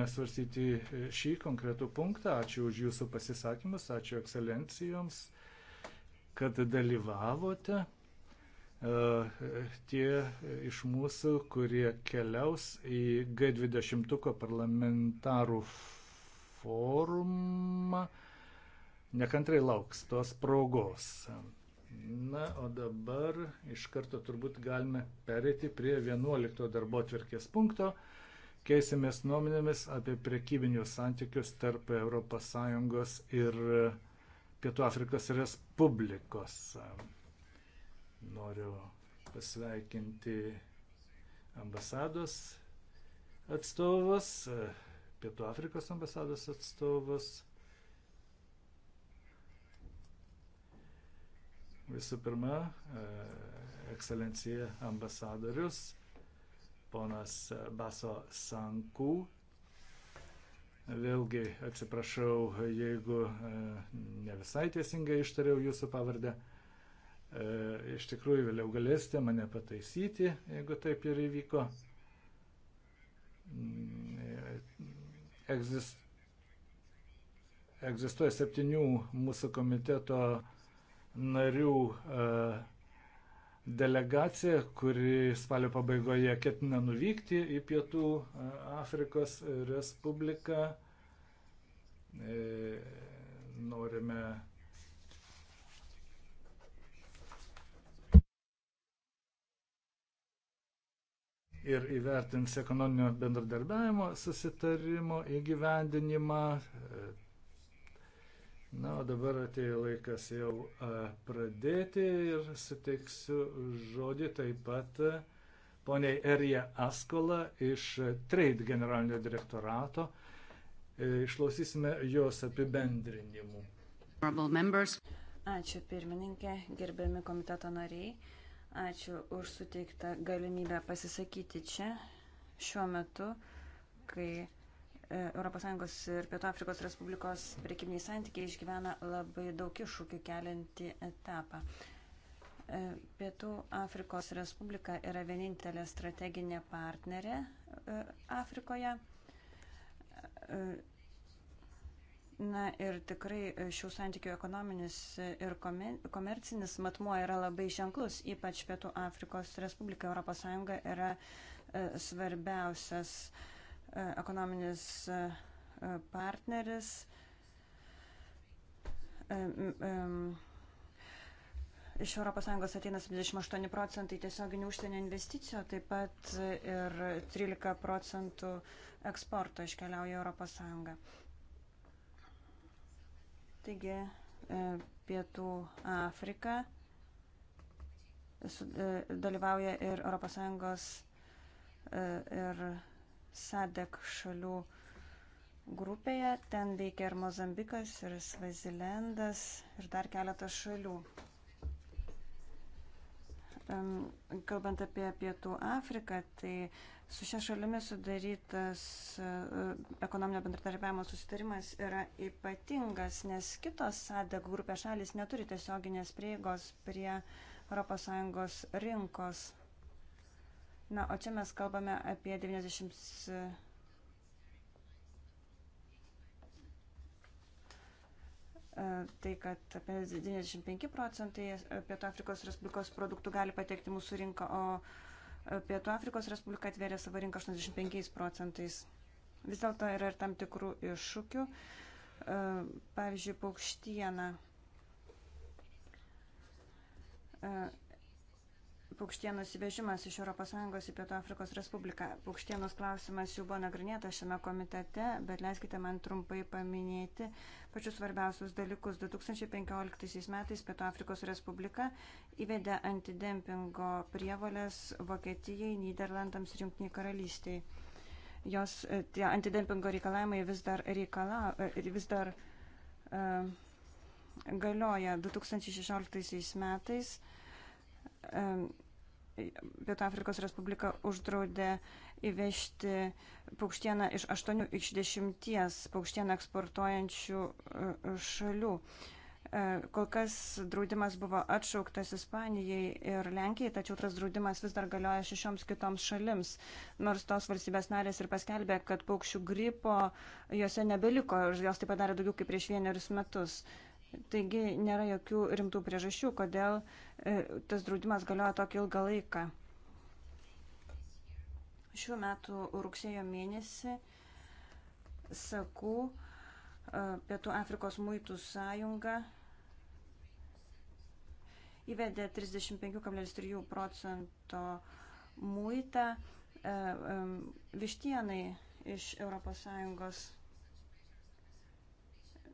baigėme svarstyti e, šį konkretų punktą. Ačiū už Jūsų pasisakymus, ačiū ekscelencijoms, kad dalyvavote. E, tie e, iš mūsų, kurie keliaus į G20 parlamentarų forumą, nekantrai lauks tos progos. Na, o dabar iš karto turbūt galime perėti prie 11 darbo atvirkės punkto keisimės nuomonėmis apie prekybinius santykius tarp ES ir Pietų Afrikos Respublikos. Noriu pasveikinti ambasados atstovas, Pietų Afrikos ambasados atstovas. Visų pirma, e, ekscelencija ambasadorius ponas Baso Sankų. Vėlgi atsiprašau, jeigu e, ne visai teisingai ištariau jūsų pavardę. E, iš tikrųjų, vėliau galėsite mane pataisyti, jeigu taip ir įvyko. Mm, e, Egzist... Egzistuoja septynių mūsų komiteto narių uh, delegacija, kuri spalio pabaigoje ketina nuvykti į Pietų e, Afrikos Respubliką. E, norime ir įvertins ekonominio bendradarbiavimo susitarimo įgyvendinimą, Na, o dabar atėjo laikas jau pradėti ir suteiksiu žodį taip pat poniai Erija Askola iš Trade generalinio direktorato. E, išklausysime jos apibendrinimų. Ačiū pirmininkė, gerbiami komiteto nariai. Ačiū už suteiktą galimybę pasisakyti čia šiuo metu, kai ES ir Pietų Afrikos Respublikos priekybiniai santykiai išgyvena labai daug iššūkių keliantį etapą. E, Pietų Afrikos Respublika yra vienintelė strateginė partnerė e, Afrikoje. E, na ir tikrai šių santykių ekonominis ir komercinis matmuo yra labai ženklus, ypač Pietų Afrikos Respublika ES yra svarbiausias uh, E, ekonominis e, e, partneris iš ES ateina 78 procentai tiesioginių užsienio investicijų, taip pat ir 13 procentų eksporto iškeliauja ES. Taigi Pietų Afrika dalyvauja ir ES ir SADEK šalių grupėje. Ten veikia ir Mozambikas, ir Svazilendas, ir dar keletas šalių. Kalbant apie Pietų Afriką, tai su šia šalimi sudarytas e, ekonominio bendradarbiavimo susitarimas yra ypatingas, nes kitos SADEK grupės šalis neturi tiesioginės prieigos prie ES rinkos. Na, o čia mes kalbame apie 90. E, tai, kad apie 95 procentai Pietų Afrikos Respublikos produktų gali patekti mūsų rinką, o e, Pietų Afrikos Respublika atvėrė savo rinką 85 procentais. Vis dėlto yra ir tam tikrų iššūkių. E, pavyzdžiui, paukštiena paukštienos įvežimas iš ES į Pietų Afrikos Respubliką. Paukštienos klausimas jau buvo nagrinėta šiame komitete, bet leiskite man trumpai paminėti pačius svarbiausius dalykus. 2015 metais Pietų Afrikos Respublika įvedė antidempingo prievalės Vokietijai, Niderlandams ir Junktiniai karalystiai. Jos e, tie antidempingo reikalavimai vis dar, reikala, e, vis dar uh, galioja 2016 metais Pietų Afrikos Respublika uždraudė įvežti paukštieną iš 8 iš 10 paukštieną eksportuojančių e, šalių. E, kol kas draudimas buvo atšauktas Ispanijai ir Lenkijai, tačiau tas draudimas vis dar galioja šešioms kitoms šalims. Nors tos valstybės narės ir paskelbė, kad paukščių gripo juose nebeliko ir jos tai padarė daugiau kaip prieš vienerius metus. Taigi nėra jokių rimtų priežasčių, kodėl e, tas draudimas galioja tokį ilgą laiką. Šiuo metu rugsėjo mėnesį sakau, e, Pietų Afrikos muitų sąjunga įvedė 35,3 procento muitą e, vištienai iš ES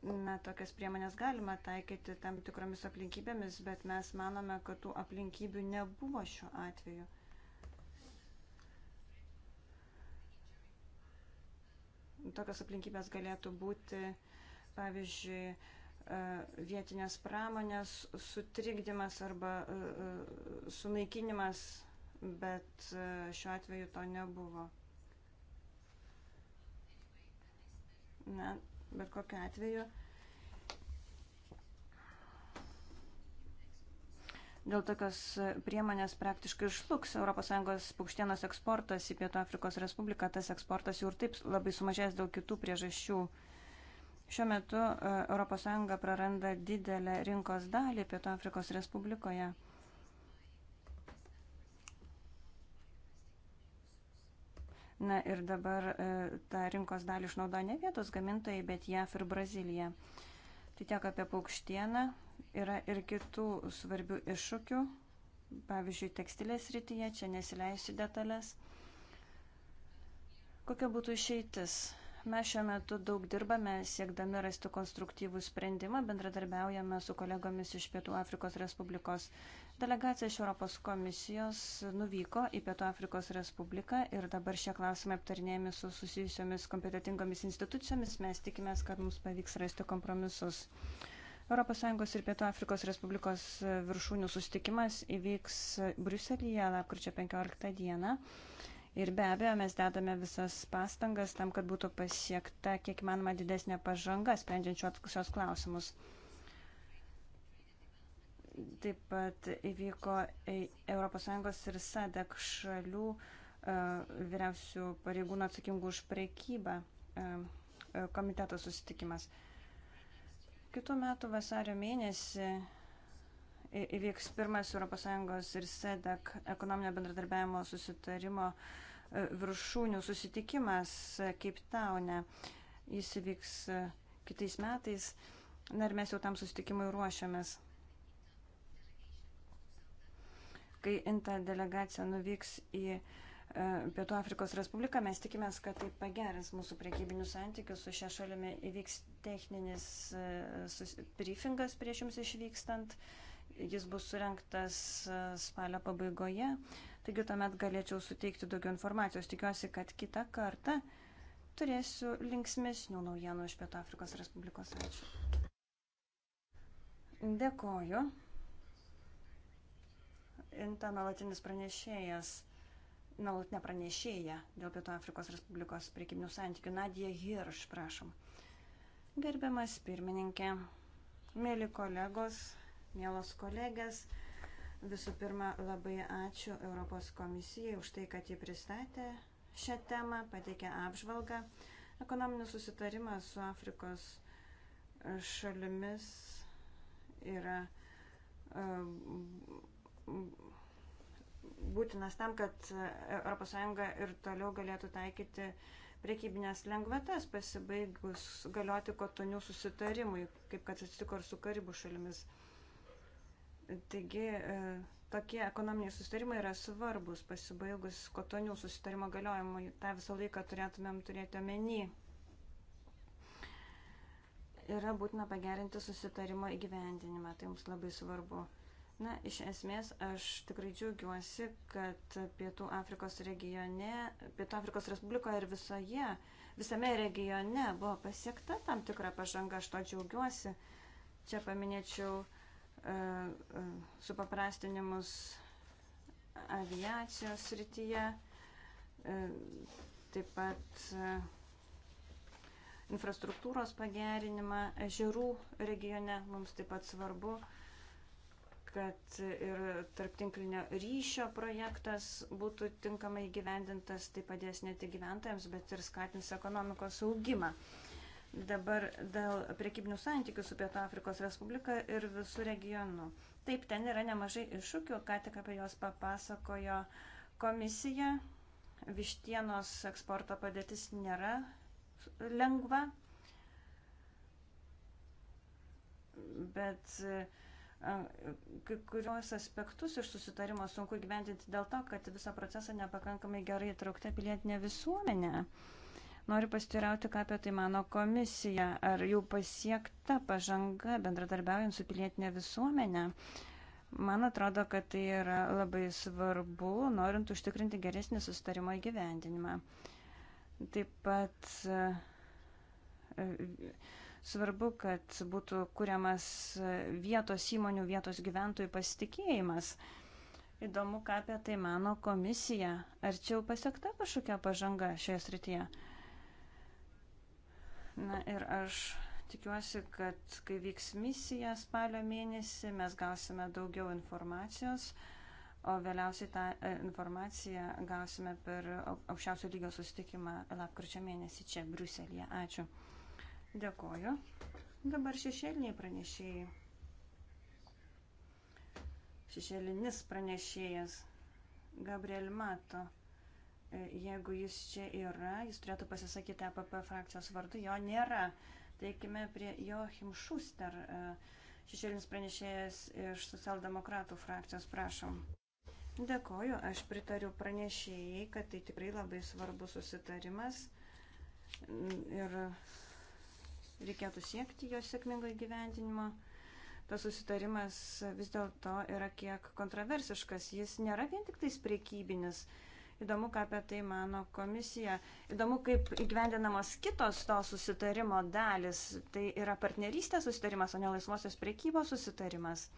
Na, tokias priemonės galima taikyti tam tikromis aplinkybėmis, bet mes manome, kad tų aplinkybių nebuvo šiuo atveju. Tokios aplinkybės galėtų būti, pavyzdžiui, e, vietinės pramonės sutrikdymas arba e, e, sunaikinimas, bet šiuo atveju to nebuvo. Na, bet kokiu atveju. Dėl tokios priemonės praktiškai išluks ES paukštienos eksportas į Pietų Afrikos Respubliką. Tas eksportas jau ir taip labai sumažės dėl kitų priežasčių. Šiuo metu ES praranda didelę rinkos dalį Pietų Afrikos Respublikoje. Na ir dabar e, tą rinkos dalį išnaudoja ne vietos gamintojai, bet JAF ir Brazilija. Tai tiek apie paukštieną. Yra ir kitų svarbių iššūkių. Pavyzdžiui, tekstilės rytyje, čia nesileisiu detalės. Kokia būtų išeitis? Mes šiuo metu daug dirbame, siekdami rasti konstruktyvų sprendimą, bendradarbiaujame su kolegomis iš Pietų Afrikos Respublikos. Delegacija iš Europos komisijos nuvyko į Pietų Afrikos Respubliką ir dabar šie klausimai aptarinėjami su susijusiomis kompetitingomis institucijomis. Mes tikimės, kad mums pavyks rasti kompromisus. ES ir Pietų Afrikos Respublikos viršūnių sustikimas įvyks Bruselėje lapkričio 15 dieną. Ir be abejo, mes dedame visas pastangas tam, kad būtų pasiekta kiek manoma didesnė pažanga, sprendžiant šios klausimus. Taip pat įvyko ES ir SADEK šalių e, vyriausių pareigūnų atsakingų už prekybą e, e, komiteto susitikimas. Kitų metų vasario mėnesį įvyks pirmas ES ir SEDEC ekonominio bendradarbiavimo susitarimo uh, E, viršūnių susitikimas Keiptaune. Jis įvyks e, kitais metais. Na ir mes jau tam susitikimui ruošiamės. Kai INTA delegacija nuvyks į e, Pietų Afrikos Respubliką, mes tikimės, kad tai pagerins mūsų priekybinius santykius su šia šalimi. Įvyks techninis briefingas prieš jums išvykstant. Jis bus surinktas spalio pabaigoje. Taigi tuomet galėčiau suteikti daugiau informacijos. Tikiuosi, kad kitą kartą turėsiu linksmesnių naujienų iš Pietų Afrikos Respublikos. Ačiū. Dėkoju. Inta nuolatinis pranešėjas, nuolatinė pranešėja dėl Pietų Afrikos Respublikos priekybinių santykių Nadija Hirš, prašom. Gerbiamas pirmininkė, mėly kolegos, mielos kolegės. Visų pirma, labai ačiū Europos komisijai už tai, kad jį pristatė šią temą, pateikė apžvalgą. Ekonominis susitarimas su Afrikos e, šalimis yra e, būtinas tam, kad ES ir toliau galėtų taikyti priekybinės lengvatas pasibaigus galioti kotonių susitarimui, kaip kad atsitiko ir su Karibų šalimis. Taigi e, tokie ekonominiai sustarimai yra svarbus pasibaigus kotonių sustarimo galiojimui. Ta visą laiką turėtumėm turėti omeny. Yra būtina pagerinti susitarimo įgyvendinimą, tai mums labai svarbu. Na, iš esmės aš tikrai džiaugiuosi, kad Pietų Afrikos regione, Pietų Afrikos Respublikoje ir visoje, visame regione buvo pasiekta tam tikra pažanga, aš to džiaugiuosi. Čia paminėčiau E, e, supaprastinimus aviacijos srityje, e, taip pat infrastruktūros pagerinimą ežerų regione. Mums taip pat svarbu, kad ir tarptinklinio ryšio projektas būtų tinkamai gyvendintas, tai padės ne tik gyventojams, bet ir skatins ekonomikos augimą. Dabar dėl priekybinių santykių su Pietų Afrikos Respublika ir visų regionu. Taip, ten yra nemažai iššūkių, ką tik apie juos papasakojo komisija. Vištienos eksporto padėtis nėra lengva, bet kai kurios aspektus iš susitarimo sunku gyventinti dėl to, kad visą procesą nepakankamai gerai įtraukta pilietinė visuomenė. Ne Noriu pastirauti, ką apie tai mano komisija. Ar jau pasiekta pažanga bendradarbiaujant su pilietinė visuomenė? Man atrodo, kad tai yra labai svarbu, norint užtikrinti geresnį sustarimo įgyvendinimą. Taip pat e, svarbu, kad būtų kuriamas vietos įmonių, vietos gyventojų pasitikėjimas. Įdomu, ką apie tai mano komisija. Ar čia jau pasiekta kažkokia pažanga šioje srityje? Na ir aš tikiuosi, kad kai vyks misija spalio mėnesį, mes gausime daugiau informacijos, o vėliausiai tą e, informaciją gausime per aukščiausio lygio susitikimą lapkričio mėnesį čia, Briuselėje. Ačiū. Dėkoju. Dabar šešėliniai pranešėjai. Šešėlinis pranešėjas Gabriel Mato. E, jeigu jis čia yra, jis turėtų pasisakyti APP frakcijos vardu, jo nėra. Teikime prie Joachim Schuster, e, šešėlinis pranešėjas iš socialdemokratų frakcijos, prašom. Dėkoju, aš pritariu pranešėjai, kad tai tikrai labai svarbus susitarimas ir reikėtų siekti jo sėkmingo įgyvendinimo tas susitarimas vis dėlto yra kiek kontroversiškas. Jis nėra vien tik tais priekybinis, Įdomu, ką apie tai mano komisija. Įdomu, kaip įgyvendinamos kitos to susitarimo dalis. Tai yra partnerystės susitarimas, o ne laisvosios priekybos susitarimas.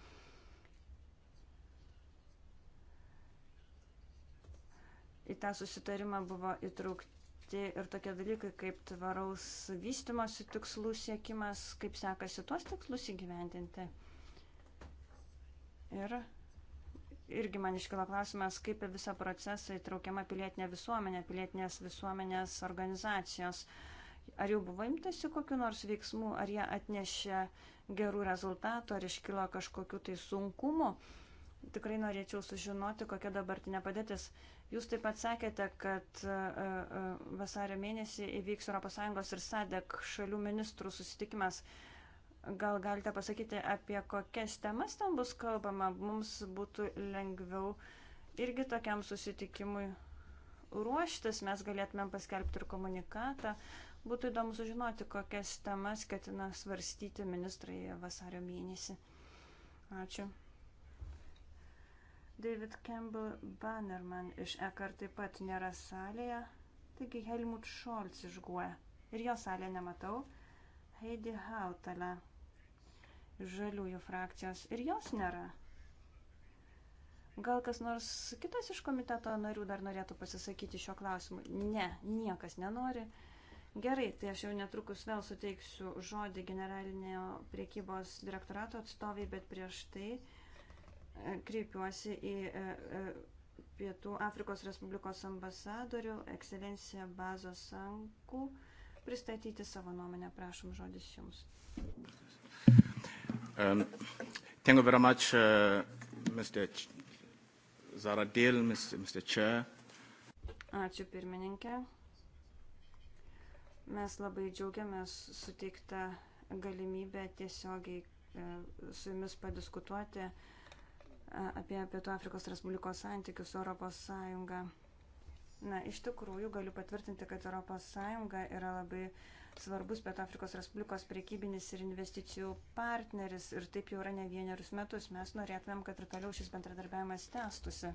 į tą susitarimą buvo įtraukti ir tokie dalykai kaip tvaraus vystimosi tikslų siekimas, kaip sekasi tuos tikslus įgyvendinti. Ir irgi man iškilo klausimas, kaip į visą procesą įtraukiama pilietinė visuomenė, pilietinės visuomenės organizacijos. Ar jau buvo imtasi kokiu nors veiksmu, ar jie atnešė gerų rezultatų, ar iškilo kažkokiu tai sunkumu. Tikrai norėčiau sužinoti, kokia dabartinė padėtis. Jūs taip pat sakėte, kad e, e, vasario mėnesį įvyks ES ir SADEK šalių ministrų susitikimas. Gal galite pasakyti, apie kokias temas ten bus kalbama, mums būtų lengviau irgi tokiam susitikimui ruoštis, mes galėtumėm paskelbti ir komunikatą. Būtų įdomu sužinoti, kokias temas ketina svarstyti ministrai vasario mėnesį. Ačiū. David Campbell Bannerman iš Ekar taip pat nėra salėje, taigi Helmut Scholz išguoja. Ir jo salė nematau. Heidi Hautala žaliųjų frakcijos ir jos nėra. Gal kas nors kitas iš komiteto narių dar norėtų pasisakyti šio klausimu? Ne, niekas nenori. Gerai, tai aš jau netrukus vėl suteiksiu žodį generalinio priekybos direktorato atstoviai, bet prieš tai e, kreipiuosi į e, e, Pietų Afrikos Respublikos ambasadorių, ekscelenciją Bazo Sanku, pristatyti savo nuomonę. Prašom, žodis jums. Um, thank you very much, uh, Mr. Ch Zara Dale, Mr. Mr. Chair. Ačiū pirmininkė. Mes labai džiaugiamės suteiktą galimybę tiesiogiai e, su jumis padiskutuoti e, apie Pietų Afrikos Respublikos santykius su Europos Sąjunga. Na, iš tikrųjų galiu patvirtinti, kad Europos Sąjunga yra labai uh, svarbus Pietų Afrikos Respublikos priekybinis ir investicijų partneris ir taip jau yra ne vienerius metus. Mes norėtumėm, kad ir toliau šis bendradarbiavimas tęstusi.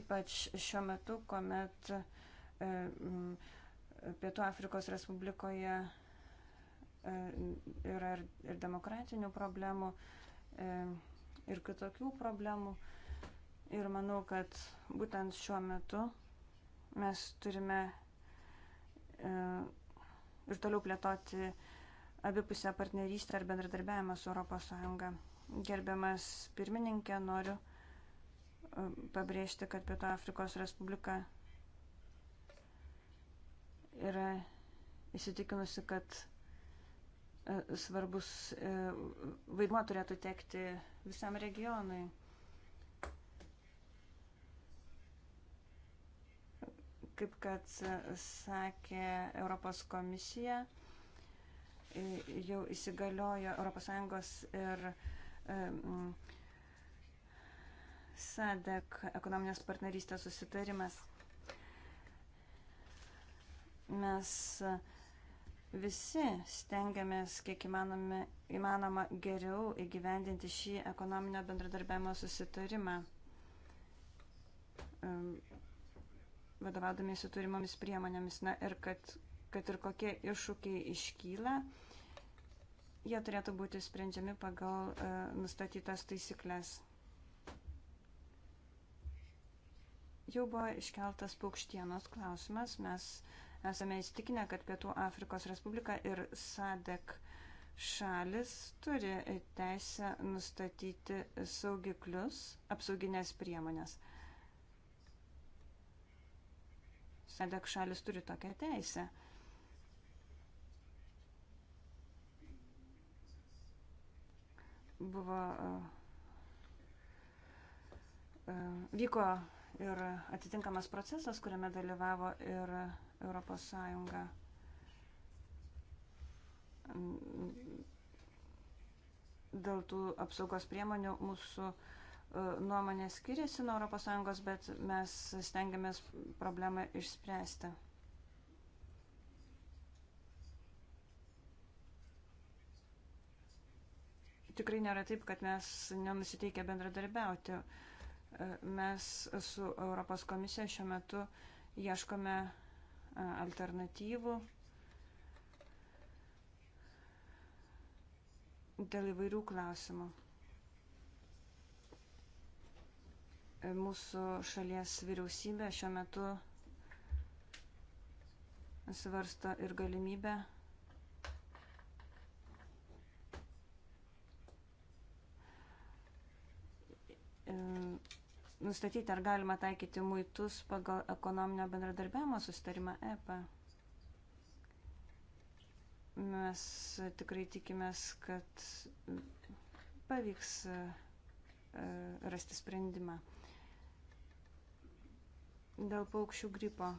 Ypač šiuo metu, kuomet e, Pietų Afrikos Respublikoje e, yra ir demokratinių problemų, e, ir kitokių problemų. Ir manau, kad būtent šiuo metu mes turime ir toliau plėtoti abipusę partnerystę ar bendradarbiavimą su ES. Gerbiamas pirmininkė, noriu e, pabrėžti, kad Pietų Afrikos Respublika yra įsitikinusi, kad e, svarbus e, vaidmuo turėtų tekti visam regionui. Kaip kad sakė Europos komisija, jau įsigaliojo ES ir SADEK ekonominės partnerystės susitarimas. Mes visi stengiamės, kiek įmanome, įmanoma geriau įgyvendinti šį ekonominio bendradarbiavimo susitarimą vadovaudomėsi turimomis priemonėmis. Na ir kad, kad ir kokie iššūkiai iškyla, jie turėtų būti sprendžiami pagal uh, nustatytas taisyklės. Jau buvo iškeltas paukštienos klausimas. Mes esame įstikinę, kad Pietų Afrikos Respublika ir SADEK šalis turi teisę nustatyti saugiklius, apsauginės priemonės. Sadek šalis turi tokią teisę. Buvo, e, e, vyko ir atitinkamas procesas, kuriame dalyvavo ir Europos Sąjunga dėl tų apsaugos priemonių mūsų uh, E, nuomonės skiriasi nuo ES, bet mes stengiamės problemą išspręsti. Tikrai nėra taip, kad mes nenusiteikę bendradarbiauti. E, mes su Europos komisija šiuo metu ieškome e, alternatyvų dėl įvairių klausimų. Mūsų šalies vyriausybė šiuo metu svarsto ir galimybę nustatyti, ar galima taikyti muitus pagal ekonominio bendradarbiavimo sustarimą EPA. Mes tikrai tikimės, kad pavyks e, rasti sprendimą dėl paukščių gripo.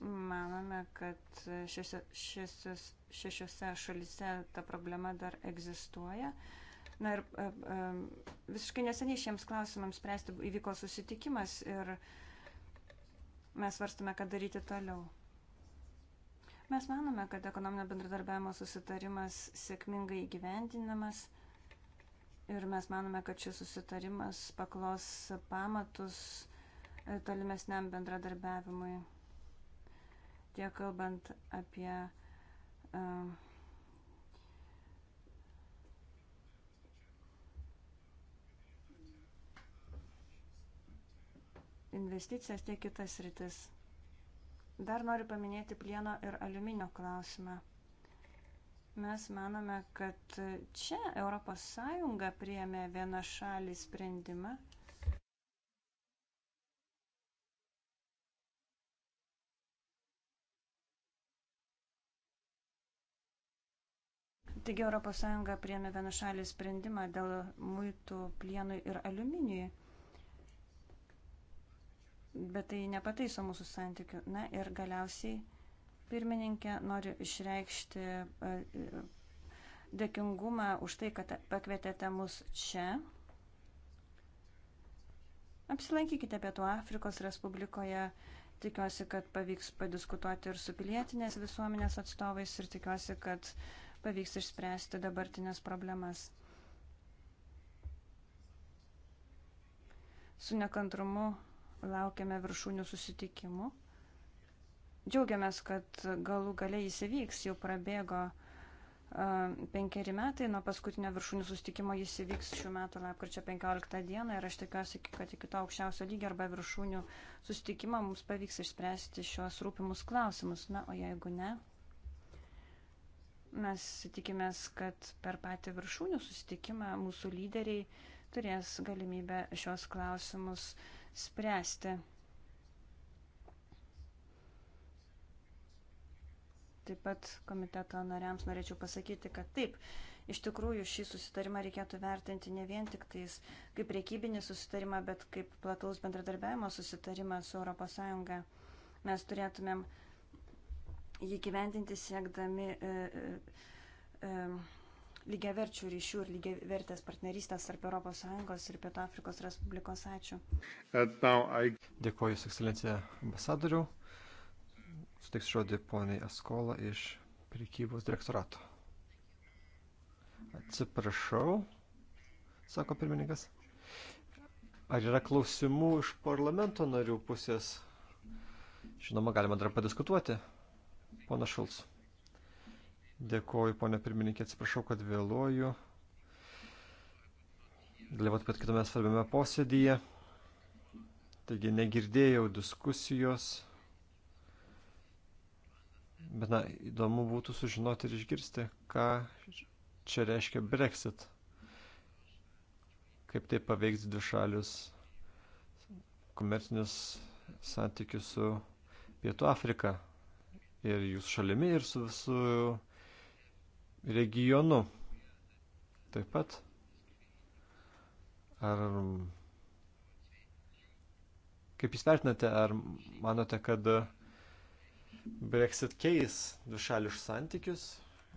Manome, kad šešiose šalise ta problema dar egzistuoja. Na ir visiškai neseniai šiems klausimams spręsti įvyko susitikimas ir mes varstame, ką daryti toliau. Mes manome, kad ekonominio bendradarbiavimo susitarimas sėkmingai įgyvendinamas ir mes manome, kad šis susitarimas paklos pamatus e, tolimesniam bendradarbiavimui. Tiek kalbant apie uh, investicijas, tiek kitas rytis. Dar noriu paminėti plieno ir aliuminio klausimą. Mes manome, kad čia ES priėmė vieną šalį sprendimą. Taigi ES priėmė vieną šalį sprendimą dėl muitų plienui ir aliuminiui bet tai nepataiso mūsų santykių. Na ir galiausiai pirmininkė nori išreikšti e, e, dėkingumą už tai, kad pakvietėte mus čia. Apsilankykite Pietų Afrikos Respublikoje. Tikiuosi, kad pavyks padiskutuoti ir su pilietinės visuomenės atstovais ir tikiuosi, kad pavyks išspręsti dabartinės problemas. Su nekantrumu laukiame viršūnių susitikimų. Džiaugiamės, kad galų galiai jis įvyks, jau prabėgo penkeri metai, nuo paskutinio viršūnių sustikimo jis įvyks šių metų lapkričio 15 dieną ir aš tikiuosi, kad iki to aukščiausio lygio arba viršūnių sustikimo mums pavyks išspręsti šios rūpimus klausimus. Na, o jeigu ne, mes tikimės, kad per patį viršūnių sustikimą mūsų lyderiai turės galimybę šios klausimus uh, spręsti. Taip pat komiteto nariams norėčiau pasakyti, kad taip, iš tikrųjų šį susitarimą reikėtų vertinti ne vien tik tais kaip priekybinį susitarimą, bet kaip plataus bendradarbiavimo susitarimą su ES. Mes turėtumėm jį gyventinti siekdami. E, e, e, lygiaverčių ryšių ir lygiavertės partnerystės tarp ES ir Pietų Afrikos Respublikos. Ačiū. I... Dėkuoju, Jūsų ekscelencija, ambasadoriu. Suteiks žodį poniai Askola iš prekybos direktorato. Atsiprašau, sako pirmininkas. Ar yra klausimų iš parlamento narių pusės? Žinoma, galima dar padiskutuoti. Pana Šulcu. Dėkoju, ponė pirmininkė, atsiprašau, kad vėluoju. Dalyvaut pat kitame svarbiame posėdyje. Taigi negirdėjau diskusijos. Bet, na, įdomu būtų sužinoti ir išgirsti, ką čia reiškia Brexit. Kaip tai paveiks dvišalius komercinius santykius su Pietų Afrika ir jūsų šalimi ir su visų regionu. Taip pat. Ar kaip jūs vertinate, ar manote, kad Brexit keis dvišalius santykius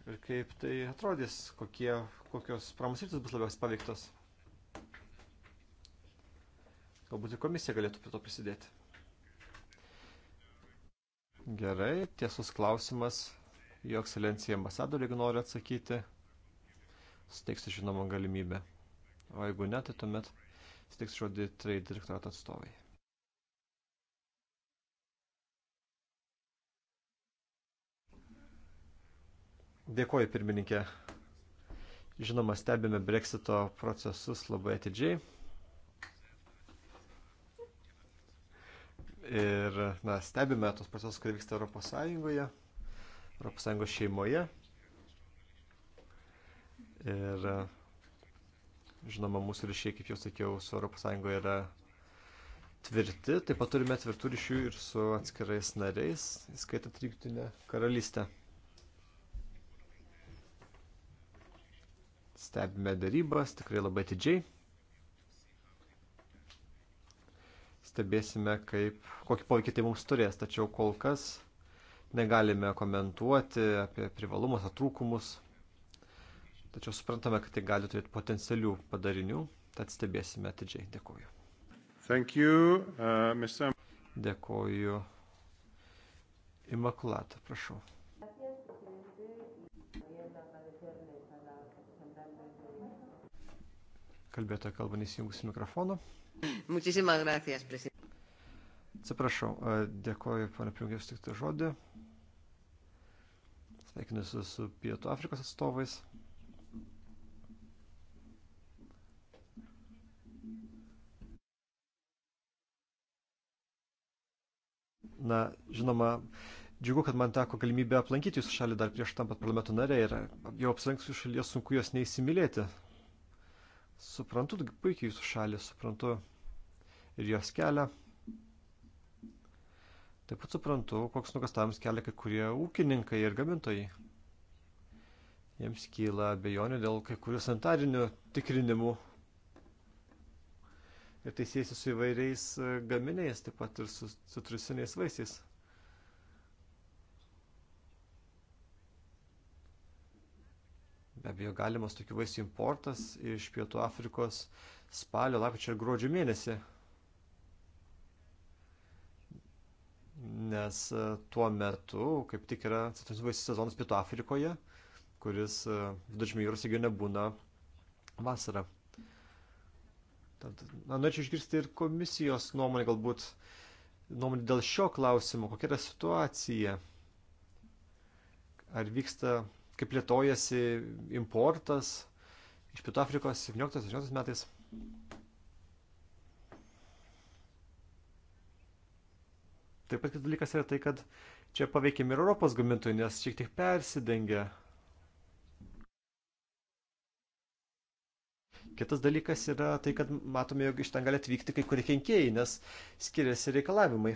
ir kaip tai atrodys, kokie, kokios pramusytis bus labiausiai paveiktos? Galbūt ir komisija galėtų prie to prisidėti. Gerai, tiesus klausimas jo ekscelencija ambasadorė, jeigu nori atsakyti, suteiksiu žinomą galimybę. O jeigu ne, tai tuomet suteiksiu žodį trade direktorato atstovai. Dėkoju, pirmininkė. Žinoma, stebime Brexito procesus labai atidžiai. Ir na, stebime tos procesus, kurie vyksta Europos Sąjungoje. ES šeimoje. Ir žinoma, mūsų ryšiai, kaip jau sakiau, su ES yra tvirti. Taip pat turime tvirtų ryšių ir su atskirais nariais, įskaitant Rygtinę karalystę. Stebime darybas tikrai labai didžiai. Stebėsime, kaip, kokį poveikį tai mums turės, tačiau kol kas negalime komentuoti apie privalumus, atrūkumus, tačiau suprantame, kad tai gali turėti potencialių padarinių, tad stebėsime atidžiai. Dėkuoju. Thank you, uh, Mr. Dėkuoju. Imakulata, prašau. Kalbėtoja kalba nesijungus mikrofono. Muchísimas gracias, presidente. Atsiprašau, dėkoju, pana Pringės, tik tą tai žodį. Sveikinusiu su Pietų Afrikos atstovais. Na, žinoma, džiugu, kad man teko galimybę aplankyti jūsų šalį dar prieš tampat parlamento narė ir jau apsilankus jūsų šalies sunku jos neįsimylėti. Suprantu puikiai jūsų šalį, suprantu ir jos kelią. Taip pat suprantu, koks nugastavimas kelia kai kurie ūkininkai ir gamintojai. Jiems kyla abejonių dėl kai kurių sanitarinių tikrinimų. Ir tai siejasi su įvairiais e, gaminiais, taip pat ir su citrusiniais vaisiais. Be abejo, galimas tokių vaisių importas iš Pietų Afrikos spalio, lapkričio ir gruodžio mėnesį. nes e, tuo metu kaip tik yra vaisis sezonas Pietų Afrikoje, kuris e, viduržmio jūros regione būna vasarą. Tad, na, norėčiau išgirsti ir komisijos nuomonę galbūt, nuomonę dėl šio klausimo, kokia yra situacija. Ar vyksta, kaip lietojasi importas iš Pietų Afrikos 17-18 metais? Taip pat kitas dalykas yra tai, kad čia paveikiam ir Europos gamintojai, nes šiek tiek persidengia. Kitas dalykas yra tai, kad matome, jog iš ten gali atvykti kai kurie kenkėjai, nes skiriasi reikalavimai.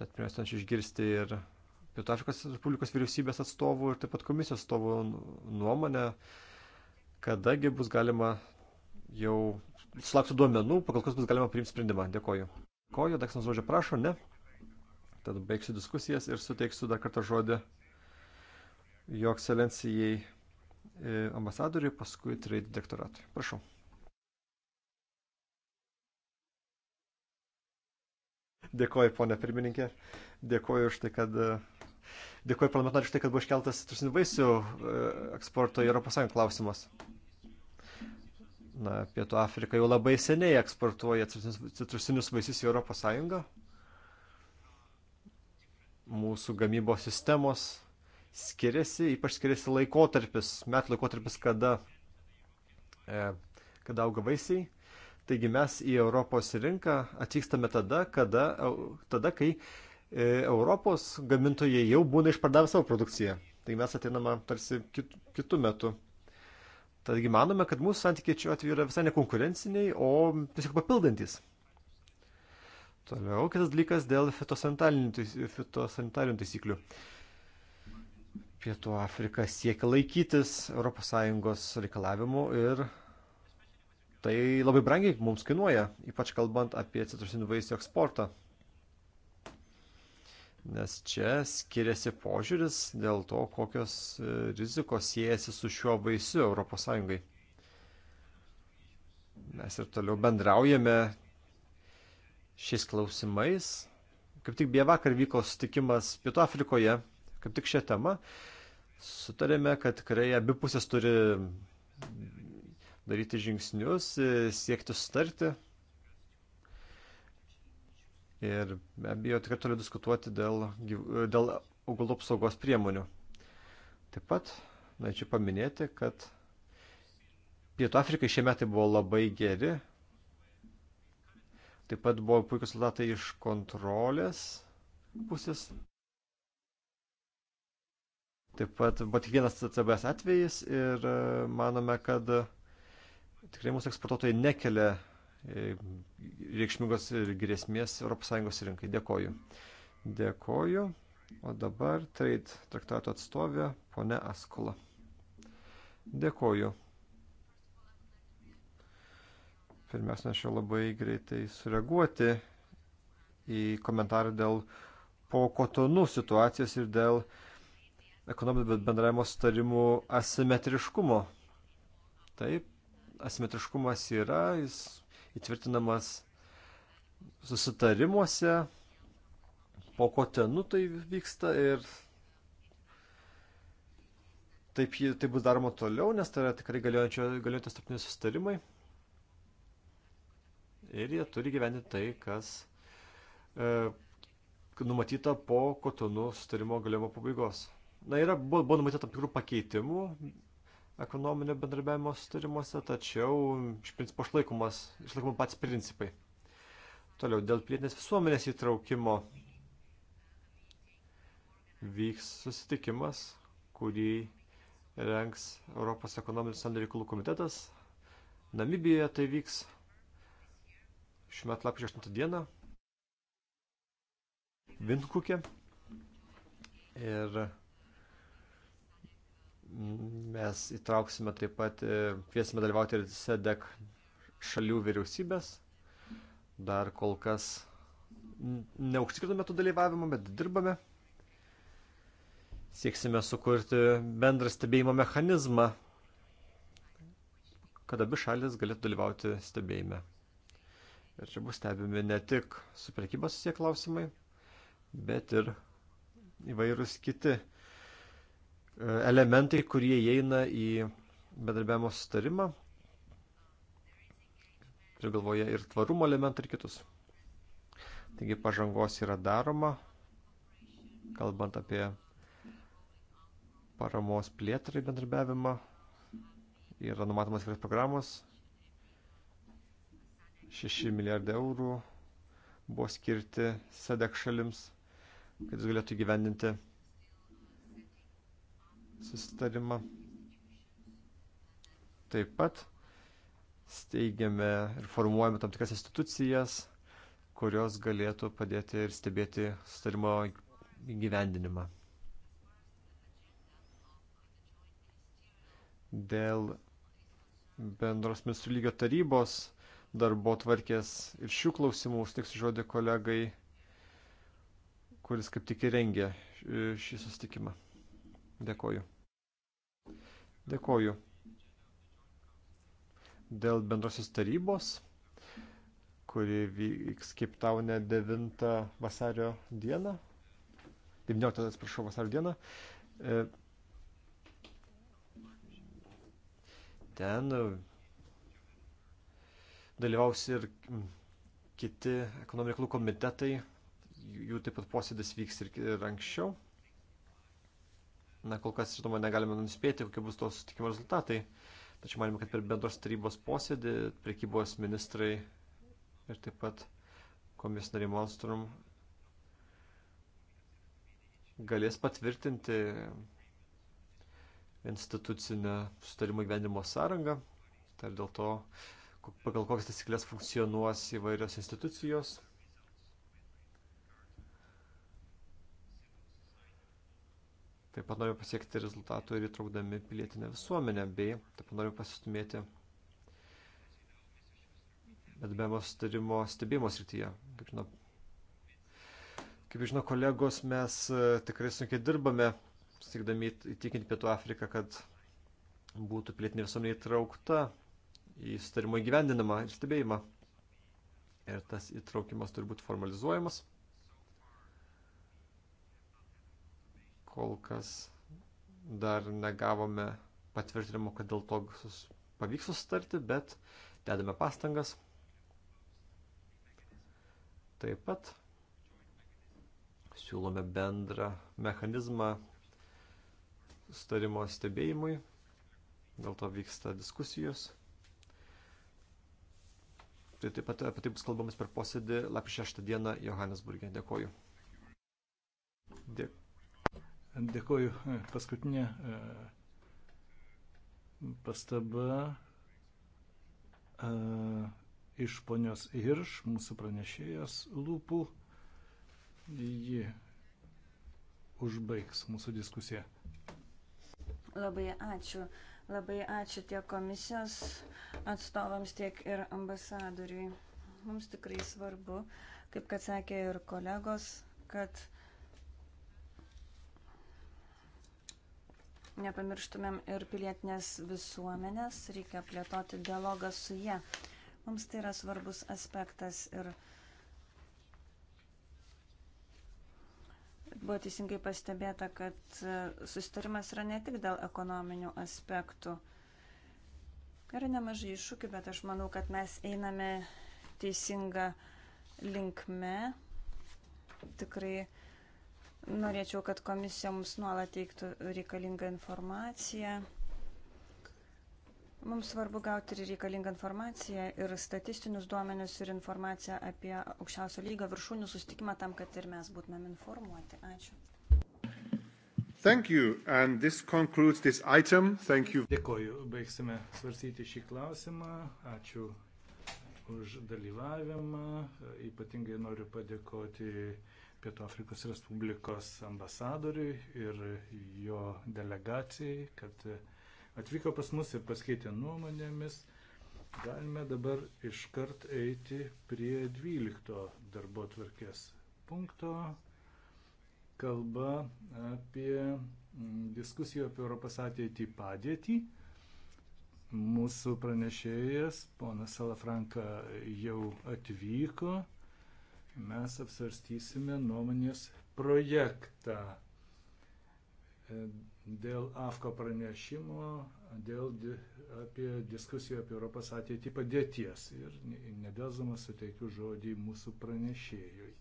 Tad pirmiausia, aš išgirsti ir Pietų Afrikos Respublikos vyriausybės atstovų ir taip pat komisijos atstovų nuomonę, kadagi bus galima jau sulaukti duomenų, pagal kas bus galima priimti sprendimą. Dėkoju. Dėkoju, Daksanas žodžio prašo, ne? Tad baigsiu diskusijas ir suteiksiu dar kartą žodį jo ekscelencijai e, ambasadoriui, paskui trade direktoratui. Prašau. Dėkoju, ponė pirmininkė. Dėkoju už tai, kad Dėkuoju parlamentariškai, kad buvo iškeltas trusinių vaisių e, eksporto į ES klausimas na, Pietų Afrika jau labai seniai eksportuoja citrusinius vaisius į Europos Sąjungą. Mūsų gamybos sistemos skiriasi, ypač skiriasi laikotarpis, metų laikotarpis, kada, e, kada auga vaisiai. Taigi mes į Europos rinką atvykstame tada, kada, tada kai e, Europos gamintojai jau būna išpardavę savo produkciją. Tai mes ateiname tarsi kit, kitų metų. Taigi manome, kad mūsų santykiai šiuo atveju yra visai nekonkurenciniai, o tiesiog papildantis. Toliau kitas dalykas dėl fitosanitarinių taisyklių. Pietų Afrika siekia laikytis ES reikalavimų ir tai labai brangiai mums kainuoja, ypač kalbant apie citrusinių vaisių eksportą nes čia skiriasi požiūris dėl to, kokios e, rizikos siejasi su šiuo vaisiu ES. Mes ir toliau bendraujame šiais klausimais. Kaip tik bie vakar vyko sutikimas Pietų Afrikoje, kaip tik šią temą. Sutarėme, kad tikrai abipusės turi daryti žingsnius, e, siekti sutarti ir be abejo tikrai toliau diskutuoti dėl, dėl augalų apsaugos priemonių. Taip pat norėčiau paminėti, kad Pietų Afrikai šie metai buvo labai geri. Taip pat buvo puikus rezultatai iš kontrolės pusės. Taip pat buvo tik vienas CBS atvejis ir e, manome, kad tikrai mūsų eksportuotojai nekelia E, reikšmingos ir grėsmės ES rinkai. Dėkoju. Dėkoju. O dabar trade traktato atstovė ponė Askola. Dėkoju. Pirmiausia, aš jau labai greitai sureaguoti į komentarą dėl po kotonų situacijos ir dėl ekonominio bendravimo sutarimų asimetriškumo. Taip, asimetriškumas yra, jis įtvirtinamas susitarimuose, po kotenu tai vyksta ir taip tai bus daroma toliau, nes tai yra tikrai galiojantis tarptautiniai susitarimai. Ir jie turi gyventi tai, kas e, numatyta po kotonų sustarimo galiojimo pabaigos. Na, yra, buvo, buvo numatyta tam tikrų pakeitimų, ekonominio bendrabiavimo sutarimuose, tačiau iš principo išlaikomas, išlaikoma pats principai. Toliau, dėl pilietinės visuomenės įtraukimo vyks susitikimas, kurį rengs Europos ekonominis sandarių reikalų komitetas. Namibijoje tai vyks šiuo metu lapkričio 8 dieną. Vindkukė. Ir Mes įtrauksime taip pat, e, kviesime dalyvauti ir SEDEC šalių vyriausybės. Dar kol kas neužtikriname tų dalyvavimų, bet dirbame. Sieksime sukurti bendrą stebėjimo mechanizmą, kad abi šalis galėtų dalyvauti stebėjime. Ir čia bus stebimi ne tik su prekybos susiję klausimai, bet ir įvairūs kiti elementai, kurie įeina į bedarbiavimo sustarimą. Turiu galvoje ir tvarumo elementai ir kitus. Taigi pažangos yra daroma, kalbant apie paramos plėtrai bendarbiavimą. Yra numatomas įvairios programos. 6 milijardai eurų buvo skirti SEDEK šalims, kad jis galėtų gyvendinti susitarimą. Taip pat steigiame ir formuojame tam tikras institucijas, kurios galėtų padėti ir stebėti sutarimo gyvendinimą. Dėl bendros ministrų lygio tarybos darbo tvarkės ir šių klausimų užtiksiu žodį kolegai, kuris kaip tik įrengė šį sustikimą. Dėkoju. Dėkoju. Dėl bendrosios tarybos, kuri vyks Kiptaune 9 vasario dieną, 19, atsiprašau, vasario dieną, e, ten e, dalyvaus ir kiti ekonomikų komitetai, jų taip pat posėdis vyks ir, ir anksčiau. Na, kol kas, žinoma, negalime nuspėti, kokie bus tos sutikimo rezultatai. Tačiau manime, kad per bendros tarybos posėdį prekybos ministrai ir taip pat komisijos nariai Malmstrom galės patvirtinti institucinę sutarimo gyvenimo sąrangą. Tai dėl to, pagal kokias taisyklės funkcionuos įvairios institucijos Taip pat norime pasiekti rezultatų ir įtraukdami pilietinę visuomenę, bei taip pat norime pasistumėti bedbėjimo sutarimo stebėjimo srityje. Kaip žinau, kaip žinau, kolegos, mes e, tikrai sunkiai dirbame, siekdami įtikinti Pietų Afriką, kad būtų pilietinė visuomenė įtraukta į sutarimo įgyvendinimą ir stebėjimą. Ir tas įtraukimas turi būti formalizuojamas. kol kas dar negavome patvirtinimo, kad dėl to sus, pavyks susitarti, bet dedame pastangas. Taip pat siūlome bendrą mechanizmą sutarimo stebėjimui, dėl to vyksta diskusijos. Tai taip pat apie tai bus kalbamas per posėdį lapkričio 6 dieną Johannesburgė. Dėkoju. Dėk, Dėkoju. Paskutinė e, pastaba e, iš ponios Irš, mūsų pranešėjos lūpų. Ji užbaigs mūsų diskusiją. Labai ačiū. Labai ačiū tiek komisijos atstovams, tiek ir ambasadoriui. Mums tikrai svarbu, kaip kad sakė ir kolegos, kad uh, nepamirštumėm ir pilietinės visuomenės, reikia plėtoti dialogą su jie. Mums tai yra svarbus aspektas ir buvo teisingai pastebėta, kad e, sustarimas yra ne tik dėl ekonominių aspektų. Yra nemažai iššūkių, bet aš manau, kad mes einame teisinga linkme. Tikrai Norėčiau, kad komisija mums nuolat teiktų reikalingą informaciją. Mums svarbu gauti ir reikalingą informaciją ir statistinius duomenius ir informaciją apie aukščiausio lygio viršūnių sustikimą tam, kad ir mes būtumėm informuoti. Ačiū. Thank you. And this concludes this item. Thank you. Dėkoju. Baigsime svarstyti šį klausimą. Ačiū už dalyvavimą. Ypatingai noriu padėkoti Pietų Afrikos Respublikos ambasadoriui ir jo delegacijai, kad atvyko pas mus ir paskeitė nuomonėmis. Galime dabar iškart eiti prie 12 darbo tvarkės punkto. Kalba apie diskusijų apie Europos ateitį padėtį. Mūsų pranešėjas, ponas Salafranka, jau atvyko mes apsvarstysime nuomonės projektą e, dėl AFKO pranešimo, dėl di, apie diskusiją apie Europos ateitį padėties. Ir nedėlzamas suteikiu žodį mūsų pranešėjui.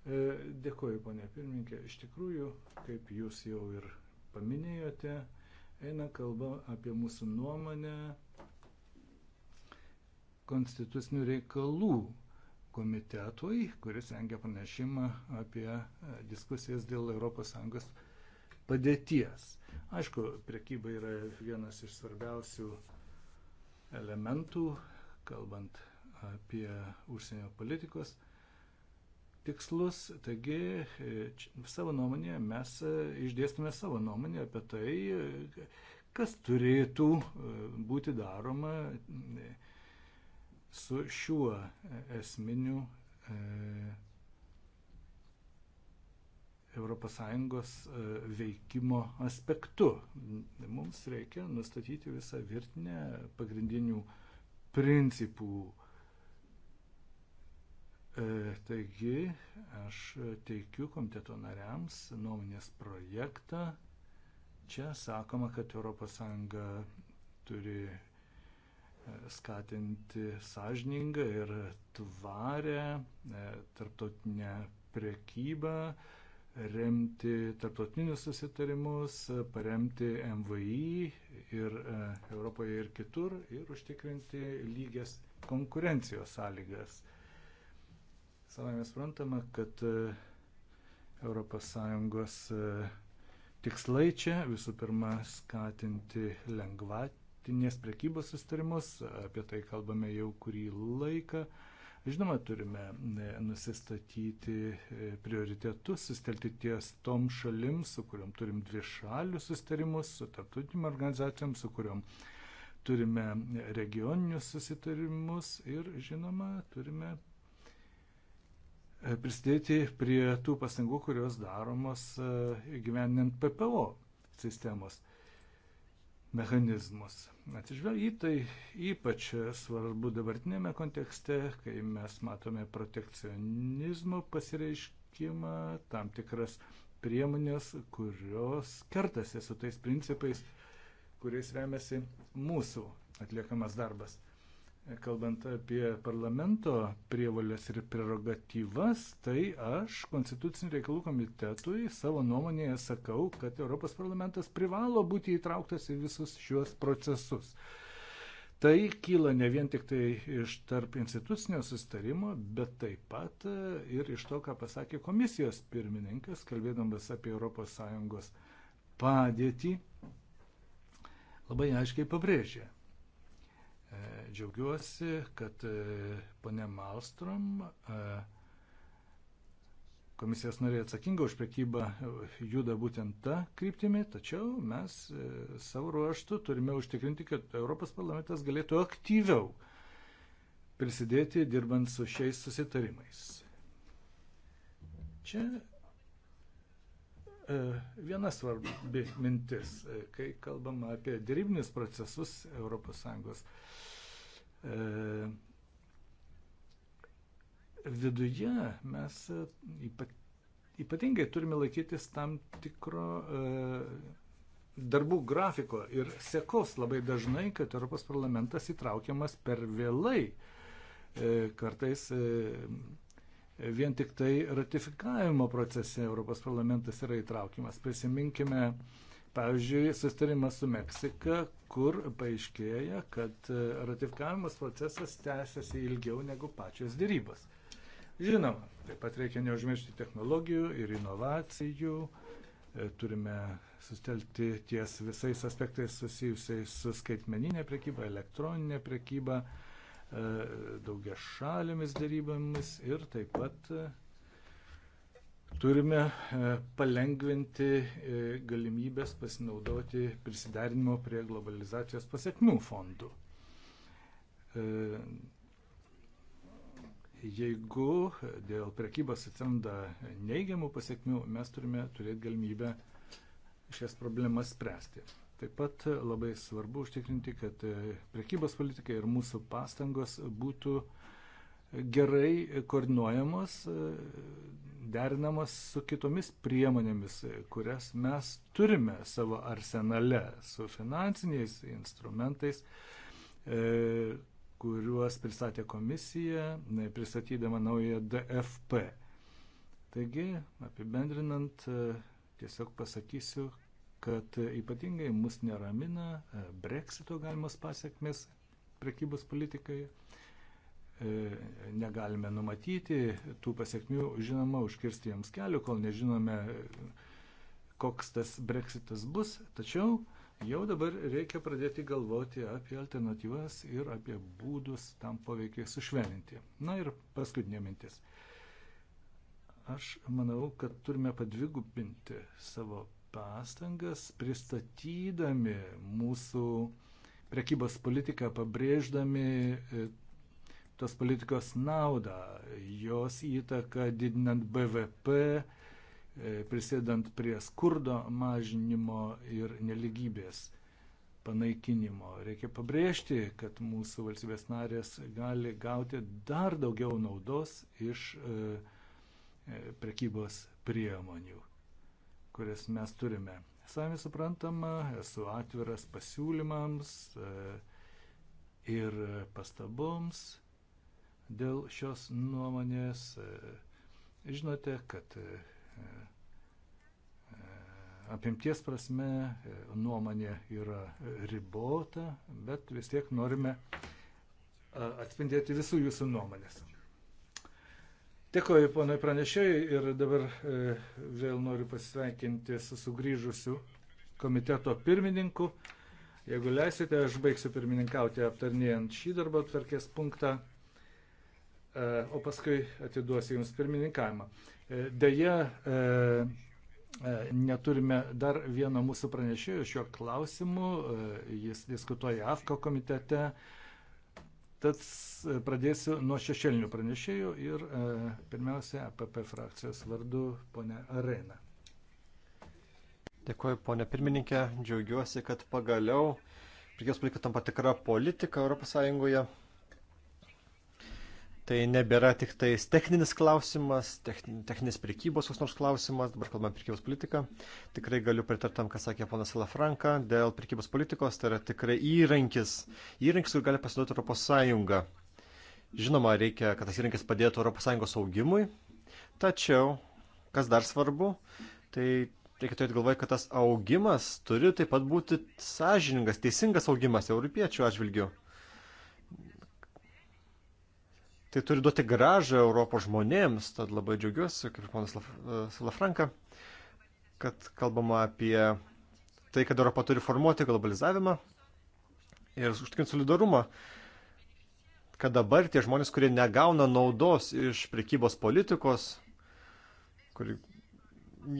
E, Dėkuoju, ponė pirmininkė. Iš tikrųjų, kaip jūs jau ir paminėjote, eina kalba apie mūsų nuomonę konstitucinių reikalų komitetui, kuris rengia pranešimą apie e, diskusijas dėl ES padėties. Aišku, priekyba yra vienas iš svarbiausių elementų, kalbant apie užsienio politikos tikslus. Taigi, e, savo nuomonėje mes e, išdėstume savo nuomonę apie tai, kas turėtų būti daroma su šiuo e, esminiu ES e, veikimo aspektu. Mums reikia nustatyti visą virtinę pagrindinių principų. E, taigi aš teikiu komiteto nariams nuomonės projektą. Čia sakoma, kad ES turi skatinti sąžiningą ir tvarę e, tarptautinę prekybą, remti tarptautinius susitarimus, paremti MVI ir e, Europoje ir kitur ir užtikrinti lygias konkurencijos sąlygas. Savai mes suprantame, kad ES e, tikslai čia visų pirma skatinti lengvat tarptautinės prekybos sustarimus, apie tai kalbame jau kurį laiką. Žinoma, turime e, nusistatyti e, prioritetus, sustelti ties tom šalim, su kuriuom turim dvi šalių sustarimus, su tarptautinim organizacijom, su kuriuom turime regioninius susitarimus ir, žinoma, turime e, prisidėti prie tų pastangų, kurios daromos gyvenant PPO sistemos mechanizmus. Atsižvelgiai tai ypač svarbu dabartinėme kontekste, kai mes matome protekcionizmo pasireiškimą, tam tikras priemonės, kurios kertasi su tais principais, kuriais remiasi mūsų atliekamas darbas kalbant apie parlamento prievalės ir prerogatyvas, tai aš Konstitucinių reikalų komitetui savo nuomonėje sakau, kad Europos parlamentas privalo būti įtrauktas į visus šiuos procesus. Tai kyla ne vien tik tai iš tarp institucinio sustarimo, bet taip pat ir iš to, ką pasakė komisijos pirmininkas, kalbėdamas apie ES padėtį, labai aiškiai pabrėžė, E, džiaugiuosi, kad e, ponė Malstrom, e, komisijos norėjo atsakinga už prekybą, juda būtent tą kryptimį, tačiau mes savo ruoštų turime užtikrinti, kad Europos parlamentas galėtų aktyviau prisidėti dirbant su šiais susitarimais. Čia E, viena svarbi mintis, e, kai kalbama apie dėrybinius procesus ES e, viduje, mes ypatingai turime laikytis tam tikro darbų grafiko ir sekos labai dažnai, kad Europos parlamentas įtraukiamas per vėlai. Kartais vien tik tai ratifikavimo procese Europos parlamentas yra įtraukimas. Prisiminkime, pavyzdžiui, sustarimas su Meksika, kur paaiškėja, kad e, ratifikavimas procesas tęsiasi ilgiau negu pačios dėrybos. Žinoma, taip pat reikia neužmiršti technologijų ir inovacijų, e, turime sustelti ties visais aspektais susijusiais su skaitmeninė prekyba, elektroninė prekyba, E, daugia šalėmis darybomis ir taip pat e, turime e, palengventi galimybės pasinaudoti prisidarinimo prie globalizacijos pasiekmių fondų. Jeigu dėl prekybos atsiranda neigiamų pasiekmių, mes turime turėti galimybę šias problemas spręsti. Taip pat labai svarbu užtikrinti, kad e, prekybos politika ir mūsų pastangos būtų gerai koordinuojamos, e, derinamos su kitomis priemonėmis, e, kurias mes turime savo arsenale, su finansiniais instrumentais, kuriuos pristatė komisija, pristatydama naują DFP. Taigi, apibendrinant, tiesiog pasakysiu, kad ypatingai mus neramina e, breksito galimas pasiekmes prekybos politikai. E, negalime numatyti tų pasiekmių, žinoma, užkirsti jiems kelių, kol nežinome, koks tas breksitas bus. Tačiau jau dabar reikia pradėti galvoti apie alternatyvas ir apie būdus tam poveikiai sušveninti. Na ir paskutinė mintis. Aš manau, kad turime padvigubinti savo pastangas pristatydami mūsų prekybos politiką, pabrėždami e, tos politikos naudą, jos įtaką didinant BVP, e, prisėdant prie skurdo mažinimo ir neligybės panaikinimo. Reikia pabrėžti, kad mūsų valstybės narės gali gauti dar daugiau naudos iš e, prekybos priemonių kurias mes turime. Savai suprantama, esu atviras pasiūlymams e, ir pastaboms dėl šios nuomonės. E, žinote, kad e, apimties prasme nuomonė yra ribota, bet vis tiek norime atspindėti visų jūsų nuomonės. Dėkoju ponui pranešėjui ir dabar e, vėl noriu pasveikinti su sugrįžusiu komiteto pirmininku. Jeigu leisite, aš baigsiu pirmininkauti aptarnėjant šį darbo atvarkės punktą, e, o paskui atiduosiu Jums pirmininkavimą. E, deja, e, e Neturime dar vieno mūsų pranešėjo šiuo klausimu, e, jis diskutuoja AFKO komitete, Tad e, pradėsiu nuo šešėlinių pranešėjų ir e, pirmiausia, APP frakcijos vardu, ponė Arena. Dėkuoju, ponė pirmininkė, džiaugiuosi, kad pagaliau reikės palikti tam patikra politika ES tai nebėra tik tais techninis klausimas, techninis prekybos koks nors klausimas, dabar kalbame prekybos politiką. Tikrai galiu pritartam, ką sakė ponas Lafranka, dėl prekybos politikos tai yra tikrai įrankis, įrankis, kurį gali pasiduoti Europos Sąjunga. Žinoma, reikia, kad tas įrankis padėtų Europos Sąjungos augimui, tačiau, kas dar svarbu, tai reikia turėti galvoje, kad tas augimas turi taip pat būti sąžiningas, teisingas augimas europiečių atžvilgių. tai turi duoti gražą Europos žmonėms, tad labai džiaugiuosi, kaip ponas e, Lafranka, kad kalbama apie tai, kad Europa turi formuoti globalizavimą ir užtikrinti solidarumą, kad dabar tie žmonės, kurie negauna naudos iš prekybos politikos, kuri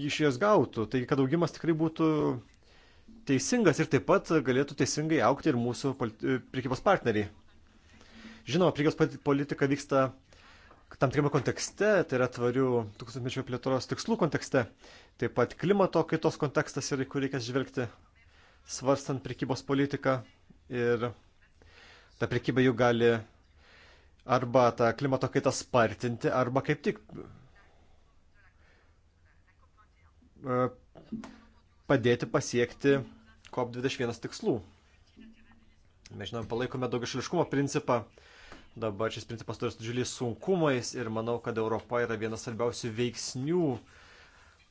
iš jas gautų, tai kad augimas tikrai būtų teisingas ir taip pat galėtų teisingai aukti ir mūsų e, prekybos partneriai. Žinoma, priekybos politika vyksta tam tikrame kontekste, tai yra tvarių tūkstantmečio plėtros tikslų kontekste, taip pat klimato kaitos kontekstas yra, į kurį reikia žvelgti, svarstant priekybos politiką ir ta priekyba jų gali arba tą klimato kaitą spartinti, arba kaip tik e, padėti pasiekti COP21 tikslų. Mes žinome, palaikome daugiašališkumo principą, Dabar šis principas turi su didžiuliais sunkumais ir manau, kad Europa yra vienas svarbiausių veiksnių,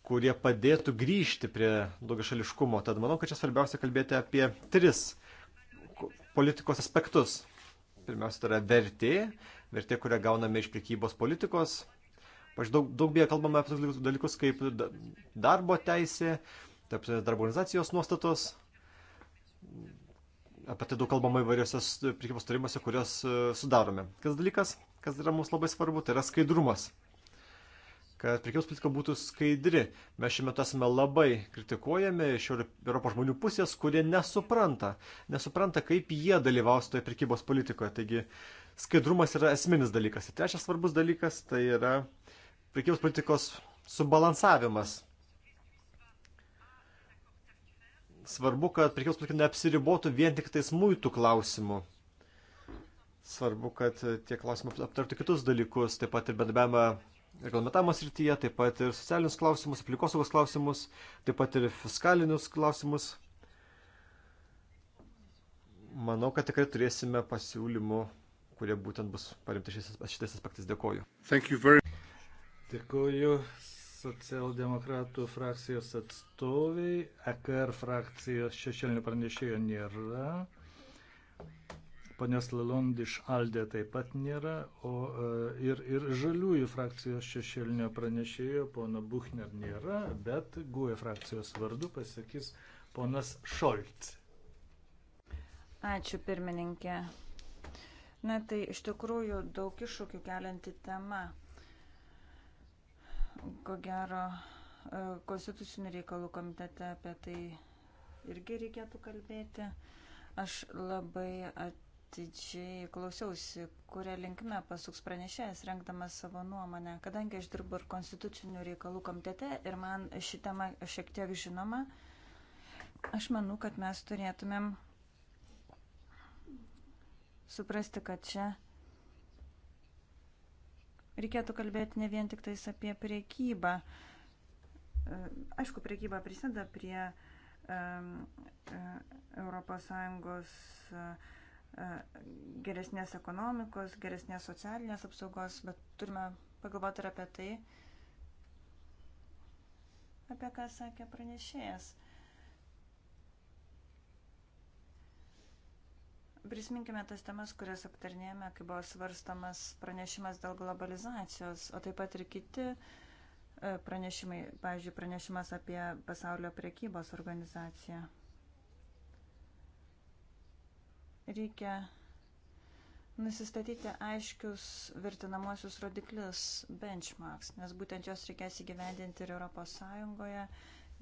kurie padėtų grįžti prie daugiašališkumo. Tad manau, kad čia svarbiausia kalbėti apie tris politikos aspektus. Pirmiausia, tai yra vertė, vertė, kurią gauname iš priekybos politikos. Pavyzdžiui, daug, daug beje kalbame apie tokius dalykus kaip darbo teisė, tarptautinės darbo organizacijos nuostatos, apie tai daug kalbama įvairiose prekybos tarimuose, kurias e, sudarome. Kas dalykas, kas yra mums labai svarbu, tai yra skaidrumas. Kad prekybos politika būtų skaidri. Mes šiuo metu esame labai kritikuojami iš Europos žmonių pusės, kurie nesupranta, nesupranta, kaip jie dalyvaus toje prekybos politikoje. Taigi skaidrumas yra esminis dalykas. Ir trečias svarbus dalykas tai yra prekybos politikos subalansavimas svarbu, kad prekybos politika neapsiribotų vien tik tais muitų klausimų. Svarbu, kad tie klausimai aptartų kitus dalykus, taip pat ir bendrabiavimą reglamentavimo srityje, taip pat ir socialinius klausimus, aplikosaugos klausimus, taip pat ir fiskalinius klausimus. Manau, kad tikrai turėsime pasiūlymų, kurie būtent bus paremti šitais aspektais. Dėkoju. Dėkoju socialdemokratų frakcijos atstoviai, EKR frakcijos šešėlinių pranešėjo nėra, ponios Lalond iš Aldė taip pat nėra, o e, ir, ir žaliųjų frakcijos šešėlinio pranešėjo pono Buchner nėra, bet GUE frakcijos vardu pasakys ponas Šolc. Ačiū pirmininkė. Na tai iš tikrųjų daug iššūkių kelianti tema. Ko gero, e, Konstitucinių reikalų komitete apie tai irgi reikėtų kalbėti. Aš labai atidžiai klausiausi, kurią linkme pasuks pranešėjas, renkdamas savo nuomonę. Kadangi aš dirbu ir Konstitucinių reikalų komitete ir man ši tema šiek tiek žinoma, aš manau, kad mes turėtumėm suprasti, kad čia Reikėtų kalbėti ne vien tik tais apie priekybą. E, aišku, priekyba prisideda prie ES e, e, geresnės ekonomikos, geresnės socialinės apsaugos, bet turime pagalvoti ir apie tai, apie ką sakė pranešėjas. Prisiminkime tas temas, kurias aptarnėjome, kai buvo svarstamas pranešimas dėl globalizacijos, o taip pat ir kiti e, pranešimai, pavyzdžiui, pranešimas apie pasaulio priekybos organizaciją. Reikia nusistatyti aiškius vertinamosius rodiklius, benchmarks, nes būtent jos reikės įgyvendinti ir ES,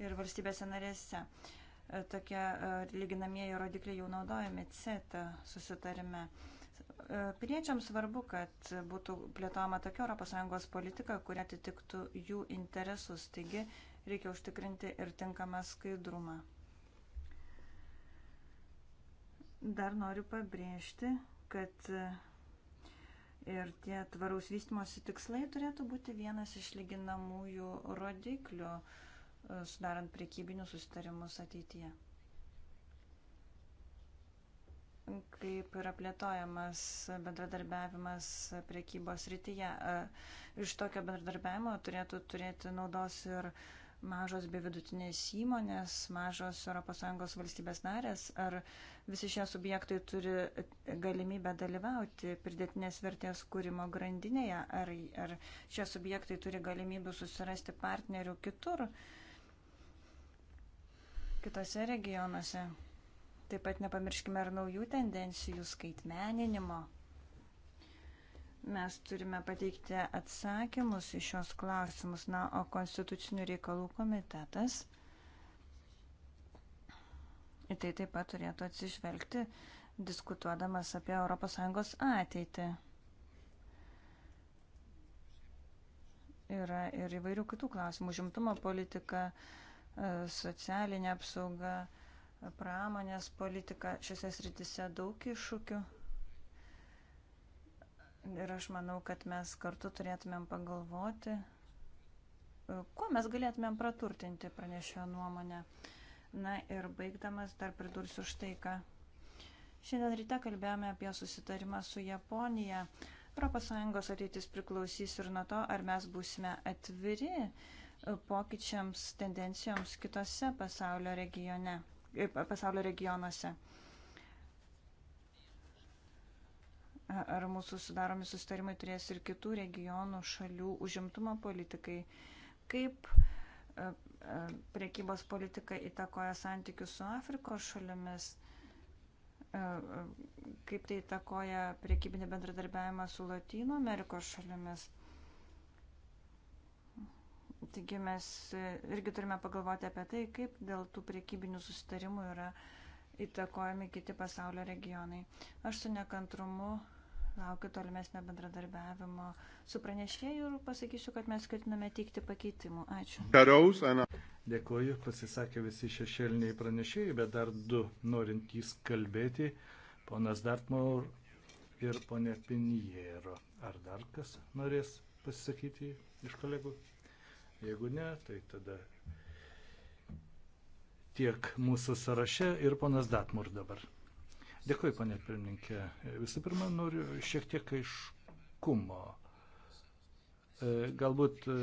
ir valstybėse narėse. Uh, E, tokie e, lyginamieji rodikliai jau naudojami CETA susitarime. E, piliečiams svarbu, kad būtų plėtojama tokia ES politika, kuria atitiktų jų interesus, taigi reikia užtikrinti ir tinkamą skaidrumą. Dar noriu pabrėžti, kad ir tie tvaraus vystimosi tikslai turėtų būti vienas iš lyginamųjų rodiklių. Uh, sudarant priekybinius susitarimus ateityje. Kaip yra plėtojamas bendradarbiavimas priekybos rytyje. E, iš tokio bendradarbiavimo turėtų turėti naudos ir mažos bei vidutinės įmonės, mažos ES valstybės narės, ar visi šie subjektai turi galimybę dalyvauti pridėtinės vertės kūrimo grandinėje, ar, ar šie subjektai turi galimybę susirasti partnerių kitur. Uh, kitose regionuose. Taip pat nepamirškime ir naujų tendencijų skaitmeninimo. Mes turime pateikti atsakymus į šios klausimus, na, o Konstitucinių reikalų komitetas į tai taip pat turėtų atsižvelgti, diskutuodamas apie ES ateitį. Yra ir įvairių kitų klausimų. Žimtumo politika, uh, E, socialinė apsauga, pramonės politika. Šiose sritise daug iššūkių. Ir aš manau, kad mes kartu turėtumėm pagalvoti, e, kuo mes galėtumėm praturtinti pranešėjo nuomonę. Na ir baigdamas dar pridursiu štai ką. Šiandien ryte kalbėjome apie susitarimą su Japonija. ES ateitis priklausys ir nuo to, ar mes būsime atviri pokyčiams, tendencijoms kitose pasaulio, regione, e, pasaulio regionuose. Ar mūsų sudaromi sustarimai turės ir kitų regionų šalių užimtumo politikai? Kaip priekybos politika įtakoja santykius su Afrikos šalimis? Kaip tai įtakoja priekybinį bendradarbiavimą su Latino Amerikos šalimis? Taigi mes e, irgi turime pagalvoti apie tai, kaip dėl tų priekybinių susitarimų yra įtakojami kiti pasaulio regionai. Aš su nekantrumu laukiu tolimesnio bendradarbiavimo su pranešėju ir pasakysiu, kad mes ketiname teikti pakeitimų. Ačiū. Dėkuoju, pasisakė visi šešėliniai pranešėjai, bet dar du norintys kalbėti, ponas Dartmaur ir ponė Pinjero. Ar dar kas norės pasisakyti iš kolegų? Jeigu ne, tai tada tiek mūsų sąraše ir ponas Datmur dabar. Dėkui, ponė pirmininkė. Visų pirma, noriu šiek tiek aiškumo. E, galbūt e,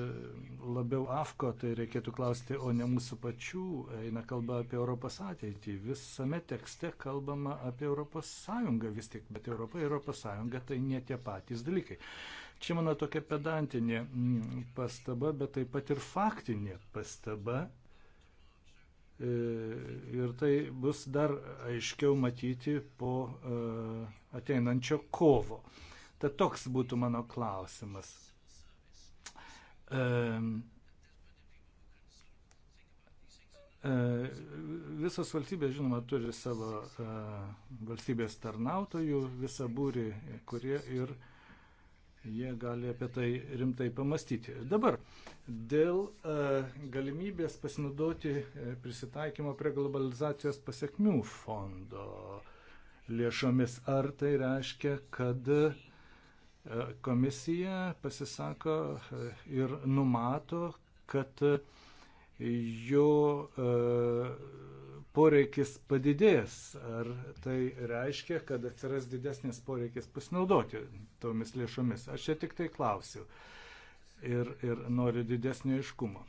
labiau AFKO tai reikėtų klausti, o ne mūsų pačių. Eina kalba apie Europos ateitį. Visame tekste kalbama apie Europos Sąjungą vis tik, bet Europa ir Europos Sąjunga tai ne tie patys dalykai. Čia mano tokia pedantinė mm, pastaba, bet taip pat ir faktinė pastaba. E, ir tai bus dar aiškiau matyti po e, ateinančio kovo. Tad toks būtų mano klausimas. E, visos valstybės, žinoma, turi savo valstybės tarnautojų, visą būrį, kurie ir uh, jie gali apie tai rimtai pamastyti. Dabar dėl e, galimybės pasinaudoti e, prisitaikymo prie globalizacijos pasiekmių fondo lėšomis, ar tai reiškia, kad e, komisija pasisako ir numato, kad jo poreikis padidės. Ar tai reiškia, kad atsiras didesnis poreikis pasinaudoti tomis lėšomis? Aš čia tik tai klausiu ir, ir noriu didesnio iškumo.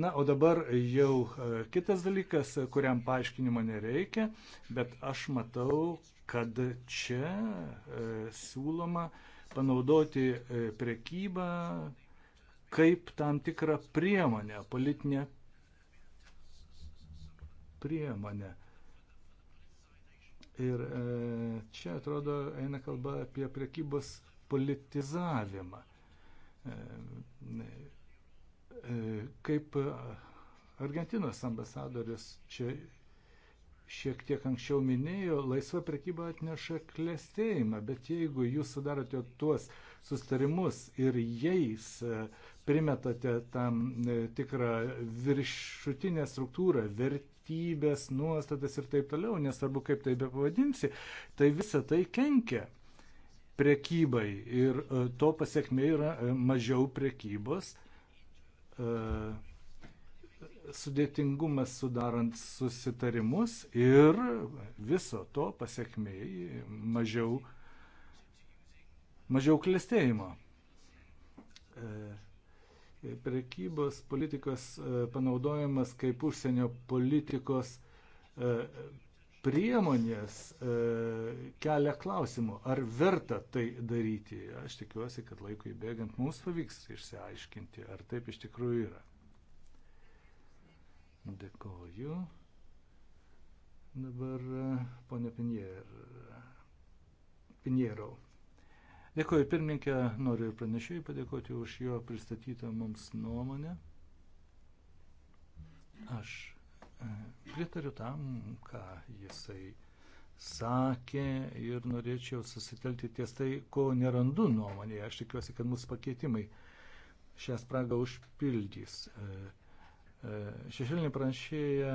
Na, o dabar jau e, kitas dalykas, kuriam paaiškinimo nereikia, bet aš matau, kad čia e, siūloma panaudoti e, prekybą kaip tam tikrą priemonę, politinę priemonę. Ir e, čia atrodo eina kalba apie prekybos politizavimą. E, e, kaip Argentinos ambasadoris čia šiek tiek anksčiau minėjo, laisva prekyba atneša klėstėjimą, bet jeigu jūs sudarote tuos sustarimus ir jais primetate tam tikrą viršutinę struktūrą, vertybę, vertybės, nuostatas ir taip toliau, nesvarbu kaip tai bepavadinsi, tai visa tai kenkia prekybai ir e, to pasiekmė yra e, mažiau prekybos e, sudėtingumas sudarant susitarimus ir viso to pasiekmei mažiau, mažiau klestėjimo. E, Prekybos politikos e, panaudojimas kaip užsienio politikos e, priemonės e, kelia klausimų, ar verta tai daryti. Aš tikiuosi, kad laikui bėgant mums pavyks išsiaiškinti, ar taip iš tikrųjų yra. Dėkoju. Dabar ponė Pinjer. Pinjerau. Dėkuoju pirmininkė, noriu ir pranešėjai padėkoti už jo pristatytą mums nuomonę. Aš e, pritariu tam, ką jisai sakė ir norėčiau susitelti ties tai, ko nerandu nuomonėje. Aš tikiuosi, kad mūsų pakeitimai šią spragą užpildys. E, E, šešėlinė pranešėja,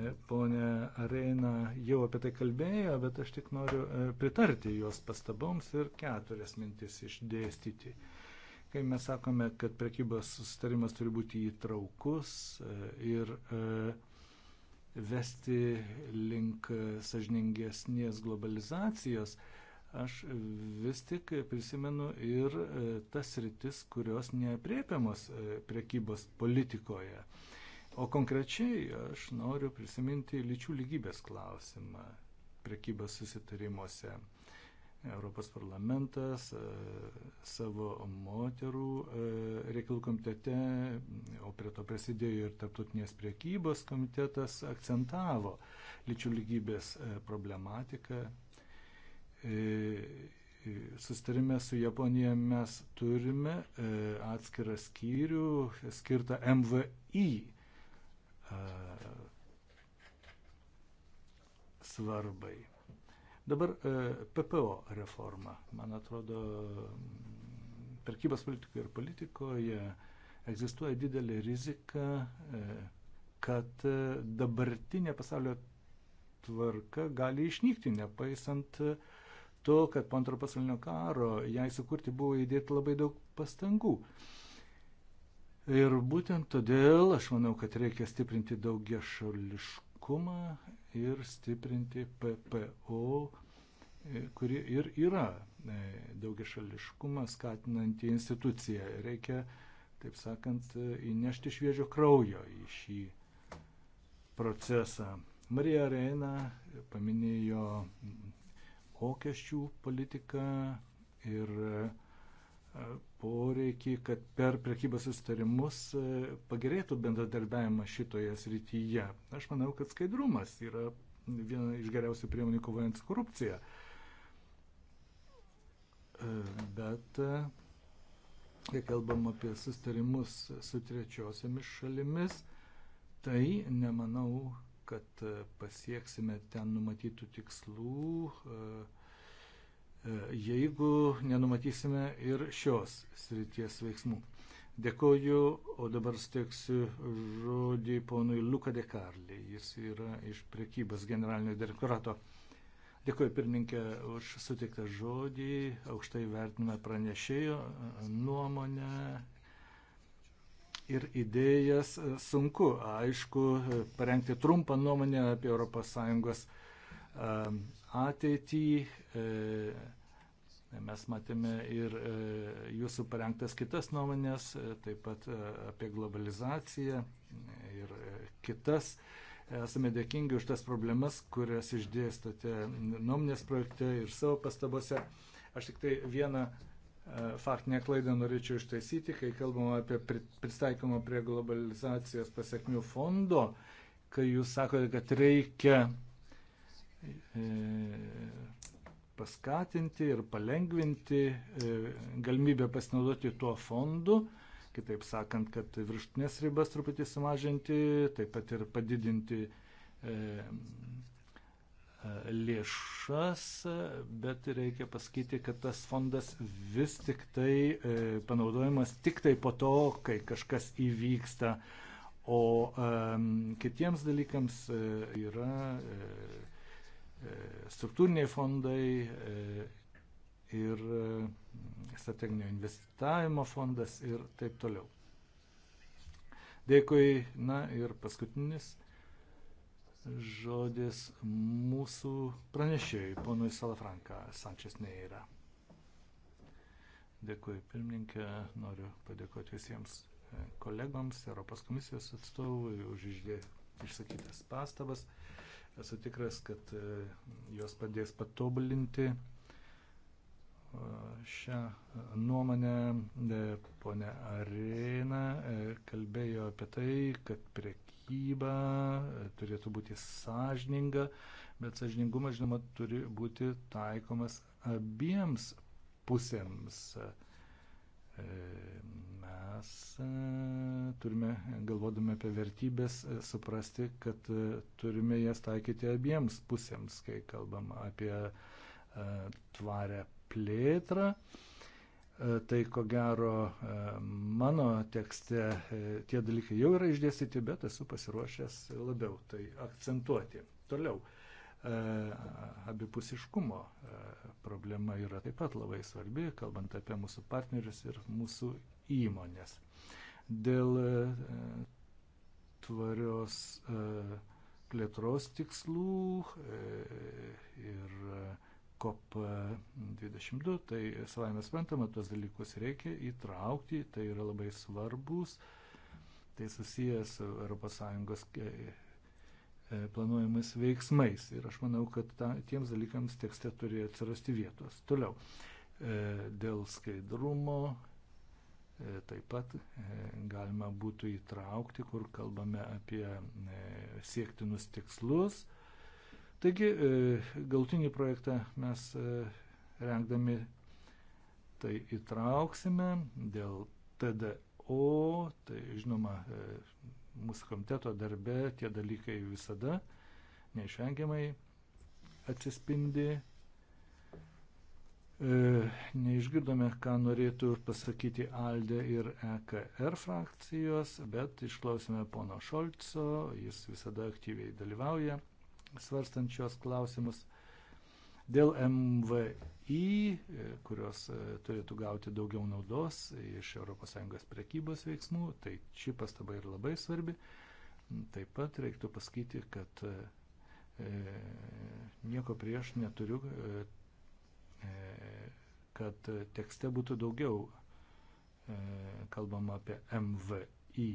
e, ponė Areina, jau apie tai kalbėjo, bet aš tik noriu e, pritarti jos pastaboms ir keturias mintis išdėstyti. Kai mes sakome, kad prekybos sustarimas turi būti įtraukus ir vesti link sažiningesnės globalizacijos, aš vis tik prisimenu ir tas rytis, kurios neapriepiamos prekybos politikoje. O konkrečiai aš noriu prisiminti lyčių lygybės klausimą prekybos susitarimuose. Europos parlamentas e, savo moterų e, reikalų komitete, o prie to prasidėjo ir tarptautinės priekybos komitetas, akcentavo lyčių lygybės e, problematiką. Sustarime su Japonija mes turime atskirą skyrių skirtą MVI svarbai. Dabar e, PPO reforma. Man atrodo, perkybos politikoje ir politikoje egzistuoja didelė rizika, e, kad e, dabartinė pasaulio tvarka gali išnykti, nepaisant to, kad po antro pasaulinio karo jai sukurti buvo įdėti labai daug pastangų. Uh, Ir būtent todėl aš manau, kad reikia stiprinti daugia šališkumą ir stiprinti PPO, e, kuri ir yra e, daugia šališkumą skatinanti institucija. Reikia, taip sakant, e, įnešti šviežio kraujo į šį procesą. Marija Reina paminėjo mokesčių politiką ir poreikį, kad per prekybos sustarimus e, pagerėtų bendradarbiavimas šitoje srityje. Aš manau, kad skaidrumas yra viena iš geriausių priemonių kovojant su korupcija. E, bet e, kai kalbam apie sustarimus su trečiosiamis šalimis, tai nemanau, kad pasieksime ten numatytų tikslų. Uh, E, jeigu nenumatysime ir šios srities veiksmų. Dėkoju, o dabar steiksiu žodį ponui Luka Dekarlį. Jis yra iš priekybos generalinio direktorato. Dėkoju pirmininkė už sutiktą žodį, aukštai vertiname pranešėjo nuomonę ir idėjas. Sunku, aišku, parengti trumpą nuomonę apie ES ateitį. E, mes matėme ir e, jūsų parengtas kitas nuomonės, e, taip pat apie globalizaciją ir kitas. Esame dėkingi už tas problemas, kurias išdėstote nuomonės projekte ir savo pastabose. Aš tik tai vieną faktinę klaidą norėčiau ištaisyti, kai kalbama apie pristaikomą prie globalizacijos pasiekmių fondo, kai jūs sakote, kad reikia E, paskatinti ir palengvinti e, galimybę pasinaudoti tuo fondu, kitaip sakant, kad viršutinės ribas truputį sumažinti, taip pat ir padidinti e, lėšas, bet reikia pasakyti, kad tas fondas vis tik tai panaudojamas tik tai po to, kai kažkas įvyksta, o kitiems dalykams yra struktūriniai fondai e, ir e, strateginio investavimo fondas ir taip toliau. Dėkui. Na ir paskutinis žodis mūsų pranešėjai, ponui Salafranka, Sančias Neira. Dėkui, pirmininkė, noriu padėkoti visiems e, kolegoms, Europos komisijos atstovui už išdė, išsakytas pastabas. Esu tikras, kad e, jos padės patobulinti e, šią nuomonę. E, Pone Arena kalbėjo apie tai, kad priekyba turėtų būti sąžininga, bet sąžiningumas, žinoma, turi būti taikomas abiems pusėms. E, mes e, turime, galvodami apie vertybės, e, suprasti, kad turime jas taikyti abiems pusėms, kai kalbam apie tvarę plėtrą. Tai ko gero mano tekste tie dalykai jau yra išdėstyti, bet esu pasiruošęs labiau tai akcentuoti. Toliau. E, abipusiškumo e, problema yra taip pat labai svarbi, kalbant apie mūsų partnerius ir mūsų įmonės. Dėl e, tvarios plėtros tikslų ir COP22, tai savai mes sprantama, tuos dalykus reikia įtraukti, tai yra labai svarbus, tai susijęs su ES E, planuojamais veiksmais. Ir aš manau, kad ta, tiems dalykams tekste turi atsirasti vietos. Toliau, e, dėl skaidrumo e, taip pat galima būtų įtraukti, kur kalbame apie siektinus tikslus. Taigi, galtinį projektą mes rengdami tai įtrauksime dėl TDO, tai žinoma, mūsų komiteto darbe tie dalykai visada neišvengiamai atsispindi. E, neišgirdome, ką norėtų pasakyti Alde ir EKR frakcijos, bet išklausime pono Šolco, jis visada aktyviai dalyvauja svarstančios klausimus. Dėl MVI, e, kurios e, turėtų gauti daugiau naudos iš ES prekybos veiksmų, tai ši pastaba yra labai svarbi. Taip pat reiktų pasakyti, kad e, nieko prieš neturiu, kad tekste būtų daugiau kalbama apie MVI.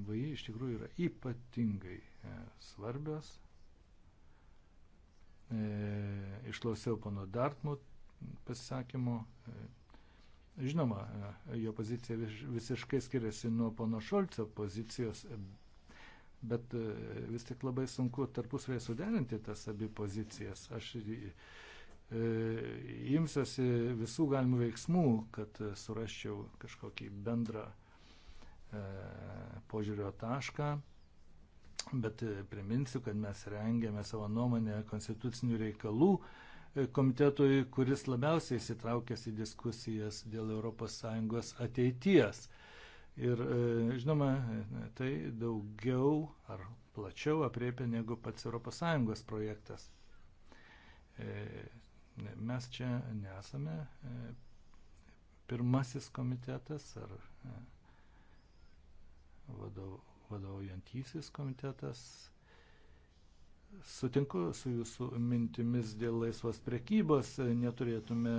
MVI iš tikrųjų yra ypatingai svarbios E, išklausiau pono Dartmut pasisakymo. E, žinoma, e, jo pozicija visiškai skiriasi nuo pono Šolco pozicijos, bet vis tik labai sunku tarpusvėje suderinti tas abi pozicijas. Aš imsiuosi visų galimų veiksmų, kad surasčiau kažkokį bendrą požiūrio tašką bet e, priminsiu, kad mes rengėme savo nuomonę konstitucinių reikalų e, komitetui, kuris labiausiai įsitraukęs į diskusijas dėl ES ateities. Ir e, žinoma, tai daugiau ar plačiau apriepia negu pats ES projektas. Mes čia nesame pirmasis komitetas ar vadovas vadovaujantysis komitetas. Sutinku su jūsų mintimis dėl laisvos prekybos, neturėtume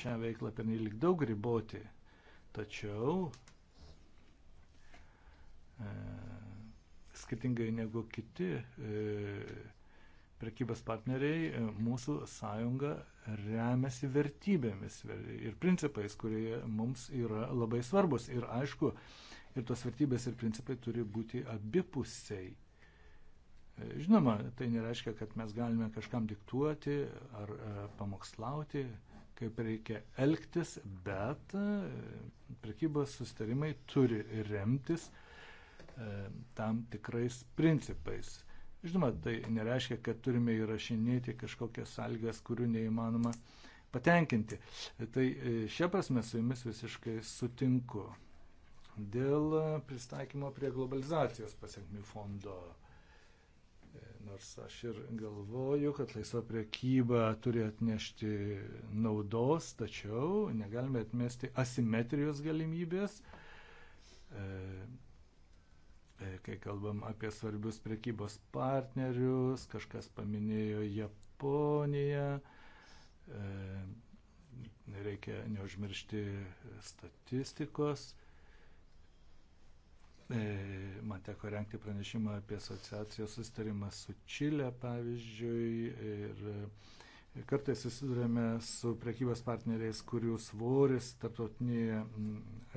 šią veiklą pernelyg daug riboti. Tačiau, e, skirtingai negu kiti e, prekybos partneriai, e, mūsų sąjunga remiasi vertybėmis ir principais, kurie mums yra labai svarbus. Ir aišku, e, ir tos vertybės ir principai turi būti abipusiai. E, žinoma, tai nereiškia, kad mes galime kažkam diktuoti ar e, pamokslauti, kaip reikia elgtis, bet e, prekybos sustarimai turi remtis tam tikrais principais. Žinoma, tai nereiškia, kad turime įrašinėti kažkokias sąlygas, kurių neįmanoma patenkinti. Tai šia prasme su jumis visiškai sutinku dėl pristaikymo prie globalizacijos pasiekmių fondo. E, nors aš ir galvoju, kad laisva priekyba turi atnešti naudos, tačiau negalime atmesti asimetrijos galimybės. E, e, kai kalbam apie svarbius priekybos partnerius, kažkas paminėjo Japoniją, reikia neužmiršti statistikos. E, man teko renkti pranešimą apie asociacijos sustarimą su Čilė, pavyzdžiui, ir e, kartais susidurėme su prekybos partneriais, kurių svoris tarptautinėje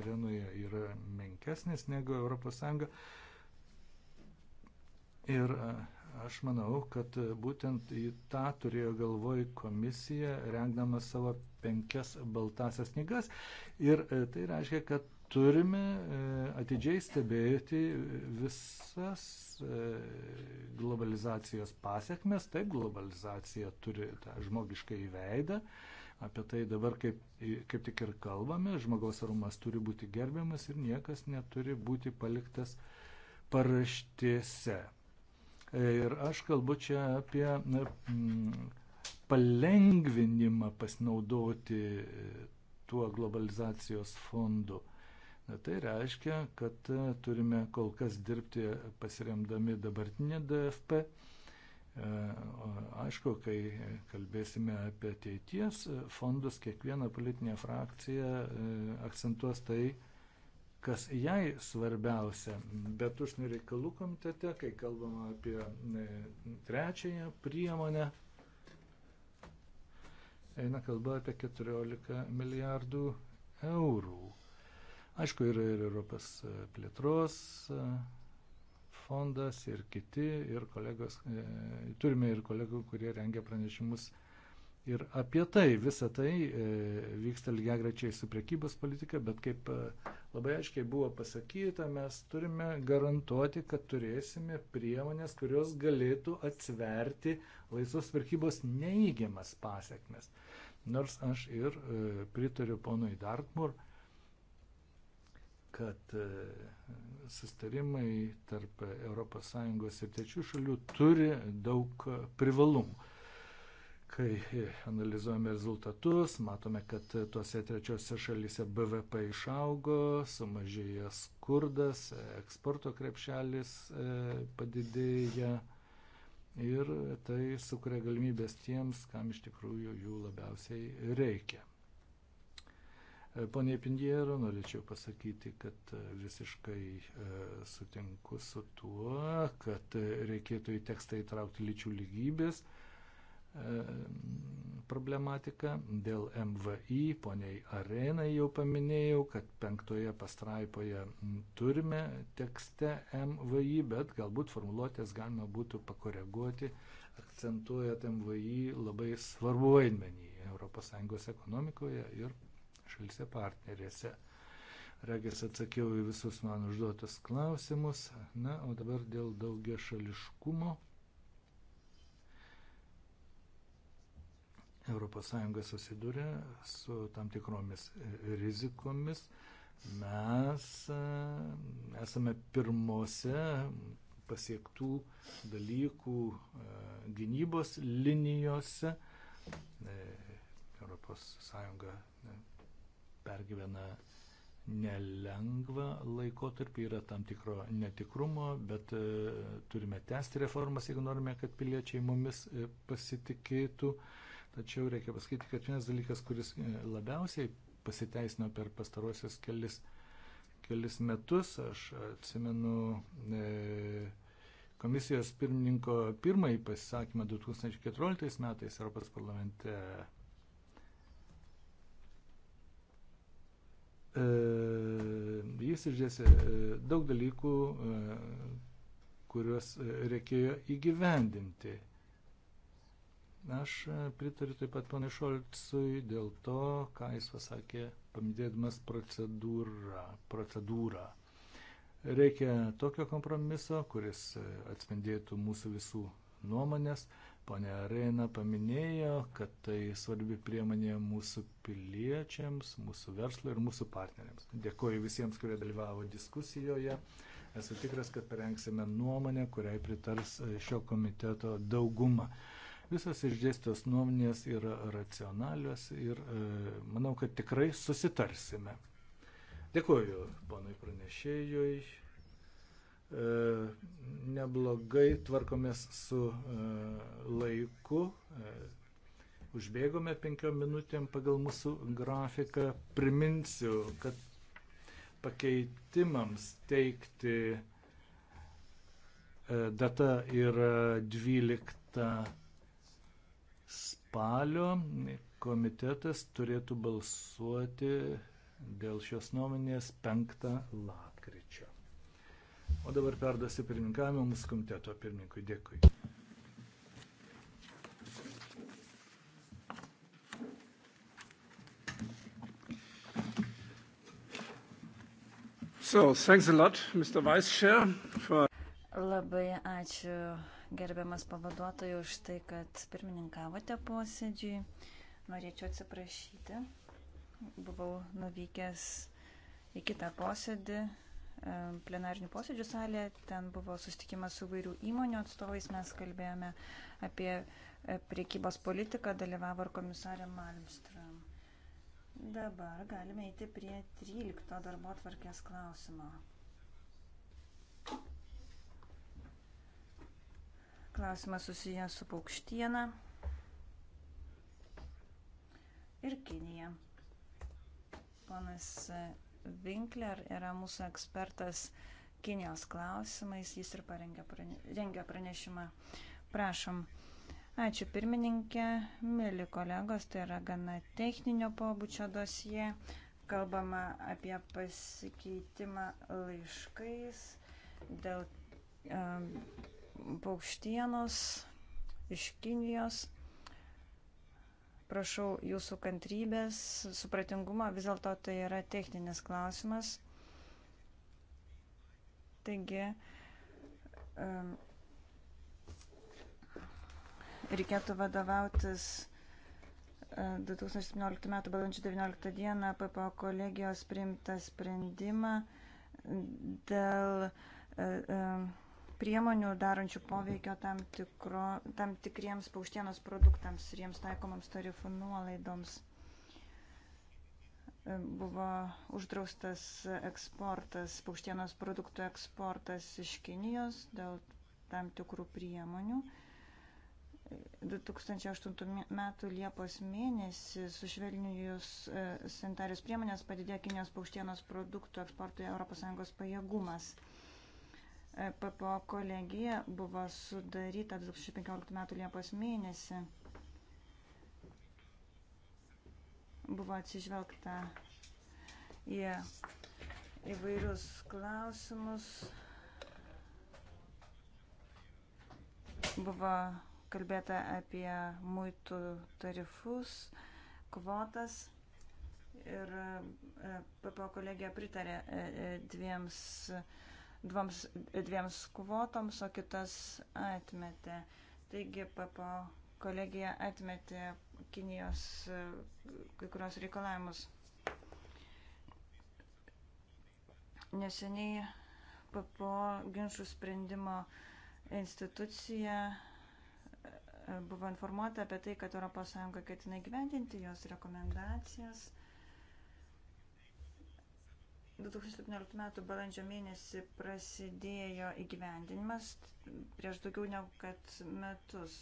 arenoje yra menkesnis negu ES. Ir e, aš manau, kad būtent į tą turėjo galvoj komisija, rengdama savo penkias baltasias knygas. Ir tai reiškia, kad turime e, atidžiai stebėti visas e, globalizacijos pasiekmes. Taip, globalizacija turi tą žmogišką įveidą. Apie tai dabar kaip, kaip tik ir kalbame. Žmogaus arumas turi būti gerbiamas ir niekas neturi būti paliktas paraštėse. E, ir aš kalbu čia apie na, palengvinimą pasinaudoti tuo globalizacijos fondu. Tai reiškia, kad e, turime kol kas dirbti pasiremdami dabartinę DFP. E, aišku, kai kalbėsime apie ateities fondus, kiekviena politinė frakcija e, akcentuos tai, kas jai svarbiausia. Bet užsienio reikalų komitete, kai kalbama apie trečiąją priemonę, eina kalba apie 14 milijardų eurų. Aišku, yra ir Europos e, plėtros e, fondas ir kiti, ir kolegos, e, turime ir kolegų, kurie rengia pranešimus ir apie tai. Visa tai vyksta lygiai grečiai su priekybos politika, bet kaip labai aiškiai buvo pasakyta, mes turime garantuoti, kad turėsime priemonės, kurios galėtų atsverti laisvos priekybos neįgiamas pasiekmes. Nors aš ir pritariu ponui Dartmur, kad e, sustarimai tarp ES ir trečių šalių turi daug privalumų. Kai analizuojame rezultatus, matome, kad tuose trečiose šalyse BVP išaugo, sumažėjo skurdas, eksporto krepšelis e, padidėja ir tai sukuria galimybės tiems, kam iš tikrųjų jų labiausiai reikia. E, Pone Pindiero, norėčiau pasakyti, kad e, visiškai e, sutinku su tuo, kad reikėtų į tekstą įtraukti lyčių lygybės problematiką. Dėl MVI, poniai Arenai jau paminėjau, kad penktoje pastraipoje turime tekste MVI, bet galbūt formuluotės galima būtų pakoreguoti, akcentuojant MVI labai svarbu vaidmenį ES ekonomikoje ir šalise partnerėse. Regis atsakiau į visus man užduotus klausimus. Na, o dabar dėl daugia šališkumo. ES susiduria su tam tikromis rizikomis. Mes e, esame pirmose pasiektų dalykų e, gynybos linijose. ES pergyvena nelengvą laikotarpį, yra tam tikro netikrumo, bet e, turime tęsti reformas, jeigu norime, kad piliečiai mumis e, pasitikėtų. Tačiau reikia pasakyti, kad vienas dalykas, kuris e, labiausiai pasiteisino per pastarosius kelis, kelis metus, aš atsimenu e, komisijos pirmininko pirmąjį pasisakymą 2014 metais Europos parlamente E, jis išdėsė e, daug dalykų, e, kuriuos reikėjo įgyvendinti. Aš pritariu taip pat ponai Šolcui dėl to, ką jis pasakė, paminėdamas procedūrą. procedūrą. Reikia tokio kompromiso, kuris atspindėtų mūsų visų nuomonės. Pane Arena paminėjo, kad tai svarbi priemonė mūsų piliečiams, mūsų verslo ir mūsų partneriams. Dėkuoju visiems, kurie dalyvavo diskusijoje. Esu tikras, kad parengsime nuomonę, kuriai pritars e, šio komiteto dauguma. Visos išdėstos nuomonės yra racionalios ir e, manau, kad tikrai susitarsime. Dėkuoju ponui pranešėjui. E, neblogai tvarkomės su e, laiku, e, užbėgome penkiom minutėm pagal mūsų grafiką. Priminsiu, kad pakeitimams teikti data yra 12 spalio. Komitetas turėtų balsuoti dėl šios nuomonės 5 lapkričio. O dabar perduosiu pirmininkavimą mūsų komiteto pirmininkui. Dėkui. So, thanks a lot, Mr. Vice Chair, for... Labai ačiū gerbiamas pavaduotojai už tai, kad pirmininkavote posėdžiui. Norėčiau atsiprašyti. Buvau nuvykęs į kitą posėdį, E, plenarinių posėdžių salė, ten buvo sustikimas su vairių įmonių atstovais, mes kalbėjome apie e, priekybos politiką, dalyvavo ir komisarė Malmström. Dabar galime eiti prie 13 darbo tvarkės klausimo. Klausimas susijęs su paukštiena ir Kinija. Ponas Winkler yra mūsų ekspertas Kinijos klausimais, jis ir parengė prane, pranešimą. Prašom. Ačiū pirmininkė, mėly kolegos, tai yra gana techninio pobūdžio dosie. Kalbama apie pasikeitimą laiškais dėl um, paukštienos iš Kinijos Prašau jūsų kantrybės, supratingumo, vis dėlto tai yra techninis klausimas. Taigi, reikėtų vadovautis 2017 e, m. balandžio 19 d. PPO kolegijos priimtą sprendimą dėl e, e, priemonių darančių poveikio tam, tikro, tam tikriems paukštienos produktams ir jiems taikomams tarifų nuolaidoms. E, buvo uždraustas eksportas, paukštienos produktų eksportas iš Kinijos dėl tam tikrų priemonių. 2008 e, metų Liepos mėnesį sušvelnijus e, sanitarius priemonės padidėjo Kinijos paukštienos produktų eksportui ES pajėgumas. E PPO kolegija buvo sudaryta 2015 m. Liepos mėnesį. Buvo atsižvelgta į įvairius klausimus. Buvo kalbėta apie muitų tarifus, kvotas ir e, PPO kolegija pritarė e, dviems e, dvams, dviems kvotoms, o kitas atmetė. Taigi PPO kolegija atmetė Kinijos e, kai kurios reikalavimus. Neseniai PPO ginčių sprendimo institucija e, buvo informuota apie tai, kad ES ketina gyvendinti jos rekomendacijas 2017 m. balandžio mėnesį prasidėjo įgyvendinimas prieš daugiau negu kad metus.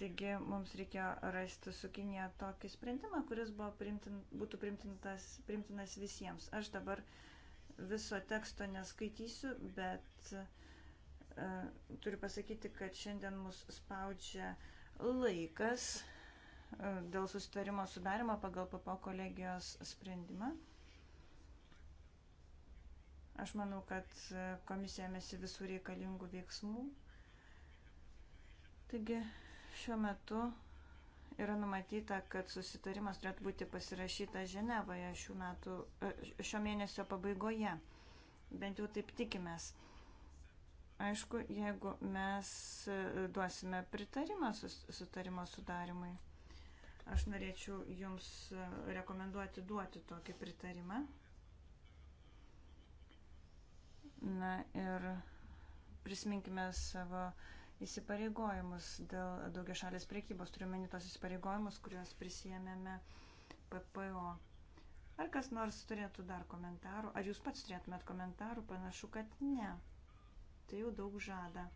Taigi mums reikėjo rasti su Kinija tokį sprendimą, kuris primtin, būtų primtinas visiems. Aš dabar viso teksto neskaitysiu, bet uh, turiu pasakyti, kad šiandien mus spaudžia laikas uh, dėl susitarimo sudarimo pagal papo kolegijos sprendimą. Aš manau, kad e, komisija mėsi visų reikalingų veiksmų. Taigi šiuo metu yra numatyta, kad susitarimas turėtų būti pasirašyta Ženevoje šių metų, e, šio mėnesio pabaigoje. Bent jau taip tikimės. Aišku, jeigu mes e, duosime pritarimą sutarimo sudarimui, aš norėčiau Jums rekomenduoti duoti tokį pritarimą. Na ir prisiminkime savo įsipareigojimus dėl daugia šalės priekybos, turiu meni tos įsipareigojimus, kuriuos prisijėmėme PPO. Ar kas nors turėtų dar komentarų? Ar jūs pats turėtumėt komentarų? Panašu, kad ne. Tai jau daug žada.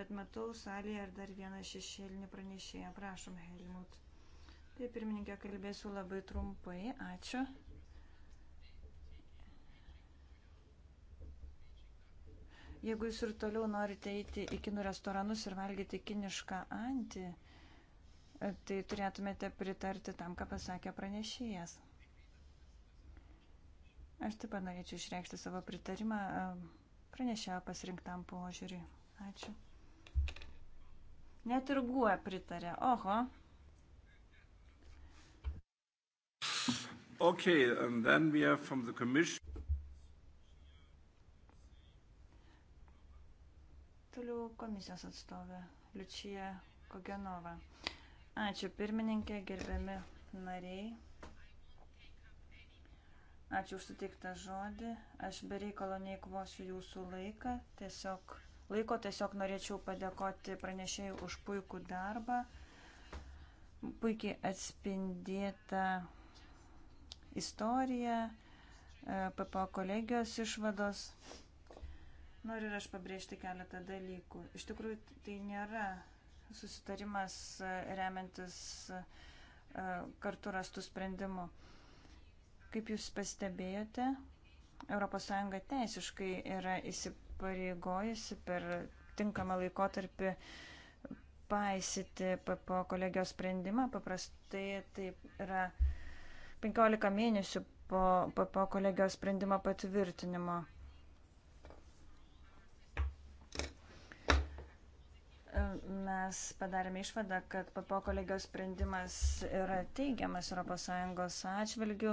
Bet matau salėje ir dar vieną šešėlinį pranešėją. Prašom, Helmut. Tai pirmininkė, kalbėsiu labai trumpai. Ačiū. Jeigu jūs ir toliau norite eiti į kinų restoranus ir valgyti kinišką antį, tai turėtumėte pritarti tam, ką pasakė pranešėjas. Aš taip pat norėčiau išreikšti savo pritarimą e, pranešėjo pasirinktam požiūriui. Ačiū. Net ir guo pritarė. Oho. Okay, and then we are from the commission. Toliau komisijos atstovė Liučija Kogenova. Ačiū pirmininkė, gerbiami nariai. Ačiū už suteiktą žodį. Aš bereikalo neįkvosiu jūsų laiką. Tiesiog, laiko tiesiog norėčiau padėkoti pranešėjai už puikų darbą. Puikiai atspindėta istorija, e, PPO kolegijos išvados. Noriu ir aš pabrėžti keletą dalykų. Iš tikrųjų, tai nėra susitarimas e, remiantis e, kartu rastų sprendimų. Kaip jūs pastebėjote, ES teisiškai yra įsipareigojusi per tinkamą laikotarpį paisyti PPO kolegijos sprendimą. Paprastai taip yra 15 mėnesių po PPO kolegijos sprendimo patvirtinimo. mes padarėme išvadą, kad PPO kolegijos sprendimas yra teigiamas ES atžvilgių.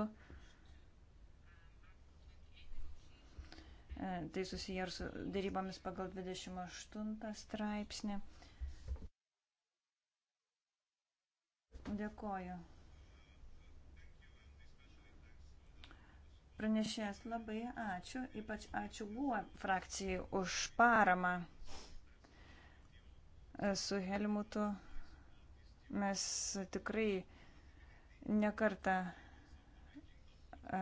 E, tai susiję ir su dėrybomis pagal 28 straipsnį. Dėkoju. Pranešės labai ačiū, ypač ačiū buvo e frakcijai už paramą. E, su Helmutu mes tikrai nekartą e,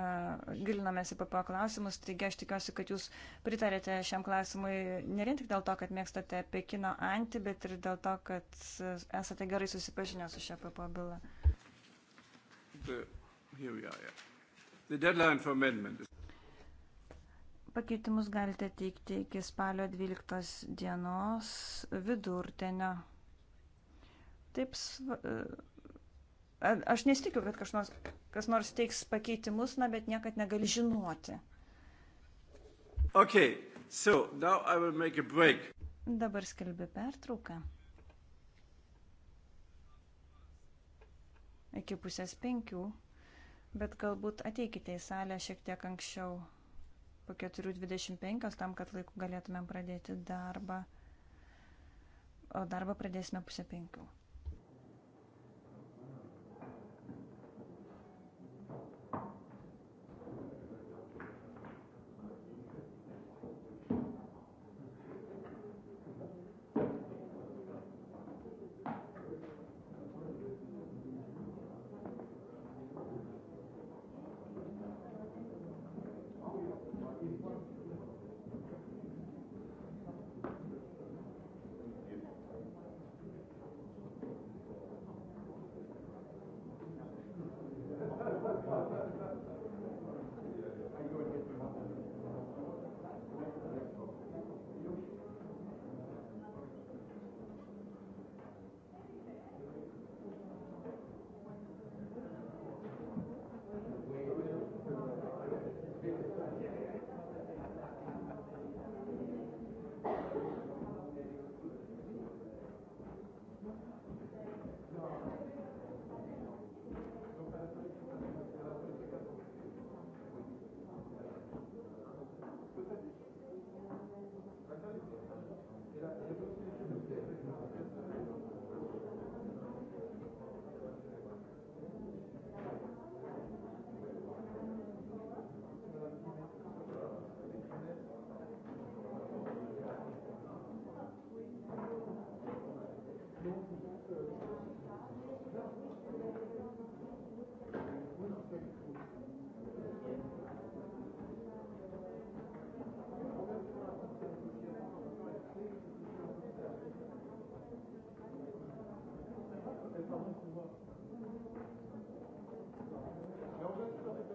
gilinomės į PPO klausimus, taigi aš tikiuosi, kad jūs pritarėte šiam klausimui ne vien tik dėl to, kad mėgstate Pekino antį, bet ir dėl to, kad esate gerai susipažinę su šią PPO bylą. The, Pakeitimus galite teikti iki spalio 12 dienos vidurtenio. Taip, e, aš nesitikiu, kad kas nors, kas nors teiks pakeitimus, na, bet niekad negali žinoti. Okay, so now I will make a break. Dabar skelbiu pertrauką. Iki pusės penkių, bet galbūt ateikite į salę šiek tiek anksčiau po 4.25 tam, kad laiku galėtumėm pradėti darbą. O darbą pradėsime pusę penkių.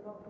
Okay.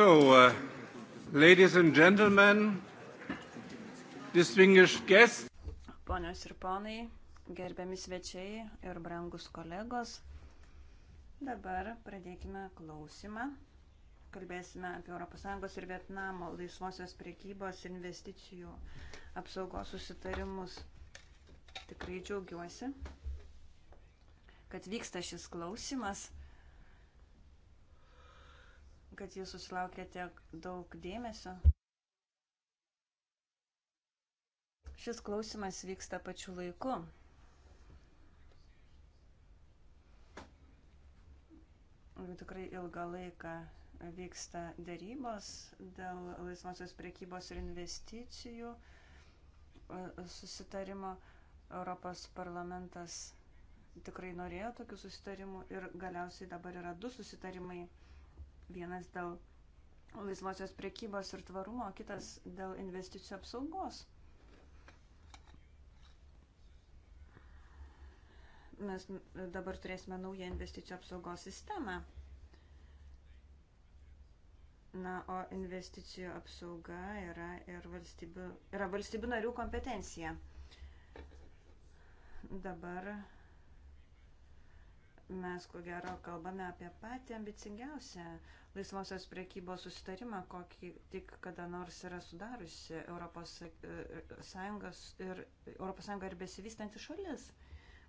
So, uh, ladies and gentlemen, distinguished guests. Ponios ir ponai, gerbiami svečiai ir brangus kolegos, dabar pradėkime klausimą. Kalbėsime apie ES ir Vietnamo laisvosios priekybos investicijų apsaugos susitarimus. Tikrai džiaugiuosi, kad vyksta šis klausimas kad jis susilaukė tiek daug dėmesio. Šis klausimas vyksta pačiu laiku. Tikrai ilgą laiką vyksta darybos dėl laisvosios priekybos ir investicijų e, susitarimo. Europos parlamentas tikrai norėjo tokių susitarimų ir galiausiai dabar yra du susitarimai Vienas dėl laisvosios priekybos ir tvarumo, kitas dėl investicijų apsaugos. Mes dabar turėsime naują investicijų apsaugos sistemą. Na, o investicijų apsauga yra ir valstybių, yra valstybių narių kompetencija. Dabar mes ko gero kalbame apie patį ambicingiausią laisvosios priekybos susitarimą, kokį tik kada nors yra sudariusi Europos e, Sąjungos ir Europos Sąjunga ir besivystanti šalis.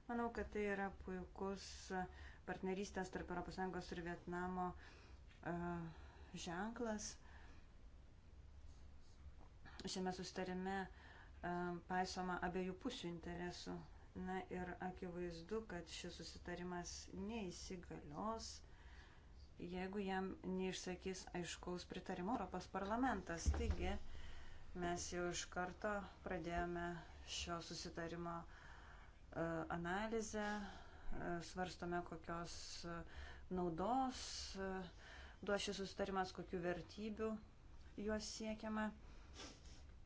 Manau, kad tai yra puikus partnerystės tarp Europos Sąjungos ir Vietnamo uh, ženklas. Šiame susitarime uh, paisoma abiejų pusių interesų Na ir akivaizdu, kad šis susitarimas neįsigalios, jeigu jam neišsakys aiškaus pritarimo Europos parlamentas. Taigi mes jau iš karto pradėjome šio susitarimo e, analizę, e, svarstome, kokios e, naudos duos šis susitarimas, kokiu vertybiu juos siekiama.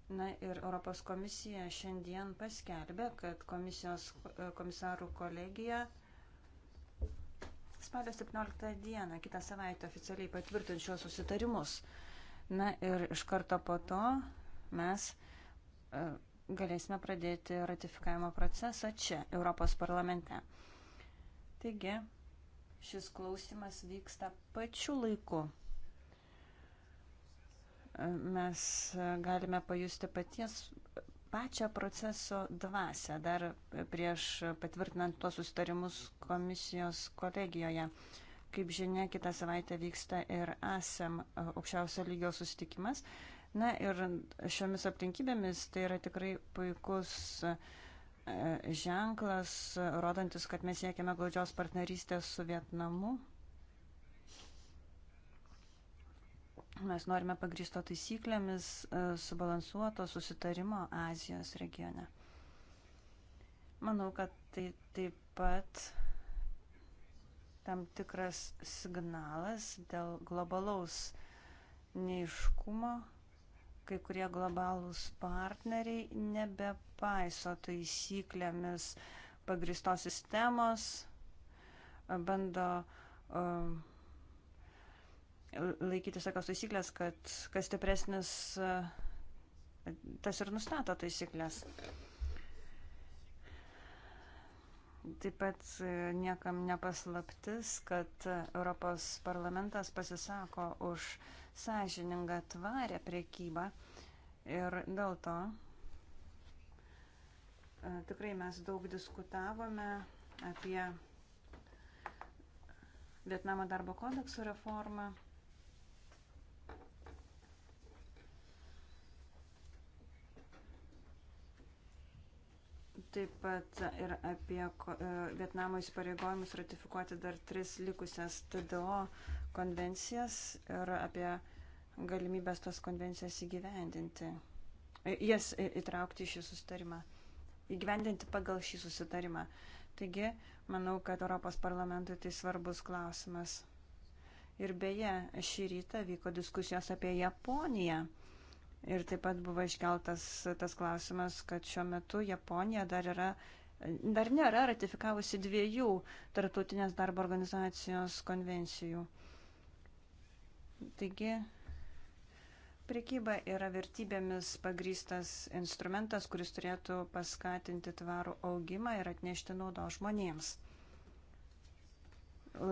Na ir Europos komisija šiandien paskelbė, kad komisijos e, komisarų kolegija spalio 17 dieną, kitą savaitę oficialiai patvirtins šios susitarimus. Na ir iš karto po to mes e, galėsime pradėti ratifikavimo procesą čia, Europos parlamente. Taigi, šis klausimas vyksta pačiu laiku mes galime pajusti paties pačią proceso dvasę dar prieš patvirtinant tuos sustarimus komisijos kolegijoje. Kaip žinia, kitą savaitę vyksta ir ASEM aukščiausio lygio susitikimas. Na ir šiomis aplinkybėmis tai yra tikrai puikus e, ženklas, rodantis, kad mes siekiame glaudžios partnerystės su Vietnamu. Mes norime pagristo taisyklėmis e, subalansuoto susitarimo Azijos regione. Manau, kad tai taip pat tam tikras signalas dėl globalaus neiškumo. Kai kurie globalūs partneriai nebepaiso taisyklėmis pagristos sistemos, bando uh, laikytis tokios taisyklės, kad kas stipresnis, e, tas ir nustato taisyklės. Taip pat e, niekam nepaslaptis, kad Europos parlamentas pasisako už sąžiningą tvarę priekybą ir dėl to e, tikrai mes daug diskutavome apie Vietnamo darbo kodekso reformą. taip pat ir apie e, Vietnamo įsipareigojimus ratifikuoti dar tris likusias TDO konvencijas ir apie galimybės tos konvencijas įgyvendinti, e, jas įtraukti į šį susitarimą, įgyvendinti pagal šį susitarimą. Taigi, manau, kad Europos parlamentui tai svarbus klausimas. Ir beje, šį rytą vyko diskusijos apie Japoniją. Ir taip pat buvo iškeltas tas klausimas, kad šiuo metu Japonija dar yra. Dar nėra ratifikavusi dviejų tarptautinės darbo organizacijos konvencijų. Taigi, prekyba yra vertybėmis pagrystas instrumentas, kuris turėtų paskatinti tvarų augimą ir atnešti naudo žmonėms.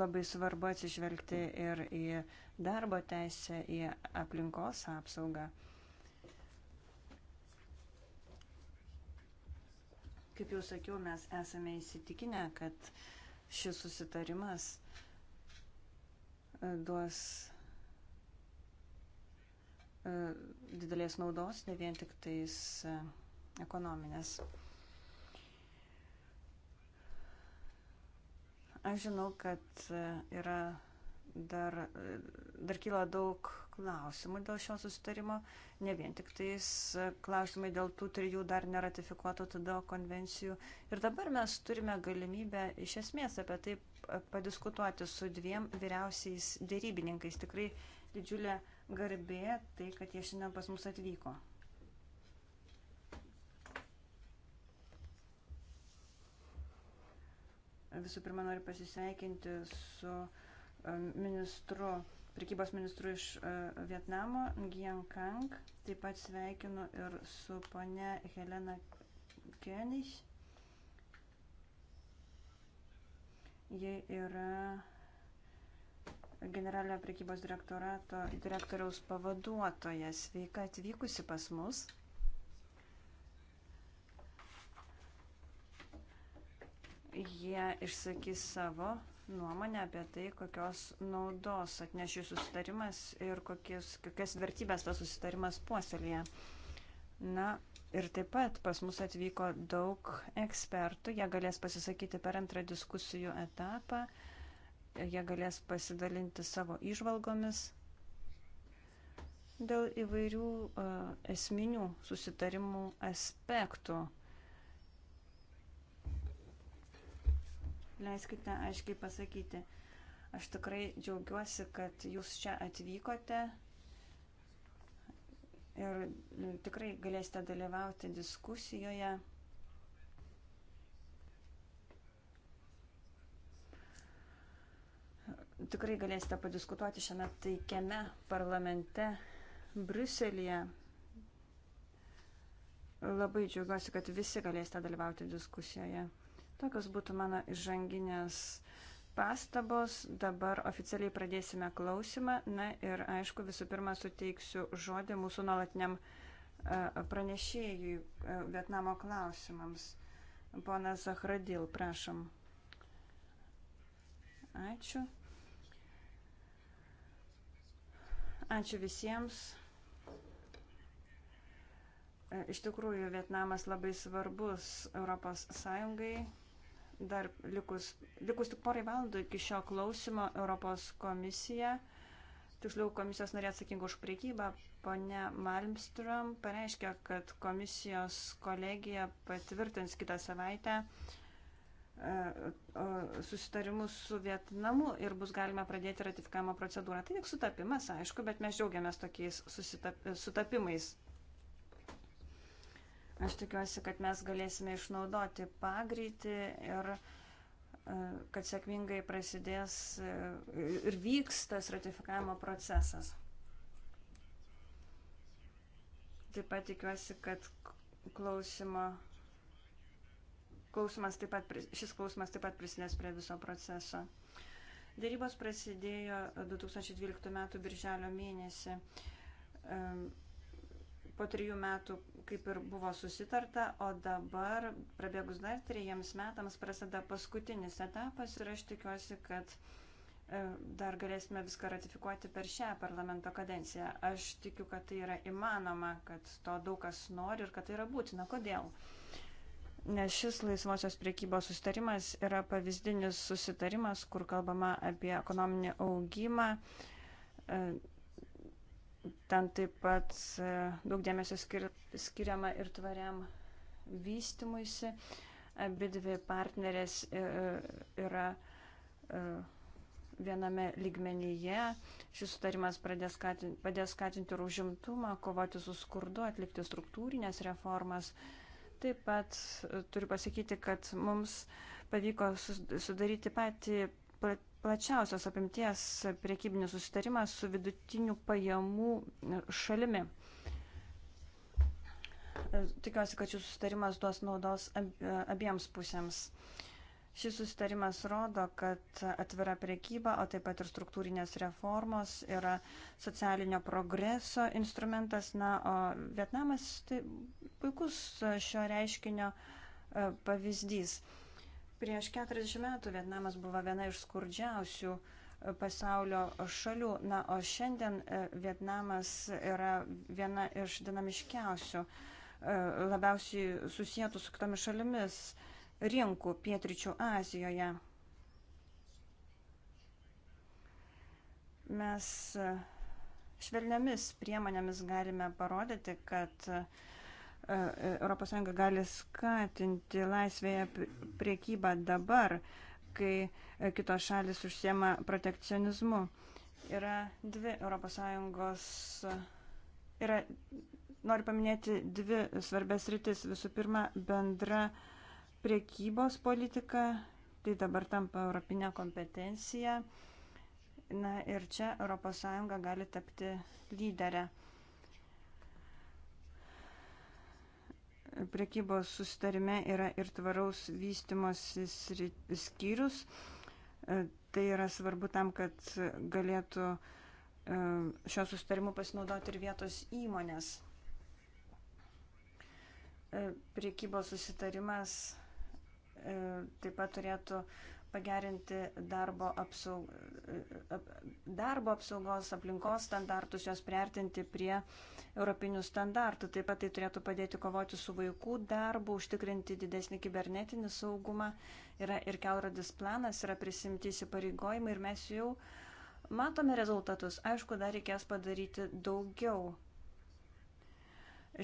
Labai svarbu atsižvelgti ir į darbo teisę, į aplinkos apsaugą. Kaip jau sakiau, mes esame įsitikinę, kad šis susitarimas e, duos e, didelės naudos, ne vien tik tais e, ekonominės. Aš žinau, kad yra dar, dar kyla daug klausimų dėl šio susitarimo, ne vien tik tais e, klausimai dėl tų trijų dar neratifikuotų tada konvencijų. Ir dabar mes turime galimybę iš esmės apie tai e, padiskutuoti su dviem vyriausiais dėrybininkais. Tikrai didžiulė garbė tai, kad jie šiandien pas mus atvyko. Visų pirma, noriu pasisveikinti su e, ministru prekybos ministru iš e, Vietnamo, Ngien Kang. Taip pat sveikinu ir su ponia Helena Kenich. Ji yra generalinio prekybos direktorato direktoriaus pavaduotoja. Sveika atvykusi pas mus. Jie išsakys savo nuomonę apie tai, kokios naudos atneš šis susitarimas ir kokias, kokias vertybės tas susitarimas puoselėje. Na ir taip pat pas mus atvyko daug ekspertų, jie galės pasisakyti per antrą diskusijų etapą, jie galės pasidalinti savo išvalgomis dėl įvairių uh, esminių susitarimų aspektų. Uh, leiskite aiškiai pasakyti. Aš tikrai džiaugiuosi, kad jūs čia atvykote ir tikrai galėsite dalyvauti diskusijoje. Tikrai galėsite padiskutuoti šiame taikiame parlamente Bruselėje. Labai džiaugiuosi, kad visi galėsite dalyvauti diskusijoje. Tokios būtų mano žanginės pastabos. Dabar oficialiai pradėsime klausimą. Na ir aišku, visų pirma, suteiksiu žodį mūsų nuolatiniam e, pranešėjui e, Vietnamo klausimams. Ponas Zahradil, prašom. Ačiū. Ačiū visiems. E, iš tikrųjų, Vietnamas labai svarbus Europos Sąjungai dar likus, likus tik porai valandų iki šio klausimo Europos komisija, tiksliau komisijos narė atsakinga už priekybą, ponia Malmström pareiškia, kad komisijos kolegija patvirtins kitą savaitę e, susitarimus su Vietnamu ir bus galima pradėti ratifikavimo procedūrą. Tai tik sutapimas, aišku, bet mes džiaugiamės tokiais sutapimais. Aš tikiuosi, kad mes galėsime išnaudoti pagreitį ir e, kad sėkmingai prasidės e, ir vyks tas ratifikavimo procesas. Taip pat tikiuosi, kad klausimo, klausimas taip pat, šis klausimas taip pat prisidės prie viso proceso. Dėrybos prasidėjo 2012 m. birželio mėnesį. Po trijų metų kaip ir buvo susitarta, o dabar, prabėgus dar trejiems metams, prasideda paskutinis etapas ir aš tikiuosi, kad e, dar galėsime viską ratifikuoti per šią parlamento kadenciją. Aš tikiu, kad tai yra įmanoma, kad to daug kas nori ir kad tai yra būtina. Kodėl? Nes šis laisvosios priekybos sustarimas yra pavyzdinis susitarimas, kur kalbama apie ekonominį augimą, e, Ten taip pat e, daug dėmesio skir, skiriama ir tvariam vystimuisi. Abi dvi partnerės e, e, yra viename lygmenyje. Šis sutarimas skatinti, padės skatinti ir užimtumą, kovoti su skurdu, atlikti struktūrinės reformas. Taip pat turiu pasakyti, kad mums pavyko sudaryti patį plačiausios apimties priekybinį susitarimą su vidutinių pajamų šalimi. Tikiuosi, kad šis susitarimas duos naudos abiems pusėms. Šis susitarimas rodo, kad atvira priekyba, o taip pat ir struktūrinės reformos yra socialinio progreso instrumentas. Na, o Vietnamas tai puikus šio reiškinio e, pavyzdys. Uh, Prieš 40 metų Vietnamas buvo viena iš skurdžiausių e, pasaulio šalių, na, o šiandien e, Vietnamas yra viena iš dinamiškiausių, e, labiausiai susijętų su kitomis šalimis rinkų pietričių Azijoje. Mes švelniamis priemonėmis galime parodyti, kad uh, ES gali skatinti laisvėje priekybą dabar, kai kitos šalis užsiema protekcionizmu. Yra dvi ES. Yra, noriu paminėti dvi svarbės rytis. Visų pirma, bendra priekybos politika, tai dabar tampa europinė kompetencija. Na ir čia ES gali tapti lyderę. prekybos sustarime yra ir tvaraus vystimosi skyrius. E, tai yra svarbu tam, kad galėtų e, šio sustarimu pasinaudoti ir vietos įmonės. E, Priekybos susitarimas taip pat turėtų pagerinti darbo, apsaug, darbo apsaugos aplinkos standartus, juos priartinti prie europinių standartų. Taip pat tai turėtų padėti kovoti su vaikų darbu, užtikrinti didesnį kibernetinį saugumą. Yra ir kelrodis planas, yra prisimti įsipareigojimai ir mes jau matome rezultatus. Aišku, dar reikės padaryti daugiau.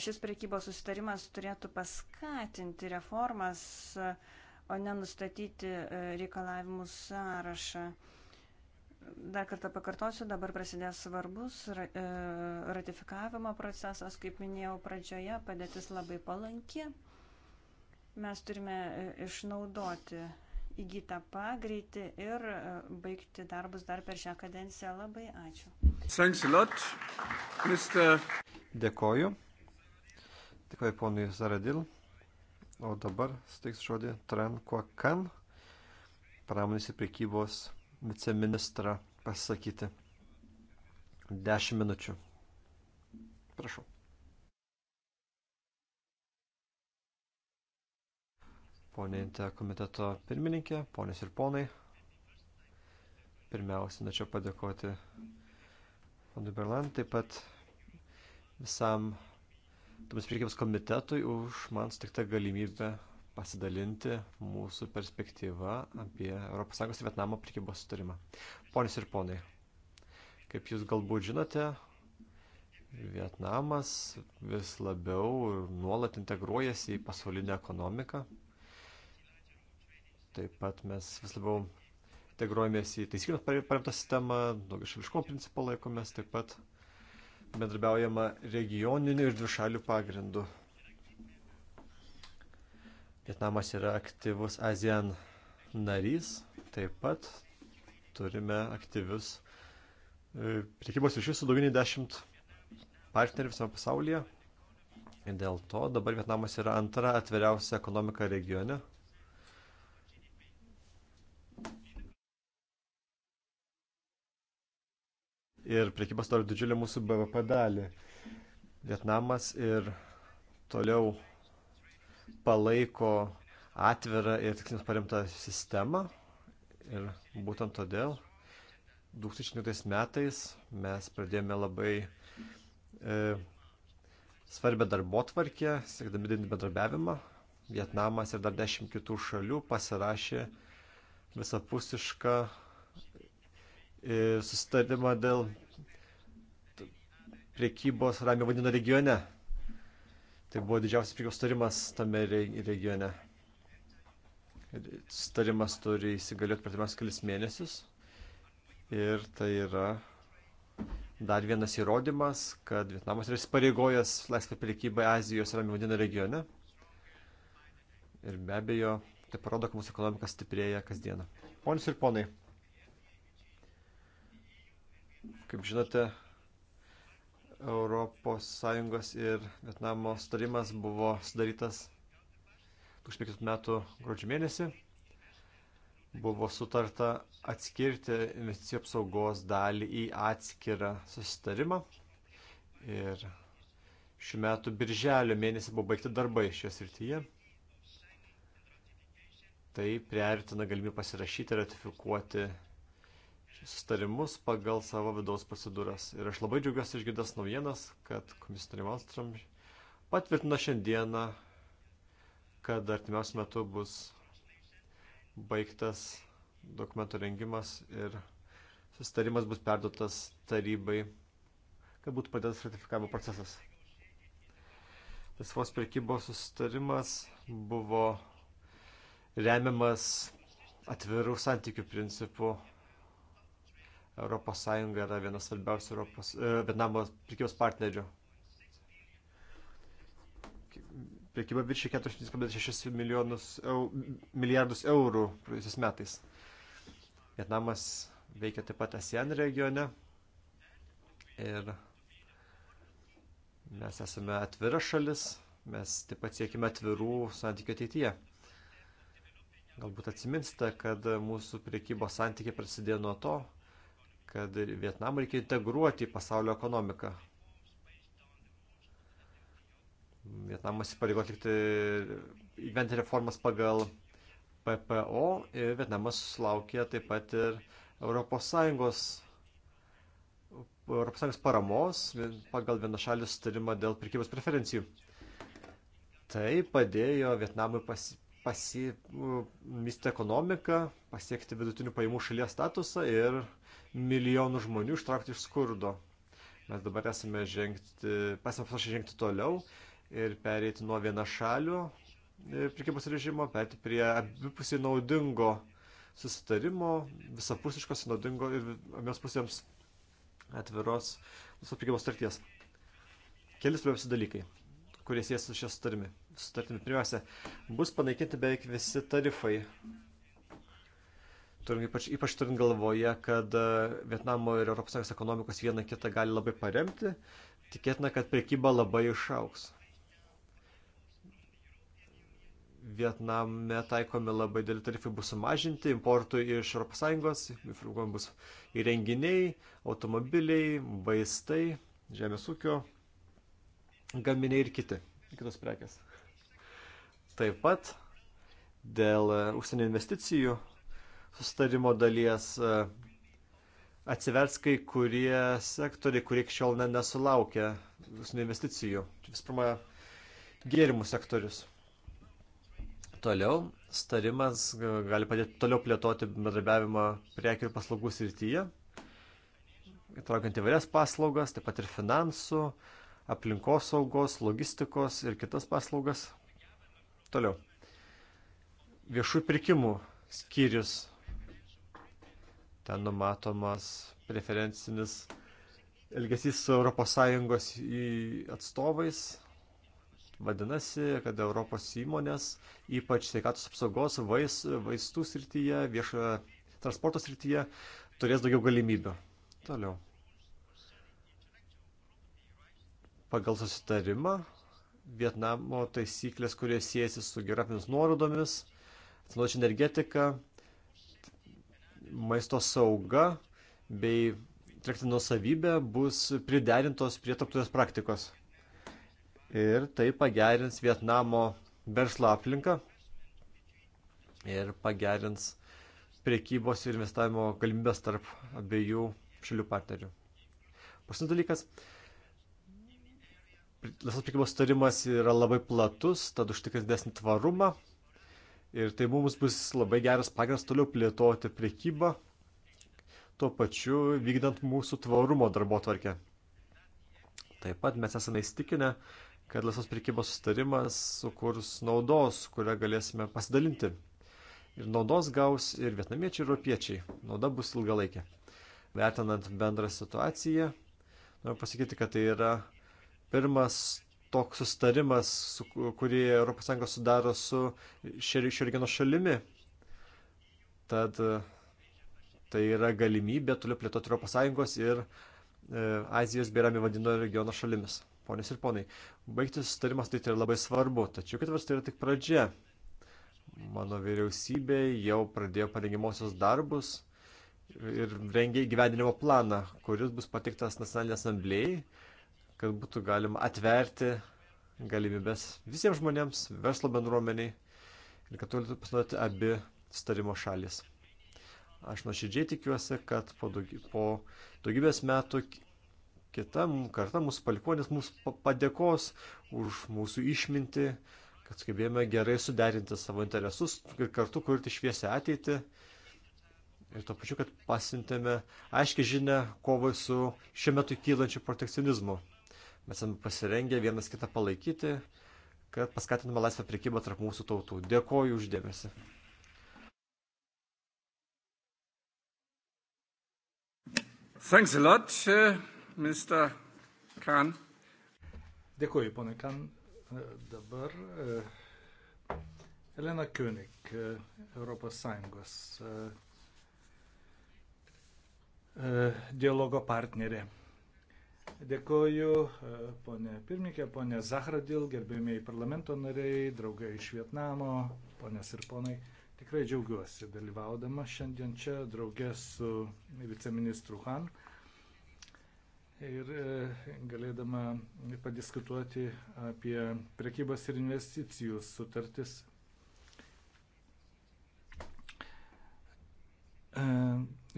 Šis prekybos susitarimas turėtų paskatinti reformas uh, o ne nustatyti e, reikalavimų sąrašą. Dar kartą pakartosiu, dabar prasidės svarbus e, ratifikavimo procesas, kaip minėjau pradžioje, padėtis labai palanki. Mes turime e, išnaudoti įgytą pagreitį ir baigti darbus dar per šią kadenciją. Labai ačiū. Dėkoju. Dėkoju ponui Zaradil. O dabar steiks žodį Tran Kuakan, pramonės ir prekybos viceministra, pasakyti. Dešimt minučių. Prašau. Pone Inte komiteto pirmininkė, ponės ir ponai, pirmiausia, norėčiau padėkoti Fondui Berland, taip pat visam Tomis priekybos komitetui už man sutiktą galimybę pasidalinti mūsų perspektyvą apie ES ir Vietnamo priekybos sutarimą. Ponis ir ponai, kaip jūs galbūt žinote, Vietnamas vis labiau ir nuolat integruojasi į pasaulinę ekonomiką. Taip pat mes vis labiau integruojamės į taisyklių paremtą sistemą, daugiašališkumo principą laikomės, taip pat bendrabiaujama regioniniu ir dvišalių pagrindu. Vietnamas yra aktyvus ASEAN narys, taip pat turime aktyvius e, prekybos ryšius su daugiau nei dešimt partnerių visame pasaulyje. Ir dėl to dabar Vietnamas yra antra atviriausia ekonomika regione ir priekyba sudaro didžiulę mūsų BVP dalį. Vietnamas ir toliau palaiko atvirą ir tikslinus paremtą sistemą. Ir būtent todėl 2000 metais mes pradėjome labai e, svarbę darbo tvarkę, siekdami didinti bendrabiavimą. Vietnamas ir dar dešimt kitų šalių pasirašė visapusišką susitarimą dėl priekybos Ramio vandenino regione. Tai buvo didžiausias priekybos sutarimas tame regione. Sutarimas turi įsigalioti per pirmas kelis mėnesius. Ir tai yra dar vienas įrodymas, kad Vietnamas yra įsipareigojęs laisvą priekybą Azijos Ramio vandenino regione. Ir be abejo, tai parodo, kad mūsų ekonomika stiprėja kasdieną. Ponius ir ponai. Kaip žinote, ES ir Vietnamo starimas buvo sudarytas 2015 metų gruodžio mėnesį. Buvo sutarta atskirti investicijų apsaugos dalį į atskirą susitarimą. Ir šių metų birželio mėnesį buvo baigti darbai šioje srityje. Tai priartina galimybę pasirašyti ir ratifikuoti sustarimus pagal savo vidaus procedūras. Ir aš labai džiaugiuosi išgirdęs naujienas, kad komisarė Malstrom patvirtino šiandieną, kad artimiausiu metu bus baigtas dokumento rengimas ir sustarimas bus perduotas tarybai, kad būtų pradėtas ratifikavimo procesas. Laisvos prekybos sustarimas buvo remiamas atvirų santykių principų ES yra vienas svarbiausių Europos, e, Vietnamo prekybos partnerių. Prekyba viršė 4,6 milijardus eurų praėjusiais metais. Vietnamas veikia taip pat ASEAN regione ir mes esame atvira šalis, mes taip pat siekime atvirų santykių ateityje. Galbūt atsiminsite, kad mūsų priekybos santykiai prasidėjo nuo to, kad Vietnamą reikia integruoti į pasaulio ekonomiką. Vietnamas įpareigo atlikti įgyventi reformas pagal PPO ir Vietnamas sulaukė taip pat ir ES, ES paramos pagal vienašalį sutarimą dėl prekybos preferencijų. Tai padėjo Vietnamui pasi, pasi, misti ekonomiką, pasiekti vidutinių pajamų šalies statusą ir milijonų žmonių ištraukti iš skurdo. Mes dabar esame žengti, esame pasašę žengti toliau ir pereiti nuo viena šalių e, prikybos režimo, pereiti prie abipusiai naudingo susitarimo, visapusiškos, naudingo ir abiems pusėms atviros visos prikybos starties. Keli svarbiausi dalykai, kurie siejasi su šia sutartimi. Sutartimi pirmiausia, bus panaikinti beveik visi tarifai Turim ypač, ypač turint galvoje, kad e, Vietnamo ir ES ekonomikos viena kitą gali labai paremti, tikėtina, kad prekyba labai išauks. Vietname taikomi labai dėlį tarifai bus sumažinti, importui iš ES, informuojami bus įrenginiai, automobiliai, vaistai, žemės ūkio gaminiai ir kiti, kitos prekes. Taip pat dėl e, užsienio investicijų sustarimo dalies e, atsivers kai kurie sektoriai, kurie iki šiol nesulaukia investicijų. Tai Vis pirma, gėrimų sektorius. Toliau, starimas gali padėti toliau plėtoti bendradarbiavimą prekių ir paslaugų srityje, įtraukiant įvairias paslaugas, taip pat ir finansų, aplinkosaugos, logistikos ir kitas paslaugas. Toliau, viešų pirkimų skyrius Ten numatomas preferencinis elgesys su ES atstovais. Vadinasi, kad Europos įmonės, ypač sveikatos apsaugos, vais, vaistų srityje, viešojo transporto srityje, turės daugiau galimybių. Toliau. Pagal susitarimą Vietnamo taisyklės, kurie siejasi su geromis nuorodomis, atsinaujinančia energetika, maisto sauga bei traktinio savybė bus priderintos prie tarptautinės praktikos. Ir tai pagerins Vietnamo verslo aplinką ir pagerins priekybos ir investavimo galimybės tarp abiejų šalių partnerių. Paskutinis dalykas. Laisvos priekybos sutarimas yra labai platus, tad užtikrins desnį tvarumą Ir tai mums bus labai geras pagrindas toliau plėtoti priekybą, tuo pačiu vykdant mūsų tvarumo darbo tvarkę. Taip pat mes esame įstikinę, kad laisvos priekybos sustarimas sukurs naudos, kurią galėsime pasidalinti. Ir naudos gaus ir vietnamiečiai, ir europiečiai. Nauda bus ilgalaikė. Vertinant bendrą situaciją, noriu pasakyti, kad tai yra pirmas toks sustarimas, su, kurį ES sudaro su šio regiono šalimi. Tad e, tai yra galimybė toliau plėtoti ES ir e, Azijos bei Rami vadino regiono šalimis. Ponės ir ponai, baigti sustarimas tai, tai yra labai svarbu, tačiau ketvirtas tai yra tik pradžia. Mano vyriausybė jau pradėjo parengimosios darbus ir rengė įgyvendinimo planą, kuris bus patiktas Nacionalinė asamblėjai kad būtų galima atverti galimybės visiems žmonėms, verslo bendruomeniai ir kad turėtų pasinaudoti abi starimo šalis. Aš nuoširdžiai tikiuosi, kad po, daugy, po daugybės metų kita karta mūsų palikonis mums padėkos už mūsų išmintį, kad sugebėjome gerai suderinti savo interesus ir kartu kurti šviesę ateitį. Ir to pačiu, kad pasintėme aiškiai žinę kovai su šiuo metu kylančiu protekcionizmu. Mes esame pasirengę vienas kitą palaikyti, kad paskatinume laisvą prekybą tarp mūsų tautų. Dėkoju uždėmesi. Thanks a lot, uh, Mr. Khan. Dėkoju, ponai Khan. E, dabar uh, Elena König, uh, Europos Sąjungos dialogo partnerė. Dėkoju, e, ponė pirmininkė, ponė Zahradil, gerbėmiai parlamento nariai, draugai iš Vietnamo, ponės ir ponai. Tikrai džiaugiuosi dalyvaudama šiandien čia draugė su viceministru Han ir e, galėdama padiskutuoti apie prekybos ir investicijų sutartis. E,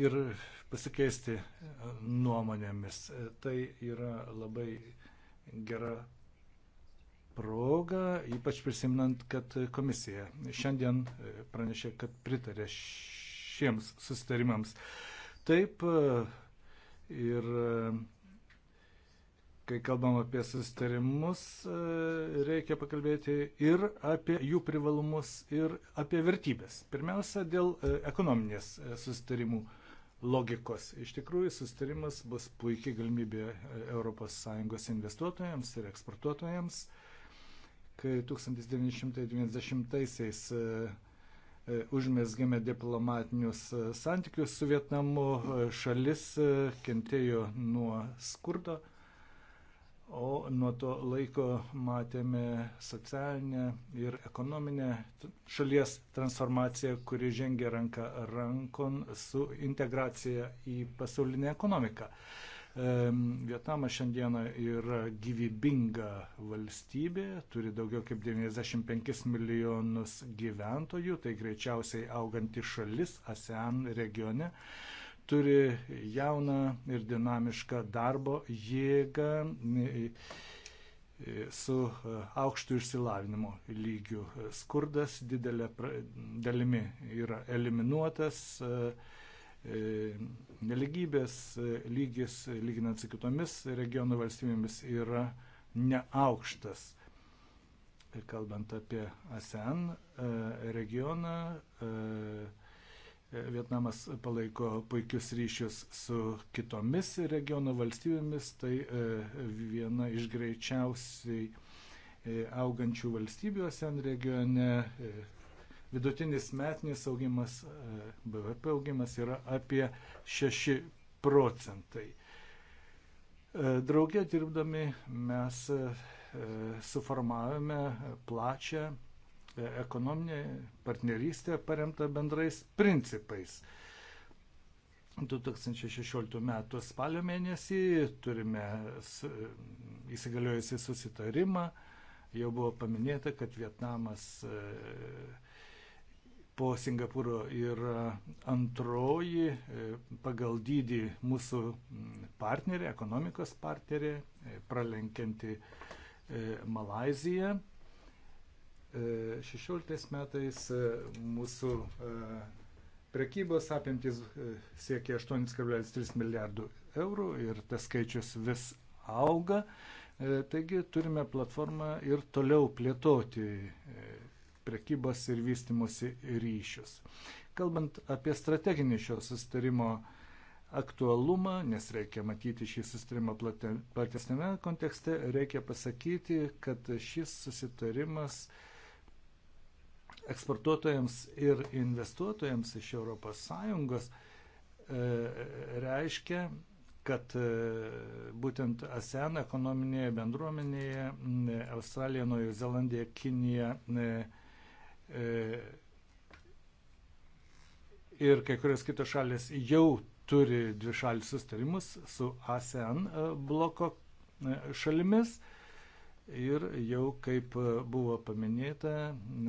ir pasikeisti e, nuomonėmis. E, tai yra labai gera proga, ypač prisimnant, kad komisija šiandien e, pranešė, kad pritarė šiems susitarimams. Taip ir kai kalbam apie susitarimus, reikia pakalbėti ir apie jų privalumus, ir apie vertybės. Pirmiausia, dėl ekonominės susitarimų logikos. Iš tikrųjų, sustarimas bus puikiai galimybė ES investuotojams ir eksportuotojams, kai 1990-aisiais e, e, užmėsgėme diplomatinius e, santykius su Vietnamu, šalis kentėjo nuo skurdo o nuo to laiko matėme socialinę ir ekonominę šalies transformaciją, kuri žengia ranką rankon su integracija į pasaulinę ekonomiką. Vietnamas šiandieną yra gyvybinga valstybė, turi daugiau kaip 95 milijonus gyventojų, tai greičiausiai auganti šalis ASEAN regione turi jauną ir dinamišką darbo jėgą su e, aukštu išsilavinimo lygiu. Skurdas didelė dalimi yra eliminuotas, e, e, neligybės lygis, lyginant su kitomis regionų valstybėmis, yra neaukštas kalbant apie ASEAN regioną, Vietnamas palaiko puikius ryšius su kitomis regiono valstybėmis, tai e, viena iš greičiausiai e, augančių valstybių ASEAN regione. E, vidutinis metinis augimas, BVP augimas yra apie 6 procentai. Draugė dirbdami mes suformavome plačią E, ekonominė partnerystė paremta bendrais principais. 2016 m. spalio mėnesį turime įsigaliojusi susitarimą. Jau buvo paminėta, kad Vietnamas e, po Singapūro yra antroji e, pagal dydį mūsų partnerė, ekonomikos partnerė, pralenkianti Malaziją. 16 metais e, mūsų e, prekybos apimtis siekia 8,3 milijardų eurų ir tas skaičius vis auga. E, taigi turime platformą ir toliau plėtoti prekybos ir vystimosi ryšius. Kalbant apie strateginį šio sustarimo aktualumą, nes reikia matyti šį sustarimą platesnėme kontekste, reikia pasakyti, kad šis susitarimas uh, eksportuotojams ir investuotojams iš ES e, reiškia, kad e, būtent ASEAN ekonominėje bendruomenėje Australija, Naujoji Zelandija, Kinija e, ir kai kurios kitos šalės jau turi dvišalius sustarimus su ASEAN bloko šalimis. Ir jau kaip buvo paminėta,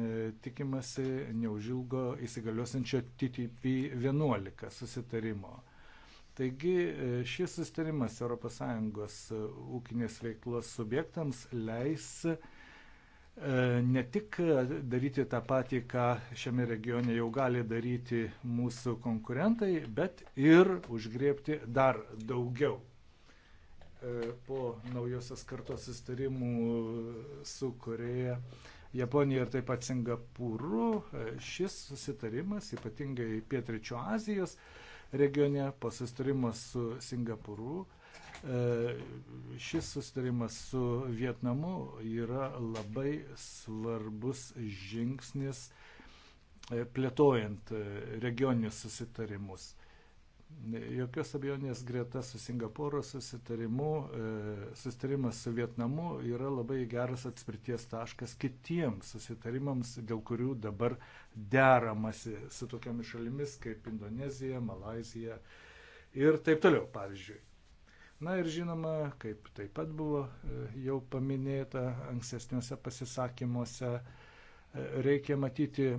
e, tikimasi neužilgo įsigaliosiančio TTP 11 susitarimo. Taigi e, šis susitarimas ES e, ūkinės veiklos subjektams leis ne tik daryti tą patį, ką šiame regione jau gali daryti mūsų konkurentai, bet ir užgrėpti dar daugiau. E, po naujosios kartos sustarimų su Koreja, Japonija ir taip pat Singapūru, e, šis susitarimas, ypatingai Pietričio Azijos regione, po sustarimo su Singapūru, e, šis susitarimas su Vietnamu yra labai svarbus žingsnis plėtojant regioninius susitarimus. Jokios abejonės greta su Singapūro susitarimu, e, susitarimas su Vietnamu yra labai geras atspirties taškas kitiems susitarimams, dėl kurių dabar deramasi su tokiamis šalimis kaip Indonezija, Malazija ir taip toliau, pavyzdžiui. Na ir žinoma, kaip taip pat buvo e, jau paminėta ankstesniuose pasisakymuose, e, reikia matyti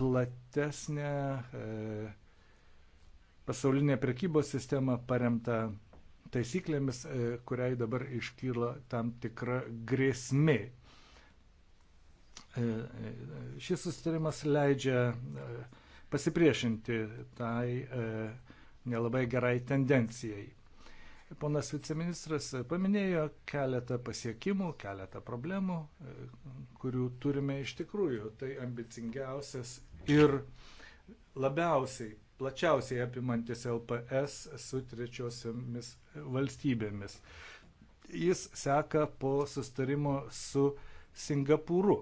platesnę pasaulinė prekybos sistema paremta taisyklėmis, e, kuriai dabar iškyla tam tikra grėsmė. E, e, šis sustarimas leidžia pasipriešinti tai nelabai gerai tendencijai. Ponas viceministras paminėjo keletą pasiekimų, keletą problemų, kurių turime iš tikrųjų. Tai ambicingiausias ir labiausiai plačiausiai apimantis LPS su trečiosiomis valstybėmis. Jis seka po sustarimo su Singapūru.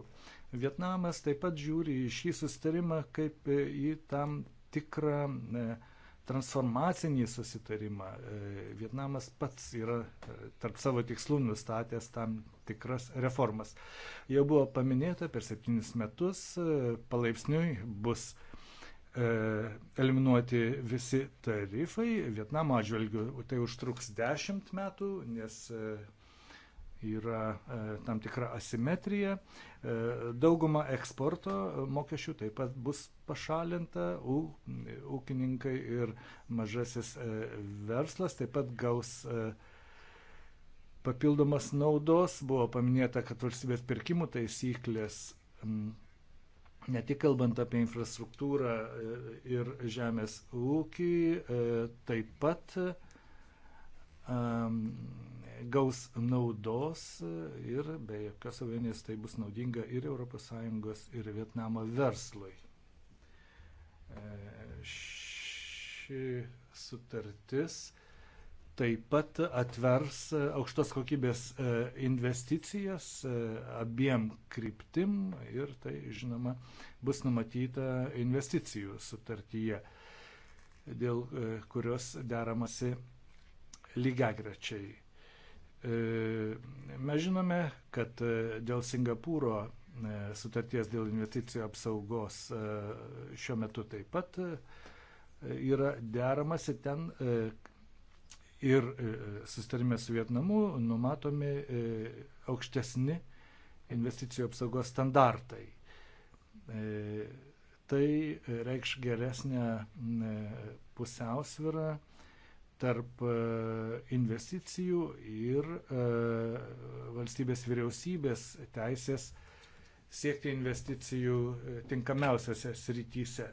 Vietnamas taip pat žiūri į šį sustarimą kaip į tam tikrą e, transformacinį susitarimą. E, Vietnamas pats yra e, tarp savo tikslų nustatęs tam tikras reformas. Jau buvo paminėta, per septynis metus palaipsniui bus E, eliminuoti visi tarifai. Vietnamo atžvilgiu tai užtruks 10 metų, nes e, yra e, tam tikra asimetrija. Dauguma eksporto mokesčių taip pat bus pašalinta, ūkininkai ir mažasis verslas taip pat gaus papildomas naudos. Buvo paminėta, kad valstybės pirkimų taisyklės ne tik kalbant apie infrastruktūrą e, ir žemės ūkį, e, taip pat gaus naudos ir be jokios avienės tai bus naudinga ir ES, ir Vietnamo verslui. E, ši sutartis taip pat atvers e, aukštos kokybės e, investicijas e, abiem kryptim ir tai, žinoma, bus numatyta investicijų sutartyje, dėl kurios deramasi lygiagrečiai. Mes žinome, kad dėl Singapūro sutarties dėl investicijų apsaugos šiuo metu taip pat yra deramasi ten ir e, sustarime su Vietnamu numatomi e, aukštesni investicijų apsaugos standartai. E, tai reikš geresnę pusiausvyrą tarp investicijų ir valstybės vyriausybės teisės siekti investicijų tinkamiausiose srityse.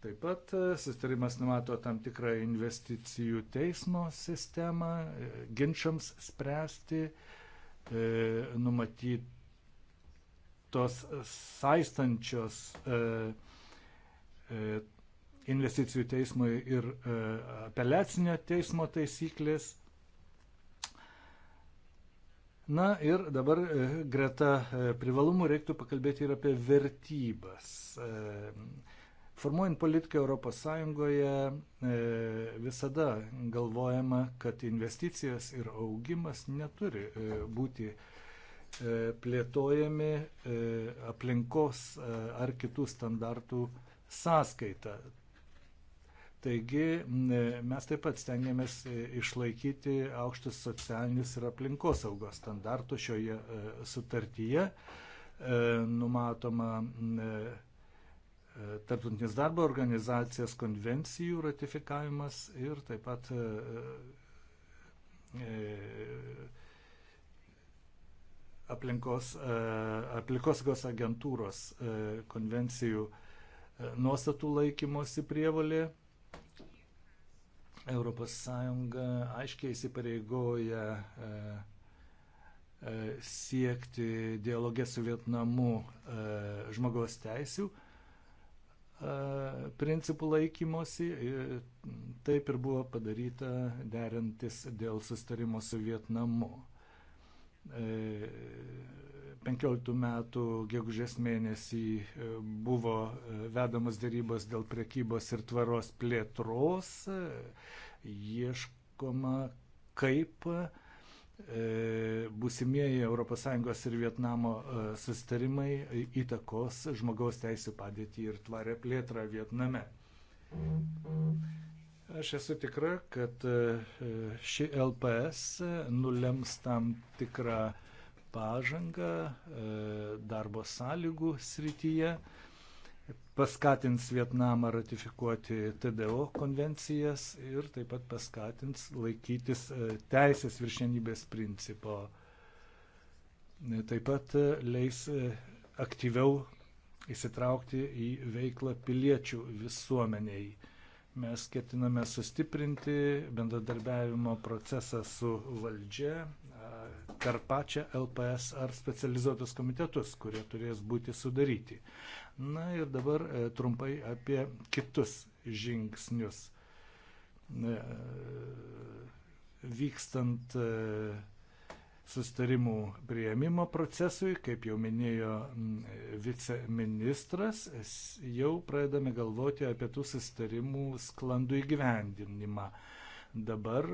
Taip pat e, sustarimas numato tam tikrą investicijų teismo sistemą, e, ginčiams spręsti, e, numatytos saistančios investicijų teismui ir apeliacinio teismo taisyklės. Na ir dabar greta privalumų reiktų pakalbėti ir apie vertybas. Formuojant politiką ES e, visada galvojama, kad investicijos ir augimas neturi e, būti e, plėtojami aplinkos ar kitų standartų sąskaita. Taigi mes taip pat stengiamės išlaikyti aukštus socialinius ir aplinkosaugos standartus šioje sutartyje. Numatoma E, Tarptautinės darbo organizacijos konvencijų ratifikavimas ir taip pat e, e, aplinkos, aplinkosgos agentūros konvencijų nuostatų laikymosi prievalė. ES aiškiai įsipareigoja siekti dialogę su Vietnamu žmogaus teisų E, principų laikymosi. E, taip ir buvo padaryta derintis dėl sustarimo su Vietnamu. 15 e, metų gegužės mėnesį buvo vedamos dėrybos dėl prekybos ir tvaros plėtros, ieškoma kaip E, būsimieji ES ir Vietnamo e, sustarimai įtakos žmogaus teisų padėtį ir tvarę plėtrą Vietname. Aš esu tikra, kad e, ši LPS nulems tam tikrą pažangą darbo sąlygų srityje, paskatins Vietnamą ratifikuoti TDO konvencijas ir taip pat paskatins laikytis e, teisės viršienybės principo. E, taip pat e, leis aktyviau įsitraukti į veiklą piliečių visuomeniai mes ketiname sustiprinti bendradarbiavimo procesą su valdžia, per pačią LPS ar specializuotus komitetus, kurie turės būti sudaryti. Na ir dabar e, trumpai apie kitus žingsnius. E, vykstant e, sustarimų prieimimo procesui, kaip jau minėjo viceministras, jau pradedame galvoti apie tų sustarimų sklandų įgyvendinimą. Dabar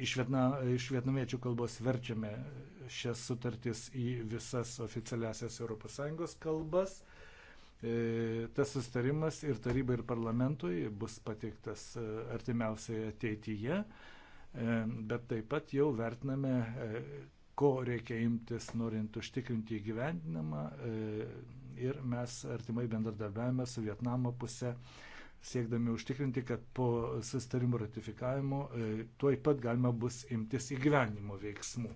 iš, vietna, iš vietnamiečių kalbos verčiame šias sutartis į visas oficialiasias ES kalbas. E, tas sustarimas ir tarybai, ir parlamentui bus pateiktas e, artimiausioje ateityje, e, bet taip pat jau vertiname, ko reikia imtis, norint užtikrinti įgyvendinamą ir mes artimai bendradarbiavame su Vietnamo pusė siekdami užtikrinti, kad po sustarimo ratifikavimo e, tuoj pat galima bus imtis įgyvenimo veiksmų.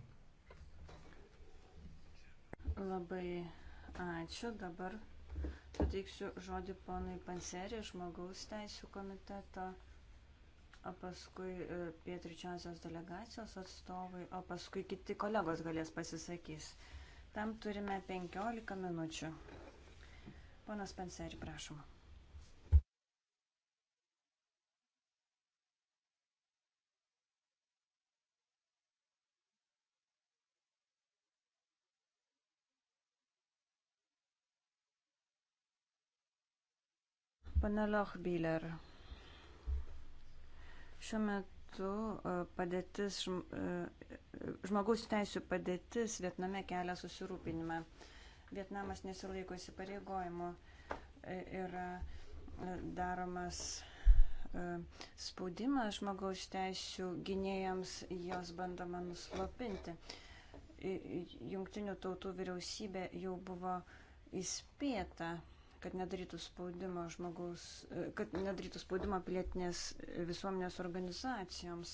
Labai ačiū. Dabar suteiksiu žodį ponui Panserį, žmogaus teisų komiteto, o paskui e, pietričiosios delegacijos atstovai, o paskui kiti kolegos galės pasisakys. Tam turime 15 minučių. Ponas Panserį, prašom. Pane Lochbiler, šiuo metu e, padėtis, e, žmogaus teisų padėtis Vietname kelia susirūpinimą. Vietnamas nesilaiko įsipareigojimų ir e, daromas spaudimas žmogaus teisų gynėjams, jos bandoma nuslopinti. Jungtinių tautų vyriausybė jau buvo įspėta kad nedarytų spaudimo žmogaus, e, kad nedarytų spaudimo pilietinės visuomenės organizacijoms.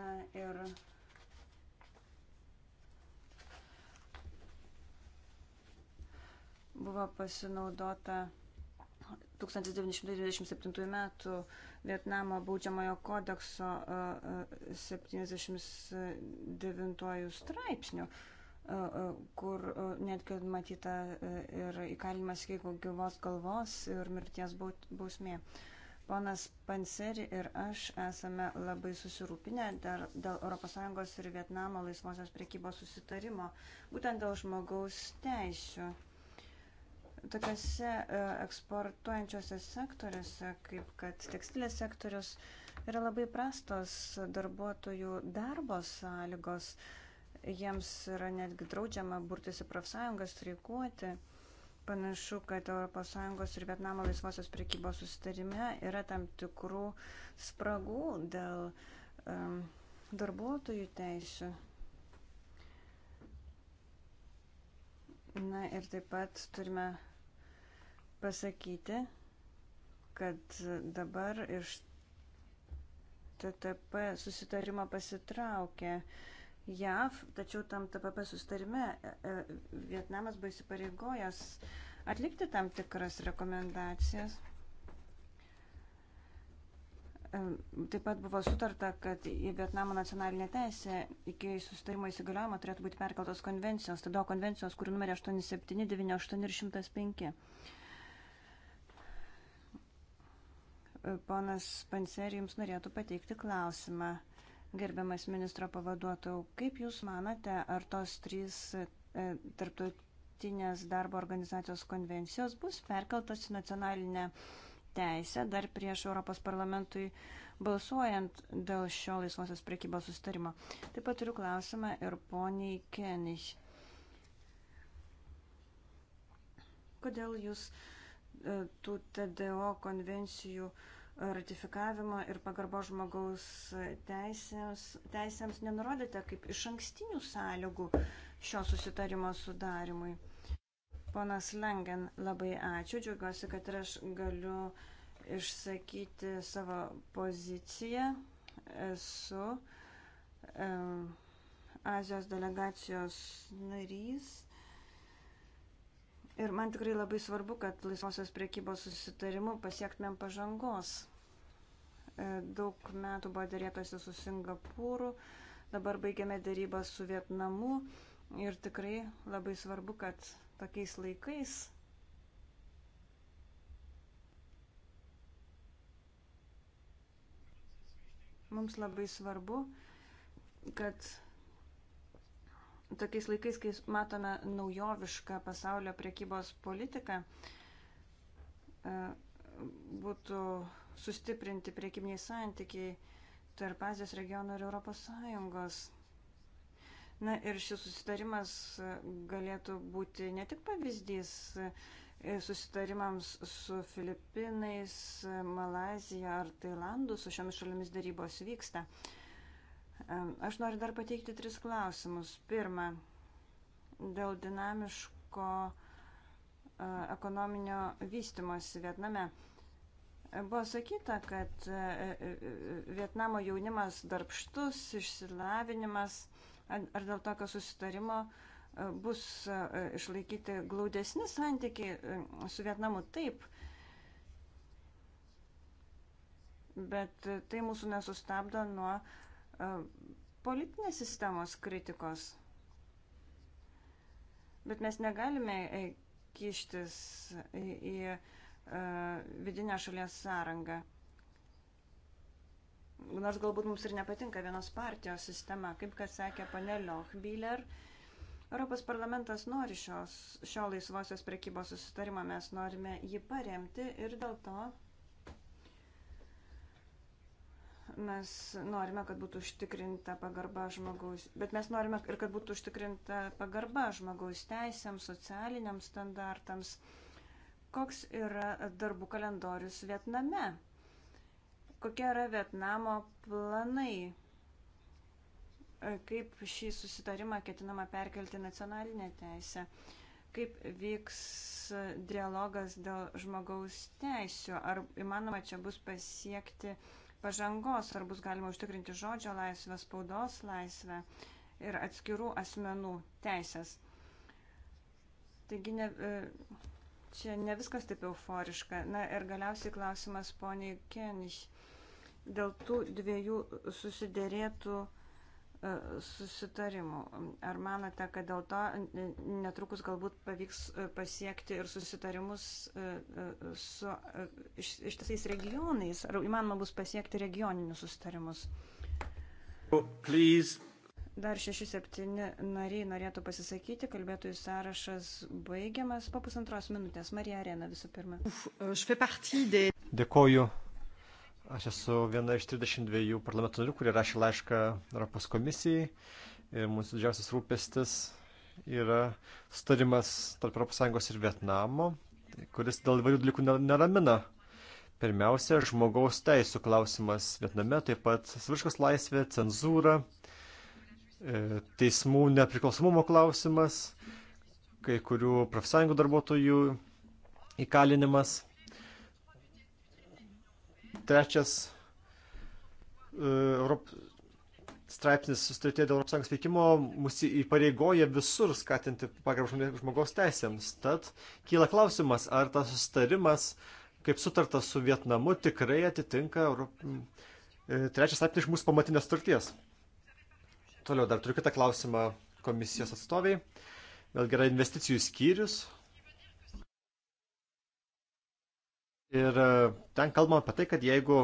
Na ir buvo pasinaudota 1927 metų Vietnamo baudžiamojo kodekso 79 e, e, straipsnių kur netgi matyta e, ir įkalimas iki gyvos galvos ir mirties bausmė. Ponas Panseri ir aš esame labai susirūpinę dėl ES ir Vietnamo laisvosios priekybos susitarimo, būtent dėl žmogaus teisių. Tokiuose e, eksportuojančiuose sektoriuose, kaip kad tekstilės sektorius, yra labai prastos darbuotojų darbo sąlygos. Uh, Jiems yra netgi draudžiama burtis į profsąjungą, streikuoti. Panašu, kad ES ir Vietnamo laisvosios prekybos susitarime yra tam tikrų spragų dėl um, darbuotojų teisų. Na ir taip pat turime pasakyti, kad dabar iš TTP susitarimo pasitraukė uh, JAV, tačiau tam TPP sustarime e, e, Vietnamas buvo įsipareigojęs atlikti tam tikras rekomendacijas. E, taip pat buvo sutarta, kad į Vietnamo nacionalinę teisę iki sustarimo įsigaliojimo turėtų būti perkeltos konvencijos, tada konvencijos, kurių numerė 87, 98 ir 105. Ponas Panseri jums norėtų pateikti klausimą. Gerbiamas ministro pavaduotojau, kaip Jūs manate, ar tos trys e, tarptautinės darbo organizacijos konvencijos bus perkeltos į nacionalinę teisę dar prieš Europos parlamentui balsuojant dėl šio laisvosios priekybos sustarimo? Taip pat turiu klausimą ir poniai Kenich. Kodėl Jūs e, tų TDO konvencijų e, ratifikavimo ir pagarbo žmogaus teisėms, teisėms nenurodėte kaip iš ankstinių sąlygų šio susitarimo sudarimui. Ponas Lengen, labai ačiū, džiaugiuosi, kad ir aš galiu išsakyti savo poziciją. Esu um, Azijos delegacijos narys Ir man tikrai labai svarbu, kad laisvosios priekybos susitarimu pasiektumėm pažangos. E, daug metų buvo dėrėtasi su Singapūru, dabar baigiame dėrybą su Vietnamu ir tikrai labai svarbu, kad tokiais laikais mums labai svarbu, kad tokiais laikais, kai matome naujovišką pasaulio priekybos politiką, e, būtų sustiprinti priekybiniai santykiai tarp Azijos regiono ir Europos Sąjungos. Na ir šis susitarimas e, galėtų būti ne tik pavyzdys e, susitarimams su Filipinais, Malazija ar Tailandu, su šiomis šalimis darybos vyksta. Uh, Aš noriu dar pateikti tris klausimus. Pirma, dėl dinamiško e, ekonominio vystimosi Vietname. Buvo sakyta, kad e, e, Vietnamo jaunimas darbštus, išsilavinimas, ar dėl tokio susitarimo bus išlaikyti glaudesni santykiai su Vietnamu taip, bet tai mūsų nesustabdo nuo politinės sistemos kritikos. Bet mes negalime e, kištis į, į, į e, vidinę šalies sąrangą. Nors galbūt mums ir nepatinka vienos partijos sistema, kaip kad sakė panelio Hbiler, Europos parlamentas nori šios, šio laisvosios prekybos susitarimo, mes norime jį paremti ir dėl to Mes norime, kad būtų užtikrinta pagarba žmogaus, bet mes norime ir kad būtų užtikrinta pagarba žmogaus teisėms, socialiniams standartams. Koks yra darbų kalendorius Vietname? Kokie yra Vietnamo planai? Kaip šį susitarimą ketinama perkelti nacionalinę teisę? kaip vyks dialogas dėl žmogaus teisų, ar įmanoma čia bus pasiekti pažangos, ar bus galima užtikrinti žodžio laisvę, spaudos laisvę ir atskirų asmenų teisės. Taigi ne, e, čia ne viskas taip euforiška. Na ir galiausiai klausimas poniai Kenich dėl tų dviejų susidėrėtų uh, E, susitarimų. Ar manote, kad dėl to netrukus galbūt pavyks e, pasiekti ir susitarimus e, su ištisais regionais? Ar įmanoma bus pasiekti regioninius susitarimus? Oh, please. Dar šeši, septyni nariai norėtų pasisakyti, kalbėtojų sąrašas baigiamas po pusantros minutės. Marija Arena visų pirma. Euh, Dėkoju Aš esu viena iš 32 parlamento narių, kurie rašė laišką Europos komisijai ir mūsų didžiausias rūpestis yra sutarimas tarp ES ir Vietnamo, kuris dėl įvairių dalykų neramina. Pirmiausia, žmogaus teisų klausimas Vietname, taip pat svirškos laisvė, cenzūra, e, teismų nepriklausomumo klausimas, kai kurių profsąjungų darbuotojų įkalinimas Trečias e, Europ... straipsnis sustatė dėl ES veikimo mus įpareigoja visur skatinti pagarbą žmogaus teisėms. Tad kyla klausimas, ar tas sustarimas, kaip sutartas su Vietnamu, tikrai atitinka Europ... E, trečias straipsnis iš mūsų pamatinės turties. Toliau dar turiu kitą klausimą komisijos atstoviai. Vėlgi yra investicijų skyrius, Ir e, ten kalbama apie tai, kad jeigu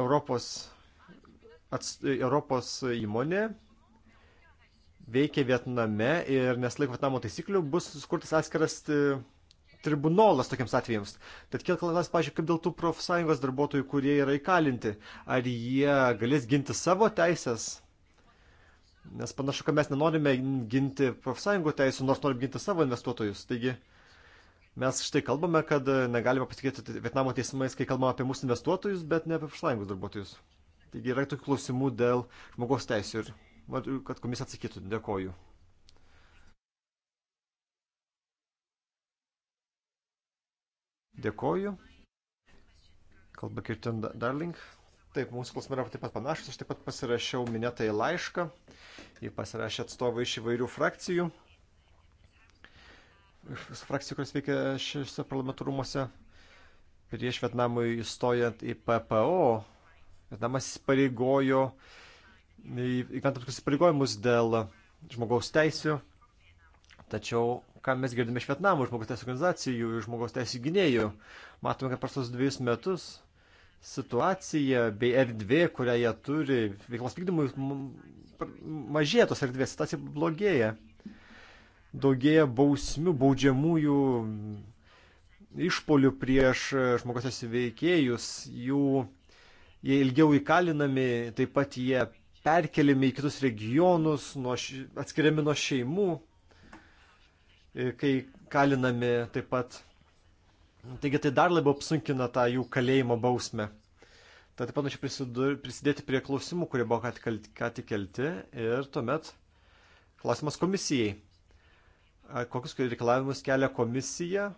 Europos, ats, Europos įmonė veikia Vietname ir nesilaiko Vietnamo taisyklių, bus sukurtas atskiras e, tribunolas tokiems atvejams. Tad kiek klausimas, pažiūrėjau, kaip dėl tų profsąjungos darbuotojų, kurie yra įkalinti, ar jie galės ginti savo teisės? Nes panašu, kad mes nenorime ginti profsąjungų teisų, nors norim ginti savo investuotojus. Taigi, uh, Mes štai kalbame, kad e, negalime pasitikėti Vietnamo teismais, kai kalbame apie mūsų investuotojus, bet ne apie šlangus darbuotojus. Taigi yra tokių klausimų dėl žmogaus teisų ir noriu, kad komisija atsakytų. Dėkoju. Dėkoju. Kalba Kirtin Darling. Taip, mūsų klausimai yra taip pat panašus. Aš taip pat pasirašiau minėtą į laišką. Jį pasirašė atstovai iš įvairių frakcijų frakcijų, kurios veikia šiuose parlamento rūmose, prieš Vietnamui įstojant į PPO, Vietnamas įsipareigojo, įgant tam tikrus įsipareigojimus dėl žmogaus teisių, tačiau ką mes girdime iš Vietnamo žmogaus teisų organizacijų ir žmogaus teisų gynėjų, matome, kad prastos dviejus metus situacija bei erdvė, kurią jie turi veiklos vykdymui, mažėja tos erdvės, situacija blogėja daugėja bausmių, baudžiamųjų išpolių prieš žmogaus veikėjus, jų jie ilgiau įkalinami, taip pat jie perkeliami į kitus regionus, nuo, atskiriami nuo šeimų, e, kai kalinami taip pat. Taigi tai dar labiau apsunkina tą jų kalėjimo bausmę. Tad taip pat norėčiau prisidėti prie klausimų, kurie buvo ką tik kelti ir tuomet klausimas komisijai kokius reikalavimus kelia komisija,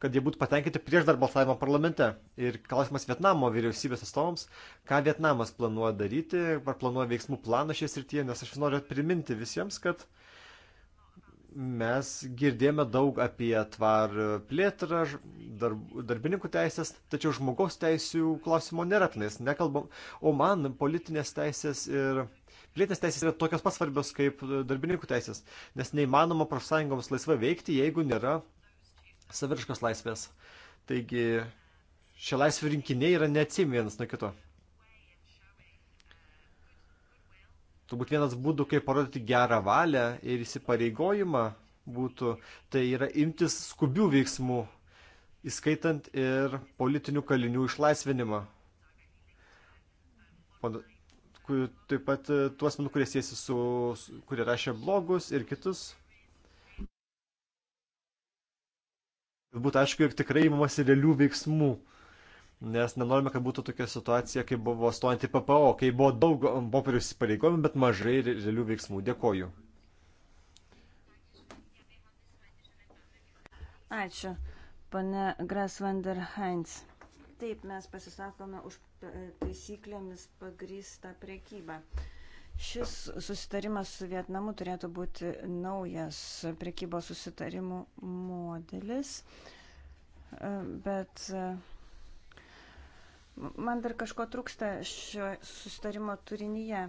kad jie būtų patenkinti prieš dar balsavimą parlamente. Ir klausimas Vietnamo vyriausybės atstovams, ką Vietnamas planuoja daryti, ar planuoja veiksmų planą šiais rytyje, nes aš noriu priminti visiems, kad mes girdėjome daug apie tvar plėtrą, darb, darbininkų teisės, tačiau žmogaus teisų klausimo nėra tenais, nekalbam, o man politinės teisės ir Pilietinės teisės yra tokios pasvarbios kaip darbininkų teisės, nes neįmanoma profsąjungoms laisvai veikti, jeigu nėra saviriškos laisvės. Taigi šie laisvių rinkiniai yra neatsim vienas nuo kito. Turbūt vienas būdų, kaip parodyti gerą valią ir įsipareigojimą būtų, tai yra imtis skubių veiksmų, įskaitant ir politinių kalinių išlaisvinimą kur, taip pat e, tų asmenų, kurie siesi su, su, kurie rašė blogus ir kitus. Būtų aišku, jog tikrai įmamasi realių veiksmų, nes nenorime, kad būtų tokia situacija, kai buvo stojant į PPO, kai buvo daug popierių įsipareigojimų, bet mažai realių veiksmų. Dėkoju. Ačiū, pane Grasvander Heinz. Taip, mes pasisakome už e, taisyklėmis pagrįstą prekybą. Šis susitarimas su Vietnamu turėtų būti naujas prekybos susitarimų modelis, e, bet e, man dar kažko trūksta šio susitarimo turinyje.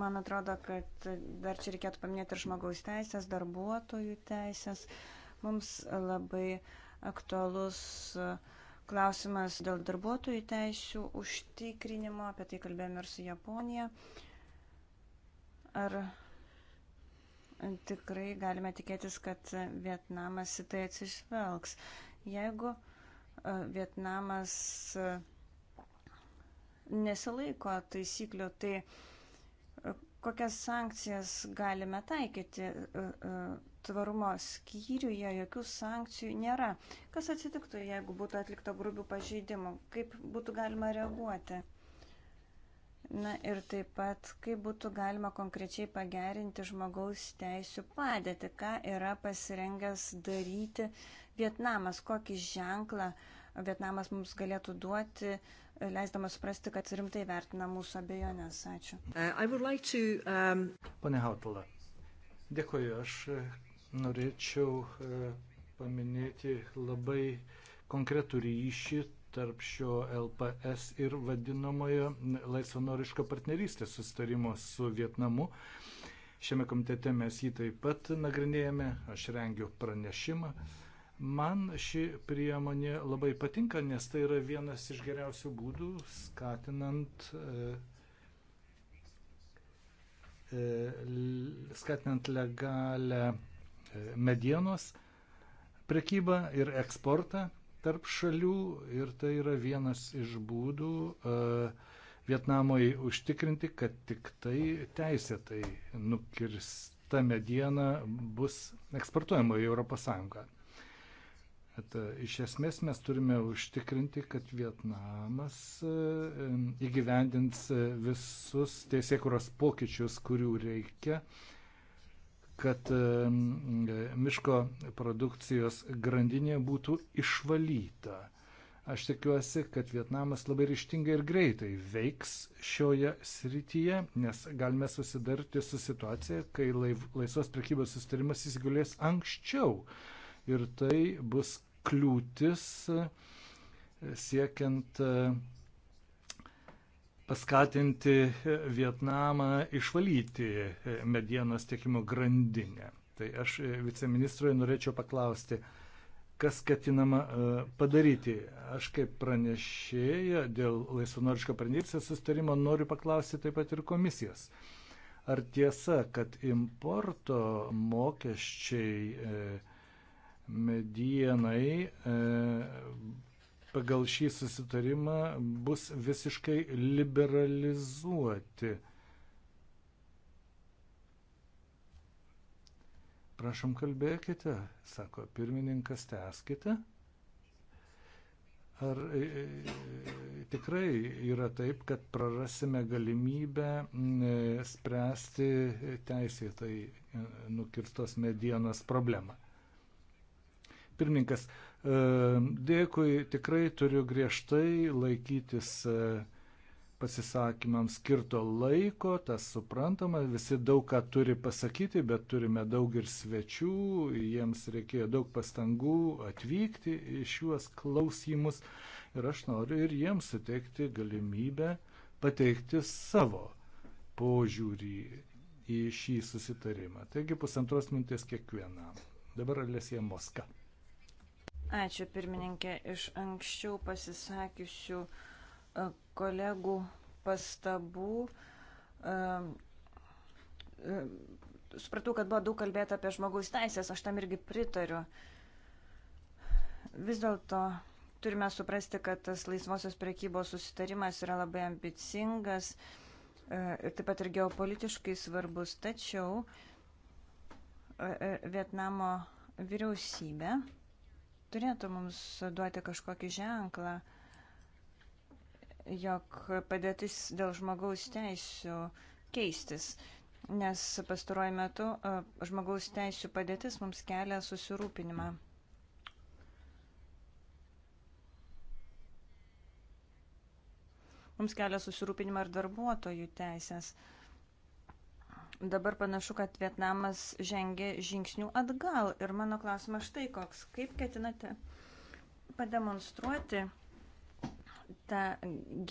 Man atrodo, kad dar čia reikėtų paminėti ir žmogaus teisės, darbuotojų teisės. Mums labai aktualus uh, Klausimas dėl darbuotojų teisų užtikrinimo, apie tai kalbėjome ir su Japonija. Ar tikrai galime tikėtis, kad Vietnamas į tai atsižvelgs? Jeigu e, Vietnamas e, nesilaiko taisyklių, tai e, kokias sankcijas galime taikyti tvarumo skyriuje jokių sankcijų nėra. Kas atsitiktų, jeigu būtų atlikta grubių pažeidimų? Kaip būtų galima reaguoti? Na ir taip pat, kaip būtų galima konkrečiai pagerinti žmogaus teisų padėtį, ką yra pasirengęs daryti Vietnamas, kokį ženklą Vietnamas mums galėtų duoti, leisdamas suprasti, kad rimtai vertina mūsų abejonės. Ačiū. Uh, like to, um... Pane Hautala, dėkoju, aš norėčiau e, paminėti labai konkretų ryšį tarp šio LPS ir vadinamojo laisvanoriško partnerystės sustarimo su Vietnamu. Šiame komitete mes jį taip pat nagrinėjame, aš rengiu pranešimą. Man ši priemonė labai patinka, nes tai yra vienas iš geriausių būdų skatinant, e, e, skatinant legalę E, medienos prekybą ir eksportą tarp šalių ir tai yra vienas iš būdų e, Vietnamui užtikrinti, kad tik tai teisėtai nukirsta mediena bus eksportuojama į ES. At, e, iš esmės mes turime užtikrinti, kad Vietnamas įgyvendins visus teisėkuros pokyčius, kurių reikia, kad miško produkcijos grandinė būtų išvalyta. Aš tikiuosi, kad Vietnamas labai ryštingai ir greitai veiks šioje srityje, nes galime susidarti su situacija, kai laiv, laisvos prekybos sustarimas įsigulės anksčiau. Ir tai bus kliūtis siekiant paskatinti Vietnamą išvalyti medienos tiekimo grandinę. Tai aš viceministroje norėčiau paklausti, kas ketinama e, padaryti. Aš kaip pranešėja dėl laisvanoriško pranešėjo sustarimo noriu paklausti taip pat ir komisijos. Ar tiesa, kad importo mokesčiai e, medienai e, pagal šį susitarimą bus visiškai liberalizuoti. Prašom kalbėkite, sako pirmininkas, teskite. Ar e, e, tikrai yra taip, kad prarasime galimybę e, spręsti teisėtai nukirstos medienos problemą? Pirmininkas, E, dėkui, tikrai turiu griežtai laikytis e, pasisakymams skirto laiko, tas suprantama, visi daug ką turi pasakyti, bet turime daug ir svečių, jiems reikėjo daug pastangų atvykti į šiuos klausimus ir aš noriu ir jiems suteikti galimybę pateikti savo požiūrį į šį susitarimą. Taigi pusantros minutės kiekvienam. Dabar Alesija Moska. Ačiū pirmininkė iš anksčiau pasisakiusių e, kolegų pastabų. E, e, supratau, kad buvo daug kalbėta apie žmogaus teisės, aš tam irgi pritariu. Vis dėlto turime suprasti, kad tas laisvosios priekybos susitarimas yra labai ambicingas ir taip pat ir geopolitiškai svarbus. Tačiau Vietnamo vyriausybė turėtų mums duoti kažkokį ženklą, jog padėtis dėl žmogaus teisų keistis, nes pastaruoju metu e, žmogaus teisų padėtis mums kelia susirūpinimą. Mums kelia susirūpinimą ir darbuotojų teisės dabar panašu, kad Vietnamas žengia žingsnių atgal. Ir mano klausimas štai koks. Kaip ketinate pademonstruoti tą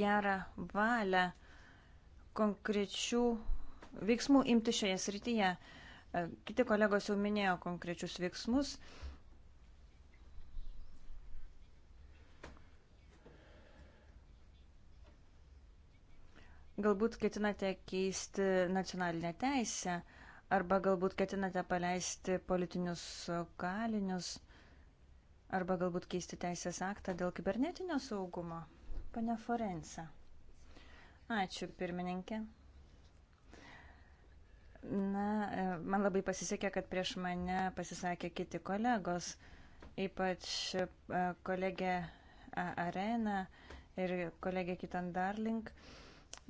gerą valią konkrečių veiksmų imti šioje srityje? Kiti kolegos jau minėjo konkrečius veiksmus. Uh, Galbūt ketinate keisti nacionalinę teisę arba galbūt ketinate paleisti politinius kalinius arba galbūt keisti teisės aktą dėl kibernetinio saugumo. Pane Forensa. Ačiū, pirmininkė. Na, e, man labai pasisekė, kad prieš mane pasisakė kiti kolegos, ypač e, kolegė Arena ir kolegė Kitan Darling. Uh,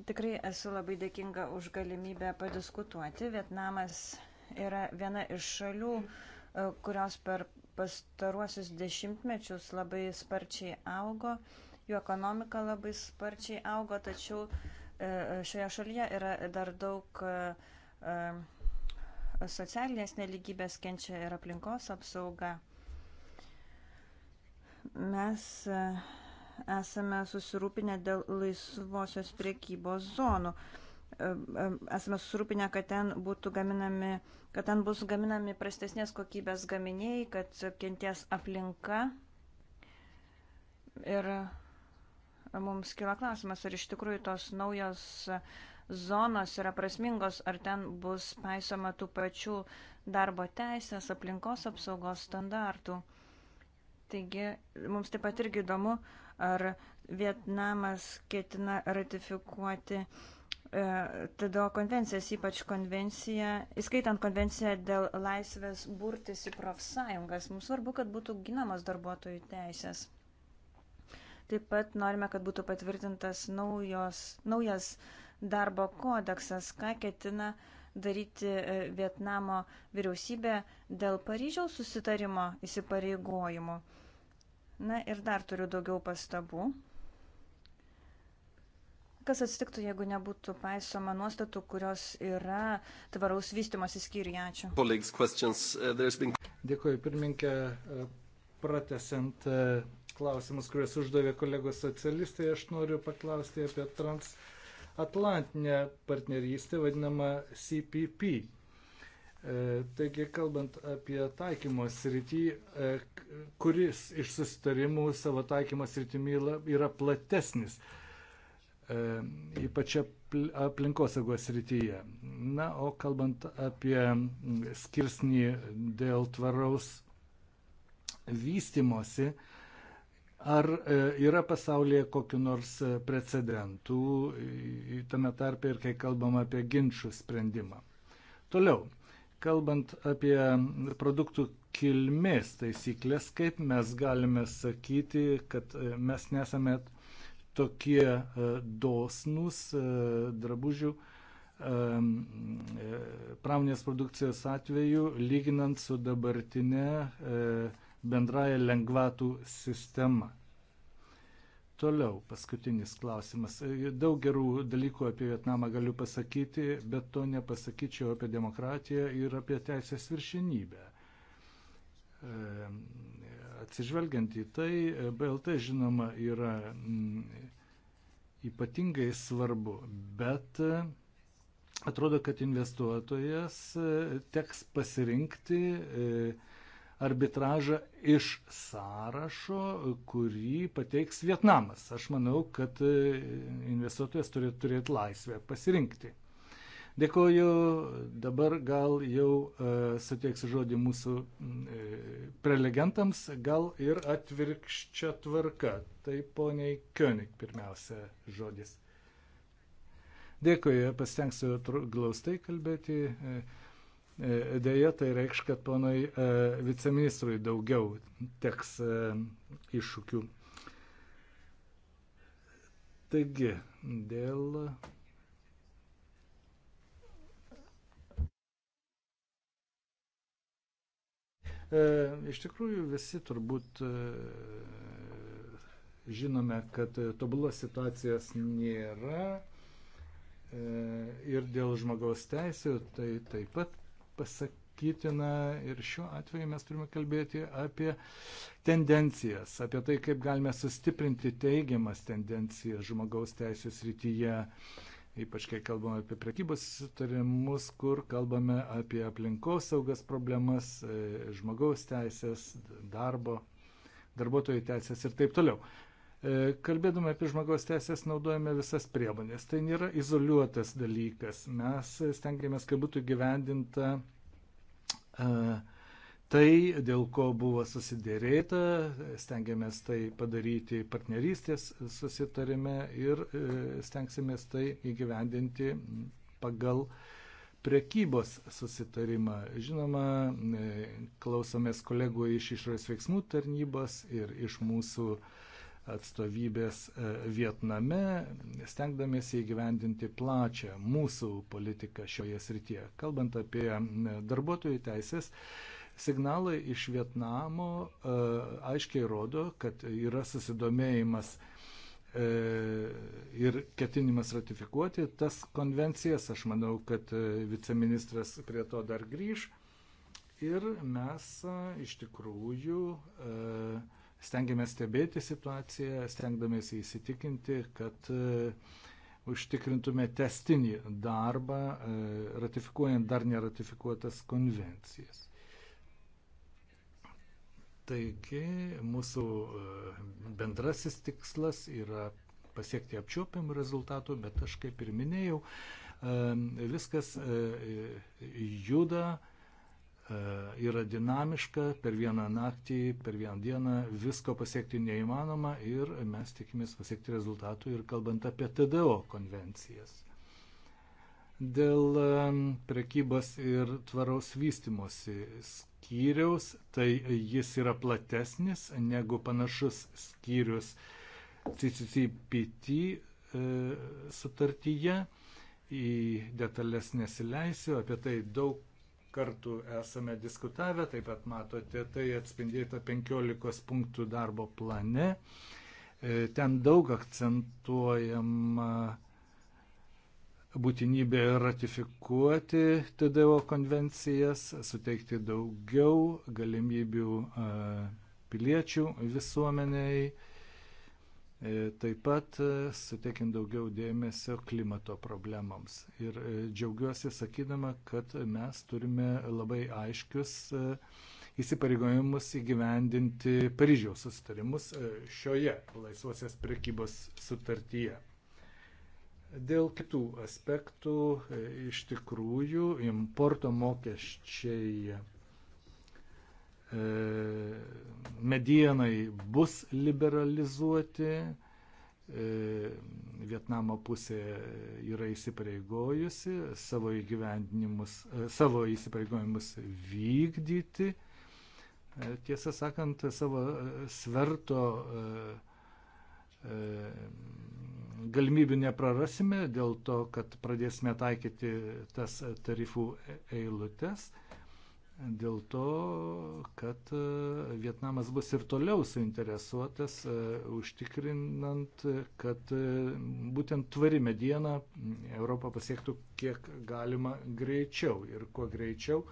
Tikrai esu labai dėkinga už galimybę padiskutuoti. Vietnamas yra viena iš šalių, e, kurios per pastaruosius dešimtmečius labai sparčiai augo, jų ekonomika labai sparčiai augo, tačiau e, šioje šalyje yra dar daug e, socialinės neligybės kenčia ir aplinkos apsauga. Mes esame susirūpinę dėl laisvosios priekybos zonų. E, e, esame susirūpinę, kad ten, būtų gaminami, kad ten bus gaminami prastesnės kokybės gaminiai, kad kenties aplinka. Ir mums kila klausimas, ar iš tikrųjų tos naujos zonos yra prasmingos, ar ten bus paisoma tų pačių darbo teisės, aplinkos apsaugos standartų. Taigi, mums taip pat irgi įdomu, uh, ar Vietnamas ketina ratifikuoti e, TDO konvencijas, ypač konvenciją, įskaitant konvenciją dėl laisvės burtis į profsąjungas. Mums svarbu, kad būtų ginamos darbuotojų teisės. Taip pat norime, kad būtų patvirtintas naujos, naujas darbo kodeksas, ką ketina daryti e, Vietnamo vyriausybė dėl Paryžiaus susitarimo įsipareigojimų. Na ir dar turiu daugiau pastabų. Kas atsitiktų, jeigu nebūtų paisoma nuostatų, kurios yra tvaraus vystimosi skyriuje? Ačiū. Uh, Dėkuoju, pirmininkė. Uh, Pratesant uh, klausimus, kuriuos uždavė kolegos socialistai, aš noriu paklausti apie transatlantinę partnerystę, vadinamą CPP E, taigi, kalbant apie taikymo srity, e, kuris iš susitarimų savo taikymo sritimi yra platesnis, e, ypač aplinkosaugos srityje. Na, o kalbant apie skirsnį dėl tvaraus vystimosi, ar yra pasaulyje kokiu nors precedentų, tame tarpe ir kai kalbam apie ginčių sprendimą. Toliau Kalbant apie produktų kilmės taisyklės, kaip mes galime sakyti, kad e, mes nesame tokie e, dosnus e, drabužių pramonės produkcijos atveju, lyginant su dabartinė bendraja lengvatų sistema. Toliau paskutinis klausimas. E, daug gerų dalykų apie Vietnamą galiu pasakyti, bet to nepasakyčiau apie demokratiją ir apie teisės viršinybę. E, atsižvelgiant į tai, BLT žinoma yra mm, ypatingai svarbu, bet e, atrodo, kad investuotojas teks pasirinkti arbitražą iš sąrašo, kurį pateiks Vietnamas. Aš manau, kad e, investuotojas turi turėti laisvę pasirinkti. Dėkoju, dabar gal jau e, suteiksiu žodį mūsų e, prelegentams, gal ir atvirkščia tvarka. Tai poniai König pirmiausia žodis. Dėkoju, pasitengsiu glaustai kalbėti. E, E, deja, tai reikš, kad ponai e, viceministrui daugiau teks e, iššūkių. Taigi, dėl. Iš tikrųjų, visi turbūt žinome, kad tobulos situacijos nėra ir dėl žmogaus teisų, tai taip pat pasakytina ir šiuo atveju mes turime kalbėti apie tendencijas, apie tai, kaip galime sustiprinti teigiamas tendencijas žmogaus teisės rytyje, ypač kai kalbame apie prekybos sutarimus, kur kalbame apie aplinkos saugas problemas, e, žmogaus teisės, darbo, darbuotojų teisės ir taip toliau. E, kalbėdami apie žmogaus teisės naudojame visas priemonės. Tai nėra izoliuotas dalykas. Mes stengiamės, kad būtų gyvendinta e, tai, dėl ko buvo susidėrėta. Stengiamės tai padaryti partnerystės susitarime ir e, stengsimės tai įgyvendinti pagal priekybos susitarimą. Žinoma, klausomės kolegų iš išorės veiksmų tarnybos ir iš mūsų uh, atstovybės e, Vietname, stengdamėsi įgyvendinti plačią mūsų politiką šioje srityje. Kalbant apie e, darbuotojų teisės, signalai iš Vietnamo e, aiškiai rodo, kad yra susidomėjimas ir ketinimas ratifikuoti tas konvencijas. Aš manau, kad viceministras prie to dar grįž. Ir mes iš tikrųjų uh, stengiamės stebėti situaciją, stengdamės įsitikinti, kad e, užtikrintume testinį darbą, e, ratifikuojant dar neratifikuotas konvencijas. Taigi mūsų e, bendrasis tikslas yra pasiekti apčiuopiamų rezultatų, bet aš kaip ir minėjau, viskas juda E, yra dinamiška, per vieną naktį, per vieną dieną visko pasiekti neįmanoma ir mes tikimės pasiekti rezultatų ir kalbant apie TDO konvencijas. Dėl prekybos ir tvaraus vystimosi skyriaus, tai jis yra platesnis negu panašus skyrius CCCPT e, sutartyje į detalės nesileisiu, apie tai daug kartų esame diskutavę, taip pat matote, tai atspindėta 15 punktų darbo plane. E, ten daug akcentuojama būtinybė ratifikuoti TDO konvencijas, suteikti daugiau galimybių e, piliečių visuomeniai E, taip pat e, suteikim daugiau dėmesio klimato problemams. Ir e, džiaugiuosi sakydama, kad mes turime labai aiškius įsipareigojimus įgyvendinti Paryžiaus sustarimus šioje laisvosios prekybos sutartyje. Dėl kitų aspektų iš tikrųjų importo mokesčiai E, medienai bus liberalizuoti. E, Vietnamo pusė yra įsipareigojusi savo, e, savo įsipareigojimus vykdyti. Tiesą sakant, savo sverto galimybių neprarasime dėl to, kad pradėsime taikyti tas tarifų eilutes. E, dėl to, kad e, Vietnamas bus ir toliau suinteresuotas e, užtikrinant, kad e, būtent tvari mediena Europą pasiektų kiek galima greičiau. Ir kuo greičiau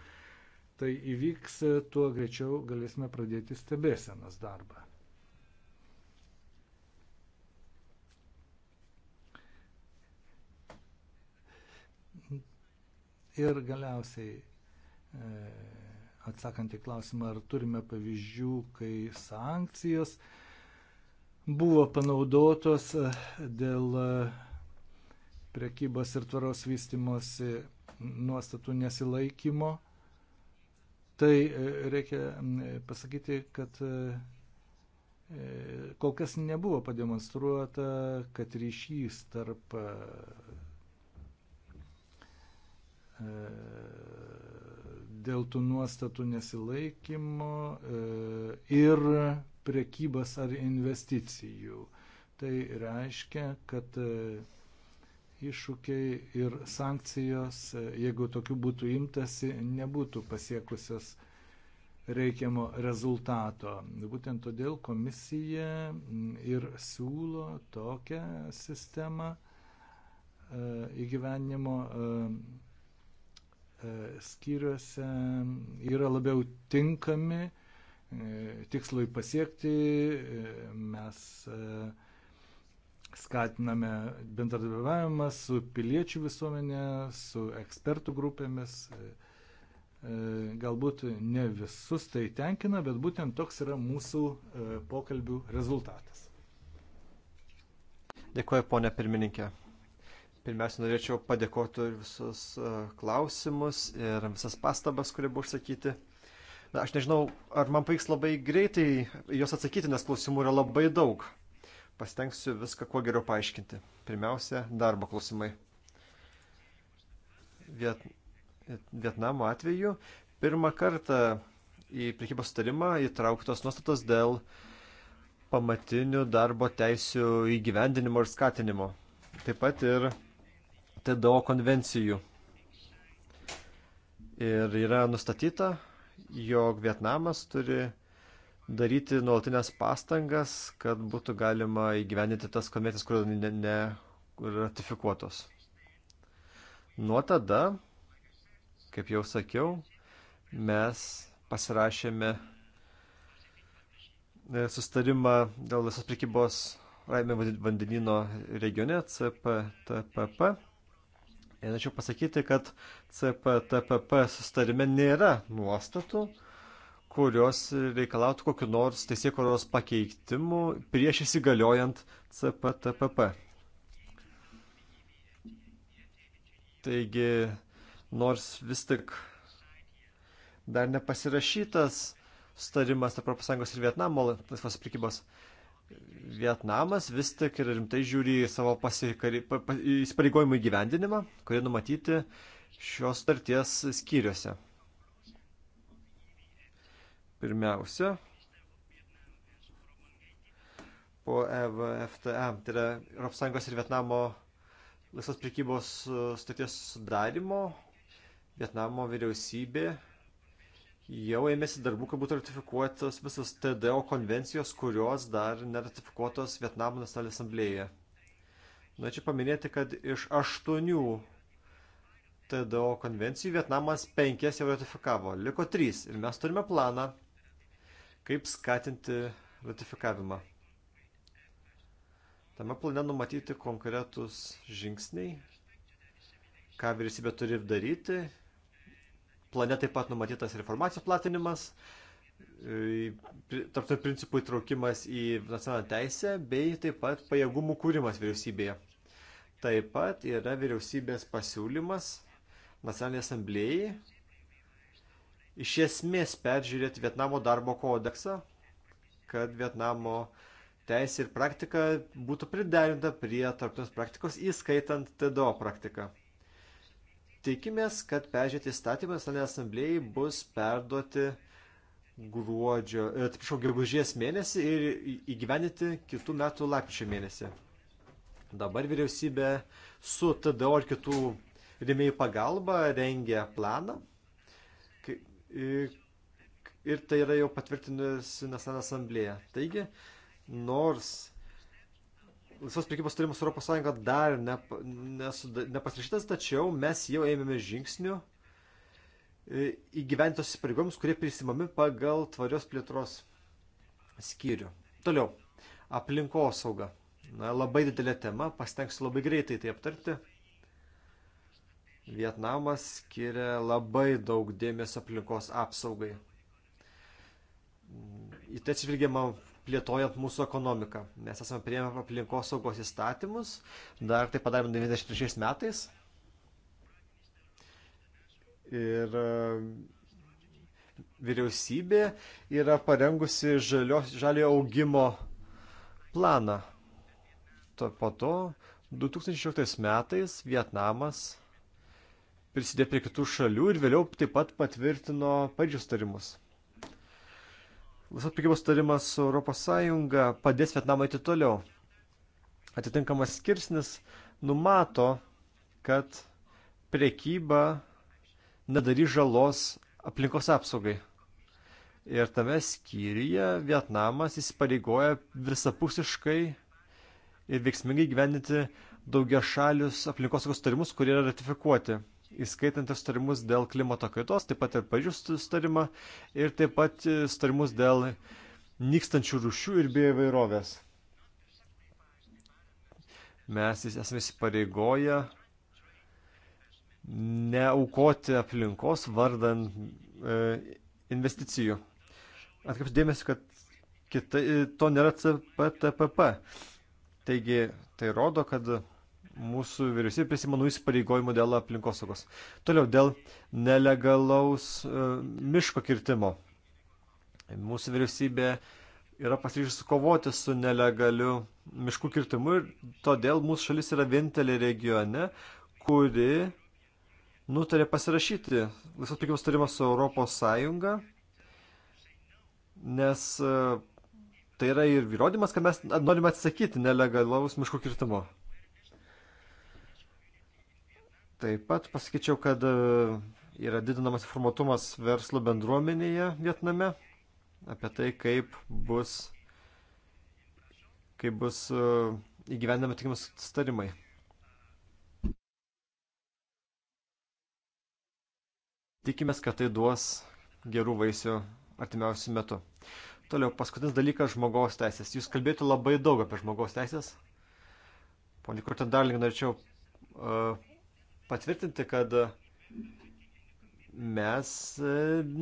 tai įvyks, tuo greičiau galėsime pradėti stebėsenas darbą. Ir galiausiai E, atsakant į klausimą, ar turime pavyzdžių, kai sankcijos buvo panaudotos e, dėl e, priekybos ir tvaros vystimosi nuostatų nesilaikymo, tai reikia pasakyti, kad kol kas nebuvo pademonstruota, kad ryšys tarp dėl tų nuostatų nesilaikymo e, ir prekybos ar investicijų. Tai reiškia, kad e, iššūkiai ir sankcijos, e, jeigu tokių būtų imtasi, nebūtų pasiekusios reikiamo rezultato. Būtent todėl komisija ir siūlo tokią sistemą įgyvenimo E, skyriuose yra labiau tinkami e, tikslui pasiekti. E, mes skatiname bendradarbiavimą su piliečių visuomenė, su ekspertų grupėmis. Galbūt ne visus tai tenkina, bet būtent toks yra mūsų pokalbių rezultatas. Dėkuoju, ponė pirmininkė. Pirmiausia, norėčiau padėkoti ir visus e, klausimus ir visas pastabas, kurie buvo užsakyti. Na, aš nežinau, ar man pavyks labai greitai juos atsakyti, nes klausimų yra labai daug. Pastengsiu viską kuo geriau paaiškinti. Pirmiausia, darbo klausimai. Viet... Vietnamo atveju pirmą kartą į prekybos sutarimą įtrauktos nuostatos dėl pamatinių darbo teisių įgyvendinimo ir skatinimo. Taip pat ir TDO konvencijų. Ir yra nustatyta, jog Vietnamas turi daryti nuolatinės pastangas, kad būtų galima įgyveninti tas konvencijas, kurios neratifikuotos. Ne, ne Nuo tada, kaip jau sakiau, mes pasirašėme e, sustarimą dėl visos prikybos Raimė vandenino regione CPTPP Norėčiau pasakyti, kad CPTPP sustarime nėra nuostatų, kurios reikalautų kokiu nors teisėkuros pakeitimu prieš įsigaliojant CPTPP. Taigi, nors vis tik dar nepasirašytas sustarimas tarp ES ir Vietnamo laisvos prikybos, Vietnamas vis tik ir rimtai žiūri į savo įsipareigojimų įgyvendinimą, kurie numatyti šios starties skyriuose. Pirmiausia, po EVFTA, tai yra ES ir Vietnamo laisvos prekybos e, starties sudarimo, Vietnamo vyriausybė jau ėmėsi darbų, kad būtų ratifikuotos visos TDO konvencijos, kurios dar neratifikuotos Vietnamo nacionalinė asamblėje. Norėčiau nu, paminėti, kad iš aštuonių TDO konvencijų Vietnamas penkias jau ratifikavo, liko trys ir mes turime planą, kaip skatinti ratifikavimą. Tame plane numatyti konkretus žingsniai, ką vyriausybė turi daryti plane taip pat numatytas ir informacijos platinimas, e, tarptautinių principų įtraukimas į nacionalinę teisę bei taip pat pajėgumų kūrimas vyriausybėje. Taip pat yra vyriausybės pasiūlymas nacionaliniai asamblėjai iš esmės peržiūrėti Vietnamo darbo kodeksą, kad Vietnamo teisė ir praktika būtų priderinta prie tarptautinės praktikos, įskaitant TDO praktiką. Tikimės, kad peržiūrėti įstatymą Nacionalinė asamblėjai bus perduoti gruodžio, e, atsiprašau, gegužės mėnesį ir įgyveninti kitų metų lapkričio mėnesį. Dabar vyriausybė su TDO ir kitų rėmėjų pagalba rengia planą. Ir tai yra jau patvirtinusi Nacionalinė asamblėja. Taigi, nors laisvos prekybos sutarimas su ES dar ne, nepasirašytas, tačiau mes jau ėmėme žingsnių e, įgyventos įsipareigojimus, kurie prisimami pagal tvarios plėtros skyrių. Toliau, aplinkosauga. Na, labai didelė tema, pasitengsiu labai greitai tai aptarti. Vietnamas skiria labai daug dėmesio aplinkos apsaugai. Į tai atsižvelgiama plėtojant mūsų ekonomiką. Mes esame prieėmę aplinkos saugos įstatymus, dar tai padarėme 93 metais. Ir e, vyriausybė yra parengusi žalio, žalio augimo planą. To, po to 2016 metais Vietnamas prisidėjo prie kitų šalių ir vėliau taip pat patvirtino Paryžiaus tarimus. Laisvos prekybos tarimas su ES padės Vietnamui eiti toliau. Atitinkamas skirsnis numato, kad prekyba nedarys žalos aplinkos apsaugai. Ir tame skyriuje Vietnamas įsipareigoja visapusiškai ir veiksmingai gyveninti daugia šalius aplinkosaugos tarimus, kurie yra ratifikuoti įskaitant ir starimus dėl klimato kaitos, taip pat ir Paryžiaus starimą ir taip pat e, starimus dėl nykstančių rušių ir bioįvairovės. Mes esame įsipareigoję neaukoti aplinkos vardan e, investicijų. Atkreipsiu dėmesį, kad kita, e, to nėra CPTPP. Taigi tai rodo, kad mūsų vyriausybė prisima naujus pareigojimų dėl aplinkosaugos. Toliau dėl nelegalaus e, miško kirtimo. Mūsų vyriausybė yra pasiryžusi kovoti su nelegaliu miškų kirtimu ir todėl mūsų šalis yra vienintelė regione, kuri nutarė pasirašyti laisvos prekybos tarimą su Europos Sąjunga, nes e, tai yra ir įrodymas, kad mes norime atsisakyti nelegalaus miškų kirtimo. Taip pat pasakyčiau, kad e, yra didinamas informatumas verslo bendruomenėje Vietname apie tai, kaip bus, kaip bus e, įgyvendami tikimi sustarimai. Tikimės, kad tai duos gerų vaisių artimiausių metų. Toliau, paskutinis dalykas - žmogaus teisės. Jūs kalbėjote labai daug apie žmogaus teisės. Pone Kurtin, dar link norėčiau uh, patvirtinti, kad e, mes e,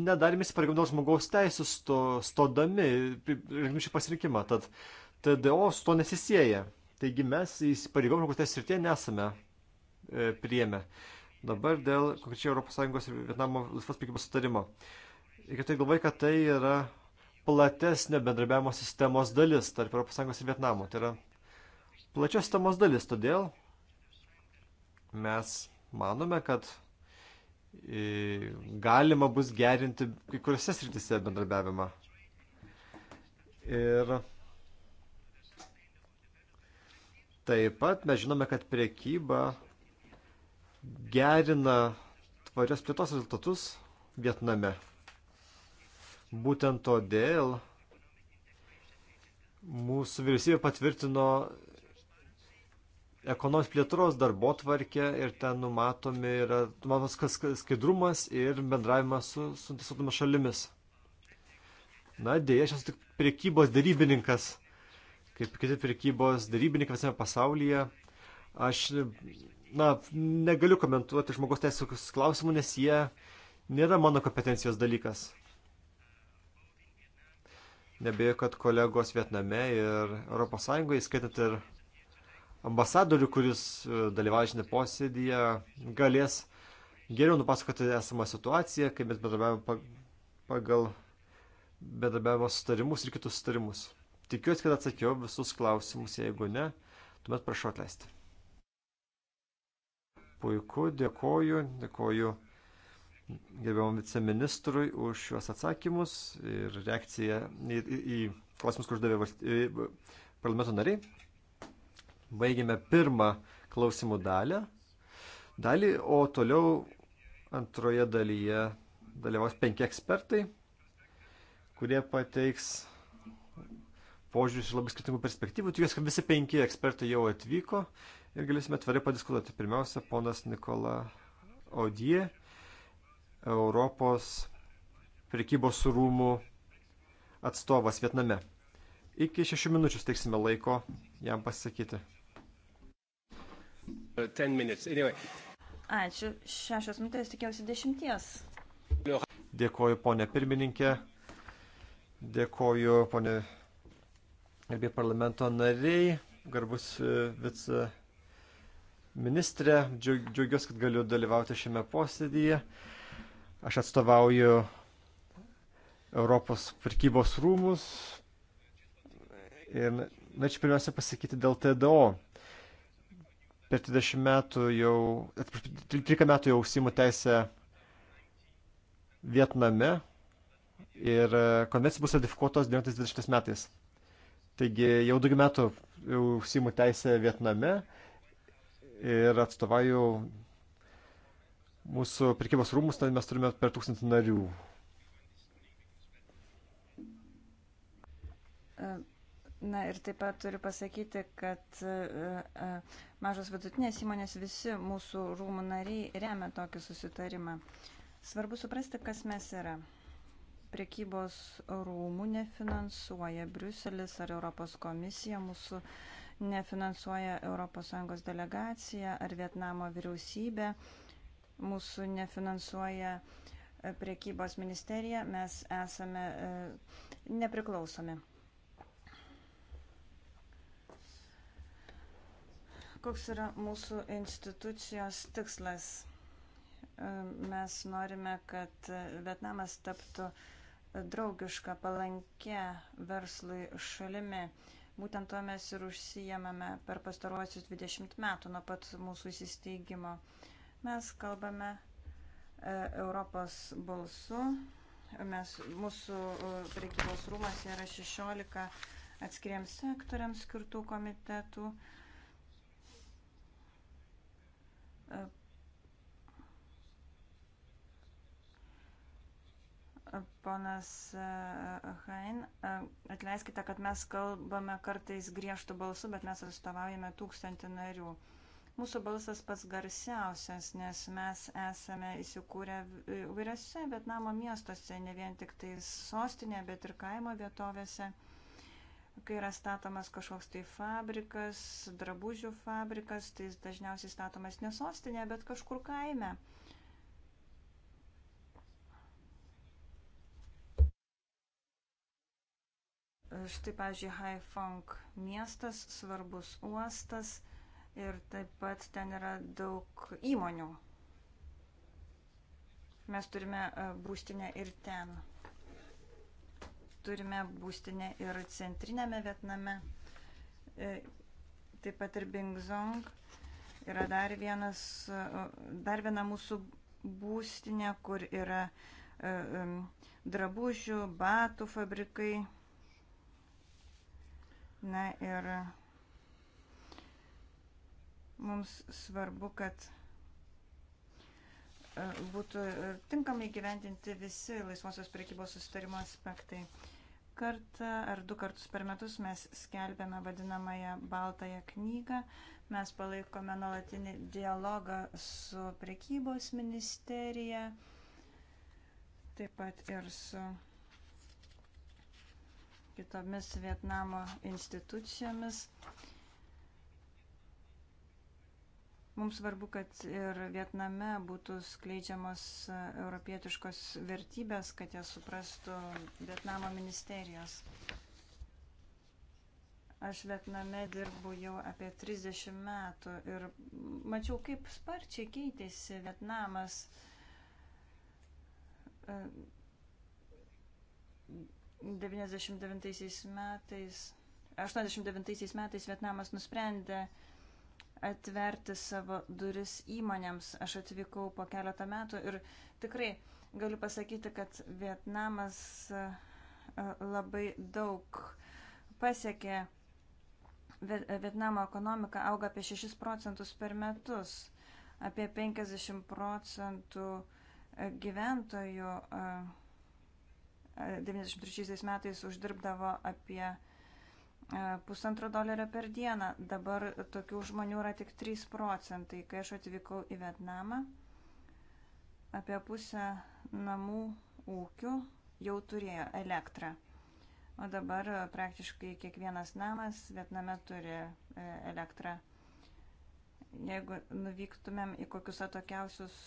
nedarėme įsipareigojimų dėl žmogaus teisų sto, stodami, rengdami šį pasirinkimą. Tad TDO su to nesisėja. Taigi mes įsipareigojimų žmogaus teisų srityje nesame e, priėmę. Dabar dėl konkrečiai ES ir Vietnamo laisvos prekybos sutarimo. Reikia tai galvoti, kad tai yra platesnė bendrabiavimo sistemos dalis tarp ES ir Vietnamo. Tai yra plačios sistemos dalis, todėl mes manome, kad e, galima bus gerinti kai kuriuose srityse bendradarbiavimą. Ir taip pat mes žinome, kad priekyba gerina tvarios plėtos rezultatus Vietname. Būtent todėl mūsų vyriausybė patvirtino ekonomos plėtros darbo tvarkę ir ten numatomi yra numatos skaidrumas ir bendravimas su suinteresuotomis šalimis. Na, dėja, aš esu tik priekybos darybininkas, kaip kiti priekybos darybininkai visame pasaulyje. Aš, na, negaliu komentuoti žmogaus teisų klausimų, nes jie nėra mano kompetencijos dalykas. Nebejoju, kad kolegos Vietname ir ES, skaitant ir ambasadorių, kuris e, dalyvauja šiame posėdėje, galės geriau nupasakoti esamą situaciją, kaip mes bendradarbiavame pagal bendradarbiavimo sutarimus ir kitus sutarimus. Tikiuosi, kad atsakiau visus klausimus, jeigu ne, tuomet prašau atleisti. Puiku, dėkoju, dėkoju gerbiamam viceministrui už šiuos atsakymus ir reakciją į, į, į klausimus, kur uždavė valst... parlamento nariai. Baigėme pirmą klausimų dalį, dalį, o toliau antroje dalyje dalyvaus penki ekspertai, kurie pateiks požiūrius iš labai skirtingų perspektyvų. Tikiuosi, kad visi penki ekspertai jau atvyko ir galėsime tvariai padiskutuoti. Pirmiausia, ponas Nikola Odie, Europos prekybos rūmų atstovas Vietname. Iki šešių minučių steiksime laiko jam pasisakyti. Uh, anyway. Ačiū. Šešios minutės, tikiausi dešimties. Dėkoju, ponė pirmininkė. Dėkoju, ponė garbė parlamento nariai, garbus e, vice ministrė. Džiaugiuosi, kad galiu dalyvauti šiame posėdyje. Aš atstovauju Europos prekybos rūmus, Ir norėčiau pirmiausia pasakyti dėl TDO. Per 30 metų jau, 13 metų jau užsimu teisę Vietname ir konvencija bus ratifikuotos 1920 metais. Taigi jau daugiau metų užsimu teisę Vietname ir atstovauju mūsų prekybos rūmus, ten tai mes turime per tūkstantį narių. Na ir taip pat turiu pasakyti, kad e, e, mažos vidutinės įmonės visi mūsų rūmų nariai remia tokį susitarimą. Svarbu suprasti, kas mes yra. Prekybos rūmų nefinansuoja Briuselis ar Europos komisija, mūsų nefinansuoja ES delegacija ar Vietnamo vyriausybė, mūsų nefinansuoja e, prekybos ministerija, mes esame nepriklausomi. koks yra mūsų institucijos tikslas. E, mes norime, kad Vietnamas taptų draugišką, palankę verslui šalimi. Būtent to mes ir užsijėmame per pastaruosius 20 metų nuo pat mūsų įsisteigimo. Mes kalbame e, Europos balsu. Mes, mūsų e, prekybos rūmose yra 16 atskiriems sektoriams skirtų komitetų. Ponas Hain, atleiskite, kad mes kalbame kartais griežtų balsų, bet mes atstovaujame tūkstantį narių. Mūsų balsas pats garsiausias, nes mes esame įsikūrę vairiose e, Vietnamo miestuose, ne vien tik tai sostinė, bet ir kaimo vietovėse. Kai yra statomas kažkoks tai fabrikas, drabužių fabrikas, tai jis dažniausiai statomas ne sostinė, bet kažkur kaime. Štai, pavyzdžiui, Haifong miestas, svarbus uostas ir taip pat ten yra daug įmonių. Mes turime e, būstinę ir ten turime būstinę ir centrinėme Vietname. E, taip pat ir Bingzong yra dar, vienas, e, dar viena mūsų būstinė, kur yra e, drabužių, batų fabrikai. Na ir mums svarbu, kad būtų tinkamai gyventinti visi laisvosios prekybos sustarimo aspektai kartą ar du kartus per metus mes skelbėme vadinamąją baltąją knygą. Mes palaikome nuolatinį dialogą su prekybos ministerija, taip pat ir su kitomis Vietnamo institucijomis. Uh, Mums svarbu, kad ir Vietname būtų skleidžiamos europietiškos vertybės, kad jas suprastų Vietnamo ministerijos. Aš Vietname dirbu jau apie 30 metų ir mačiau, kaip sparčiai keitėsi Vietnamas. E, 99 metais, 89 metais Vietnamas nusprendė atverti savo duris įmonėms. Aš atvykau po keletą metų ir tikrai galiu pasakyti, kad Vietnamas e, labai daug pasiekė. Vietnamo ekonomika auga apie 6 procentus per metus. Apie 50 procentų e, gyventojų 93 e, metais uždirbdavo apie E, pusantro dolerio per dieną. Dabar tokių žmonių yra tik 3 procentai. Kai aš atvykau į Vietnamą, apie pusę namų ūkių jau turėjo elektrą. O dabar e, praktiškai kiekvienas namas Vietname turi e, elektrą. Jeigu nuvyktumėm į kokius atokiausius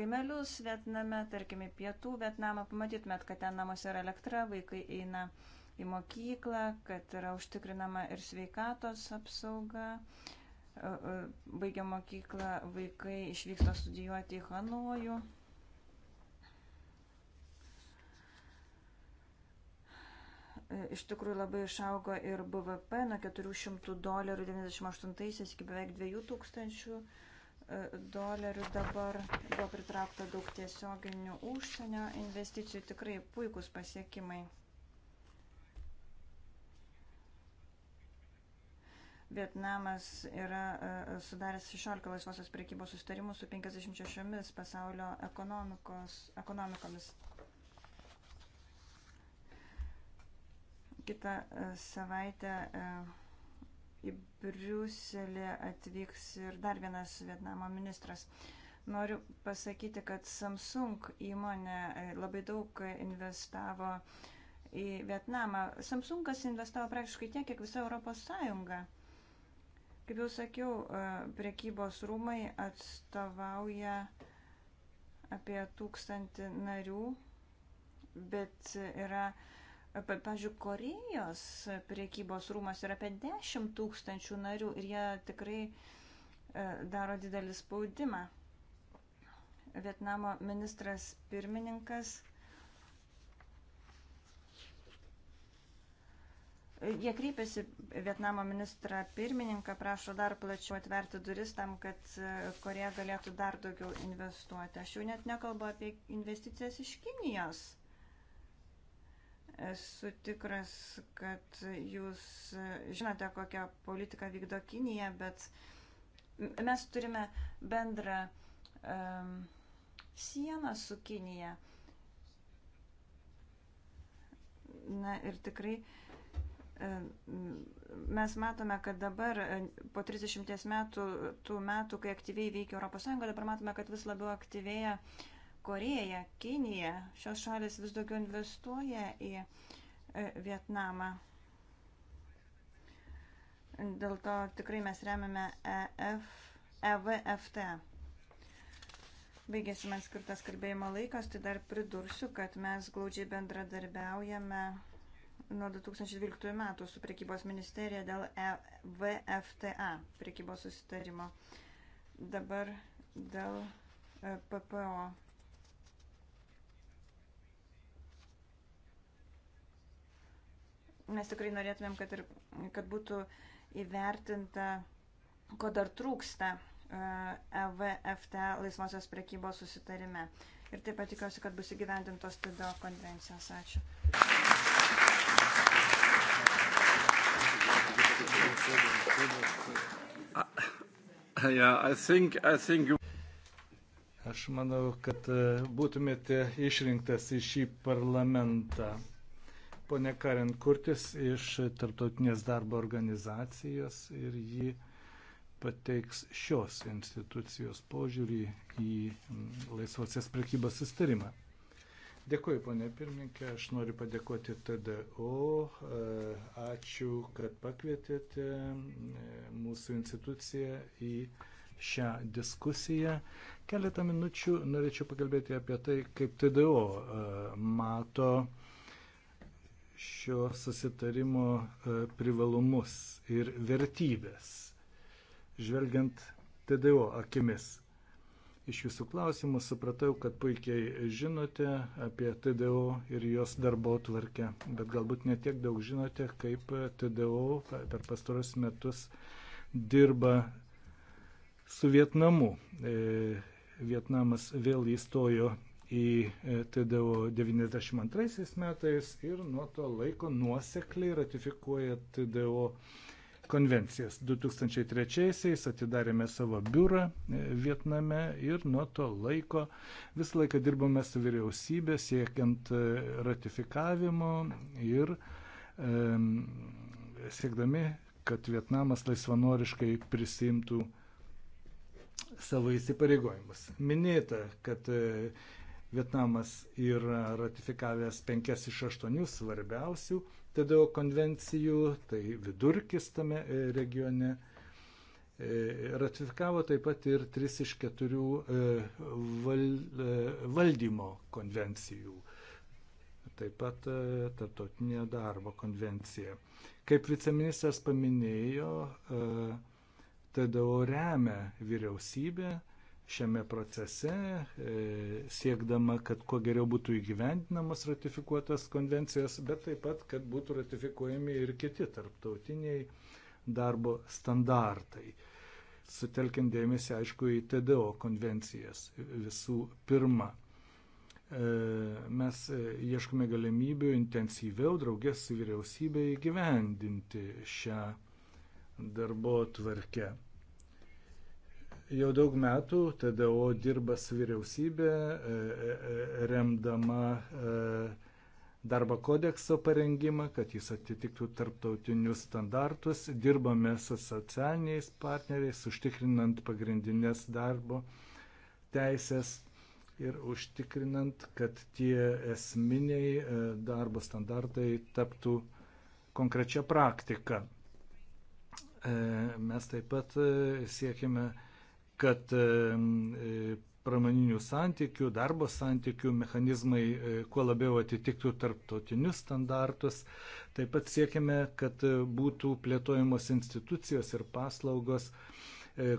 kaimelius Vietname, tarkime, pietų Vietnamą, pamatytumėt, kad ten namuose yra elektra, vaikai eina uh, į mokyklą, kad yra užtikrinama ir sveikatos apsauga. E, e, Baigia mokyklą, vaikai išvyksta studijuoti į Hanojų. E, iš tikrųjų labai išaugo ir BVP nuo 400 dolerių 98-aisiais iki beveik 2000 dolerių dabar buvo pritraukta daug tiesioginių užsienio investicijų, tikrai puikūs pasiekimai. Vietnamas yra e, sudaręs 16 laisvosios priekybos sustarimus su 56 pasaulio ekonomikomis. Kita e, savaitė e, į Briuselį atvyks ir dar vienas Vietnamo ministras. Noriu pasakyti, kad Samsung įmonė labai daug investavo į Vietnamą. Samsungas investavo praktiškai tiek, kiek visa Europos Sąjunga. Kaip jau sakiau, prekybos rūmai atstovauja apie tūkstantį narių, bet yra, pavyzdžiui, Korejos priekybos rūmas yra apie 10 tūkstančių narių ir jie tikrai daro didelį spaudimą. Vietnamo ministras pirmininkas Jie kreipiasi Vietnamo ministrą pirmininką, prašo dar plačiau atverti duris tam, kad e, Koreja galėtų dar daugiau investuoti. Aš jau net nekalbu apie investicijas iš Kinijos. Esu tikras, kad jūs e, žinote, kokią politiką vykdo Kinija, bet mes turime bendrą um, sieną su Kinija. Na ir tikrai Mes matome, kad dabar po 30 metų, tų metų, kai aktyviai veikia ES, dabar matome, kad vis labiau aktyvėja Koreja, Kinija. Šios šalis vis daugiau investuoja į e, Vietnamą. Dėl to tikrai mes remiame EF, EVFT. Baigėsi man skirtas kalbėjimo laikas, tai dar pridursiu, kad mes glaudžiai bendradarbiaujame nuo 2012 metų su prekybos ministerija dėl e VFTA prekybos susitarimo. Dabar dėl e, PPO. Mes tikrai norėtumėm, kad, ir, kad būtų įvertinta, ko dar trūksta e, VFTA laisvosios prekybos susitarime. Ir taip pat tikiuosi, kad bus įgyvendintos TDO konvencijos. Ačiū. Yeah, I think, I think you... Aš manau, kad e, būtumėte išrinktas į šį parlamentą. Pone Karen Kurtis iš Tartautinės darbo organizacijos ir ji pateiks šios institucijos požiūrį į laisvosios prekybos sustarimą. Dėkuoju, ponė pirmininkė, aš noriu padėkoti TDO, e, ačiū, kad pakvietėte e, mūsų instituciją į šią diskusiją. Keletą minučių norėčiau pakalbėti apie tai, kaip TDO e, mato šio susitarimo privalumus ir vertybės, žvelgiant TDO akimis. Iš jūsų klausimų supratau, kad puikiai žinote apie TDO ir jos darbo tvarkę, bet galbūt netiek daug žinote, kaip TDO per pastarus metus dirba su Vietnamu. E, Vietnamas vėl įstojo į e, TDO 92 metais ir nuo to laiko nuosekliai ratifikuoja TDO konvencijas. 2003-aisiais atidarėme savo biurą e, Vietname ir nuo to laiko visą laiką dirbome su vyriausybė siekiant e, ratifikavimo ir e, siekdami, kad Vietnamas laisvanoriškai prisimtų savo įsipareigojimus. Minėta, kad e, Vietnamas yra ratifikavęs penkias iš aštuonių svarbiausių TDO konvencijų, tai vidurkis tame e, regione. E, ratifikavo taip pat ir 3 iš 4 e, val, valdymo konvencijų, taip pat tarptautinė darbo konvencija. Kaip viceministras paminėjo, TDO remia vyriausybę šiame procese, e, siekdama, kad kuo geriau būtų įgyvendinamas ratifikuotas konvencijos, bet taip pat, kad būtų ratifikuojami ir kiti tarptautiniai darbo standartai. Sutelkiant dėmesį, aišku, į TDO konvencijas visų pirma. E, mes e, ieškome galimybių intensyviau draugės su vyriausybė įgyvendinti šią darbo tvarkę. Jau daug metų TDO dirba su vyriausybė, e, e, e, remdama darbo kodekso parengimą, kad jis atitiktų tarptautinius standartus. Dirbame su socialiniais partneriais, užtikrinant pagrindinės darbo teisės ir užtikrinant, kad tie esminiai darbo standartai taptų konkrečia praktika. Mes taip pat siekime kad e, pramoninių santykių, darbo santykių mechanizmai e, kuo labiau atitiktų tarptautinius standartus. Taip pat siekime, kad e, būtų plėtojamos institucijos ir paslaugos,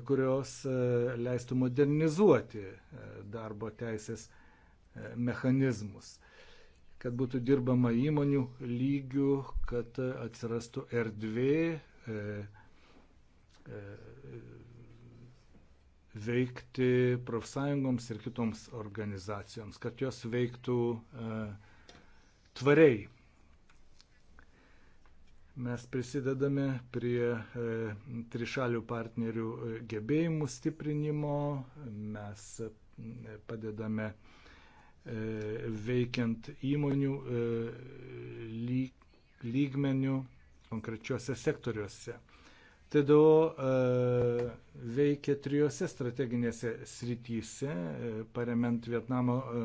kurios leistų modernizuoti darbo teisės mechanizmus kad būtų dirbama įmonių lygių, kad atsirastų erdvė e, e, veikti profsąjungoms ir kitoms organizacijoms, kad jos veiktų e, tvariai. Mes prisidedame prie e, trišalių partnerių e, gebėjimų stiprinimo, mes e, padedame e, veikiant įmonių e, lyg, lygmenių konkrečiuose sektoriuose. TDO e, veikia trijose strateginėse srityse, e, paremant Vietnamo e,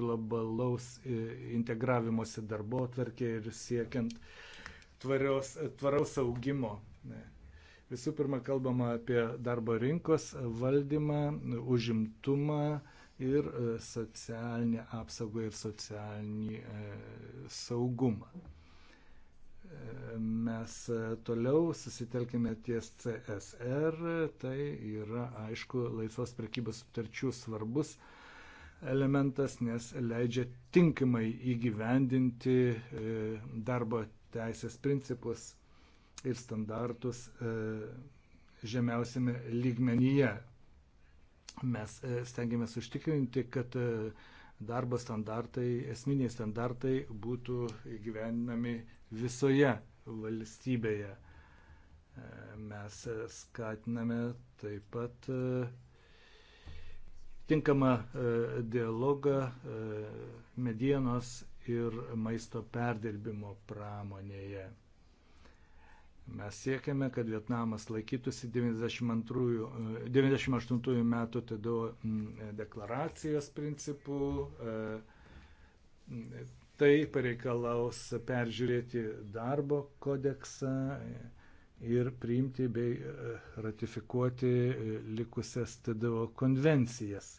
globalaus integravimosi darbo atverkė ir siekiant tvarios, tvaraus augimo. Visų pirma, kalbama apie darbo rinkos valdymą, užimtumą ir socialinę apsaugą ir socialinį saugumą mes e, toliau susitelkime ties CSR, tai yra aišku laisvos prekybos sutarčių svarbus elementas, nes leidžia tinkamai įgyvendinti e, darbo teisės principus ir standartus e, žemiausiame lygmenyje. Mes stengiamės užtikrinti, kad darbo standartai, esminiai standartai būtų įgyvendinami visoje valstybėje. E, mes skatiname taip pat e, tinkamą e, dialogą medienos ir maisto perdirbimo pramonėje. Mes siekiame, kad Vietnamas laikytųsi 92, 98 metų TDO deklaracijos principų, Tai pareikalaus peržiūrėti darbo kodeksą ir priimti bei e, ratifikuoti e, likusias TDO konvencijas.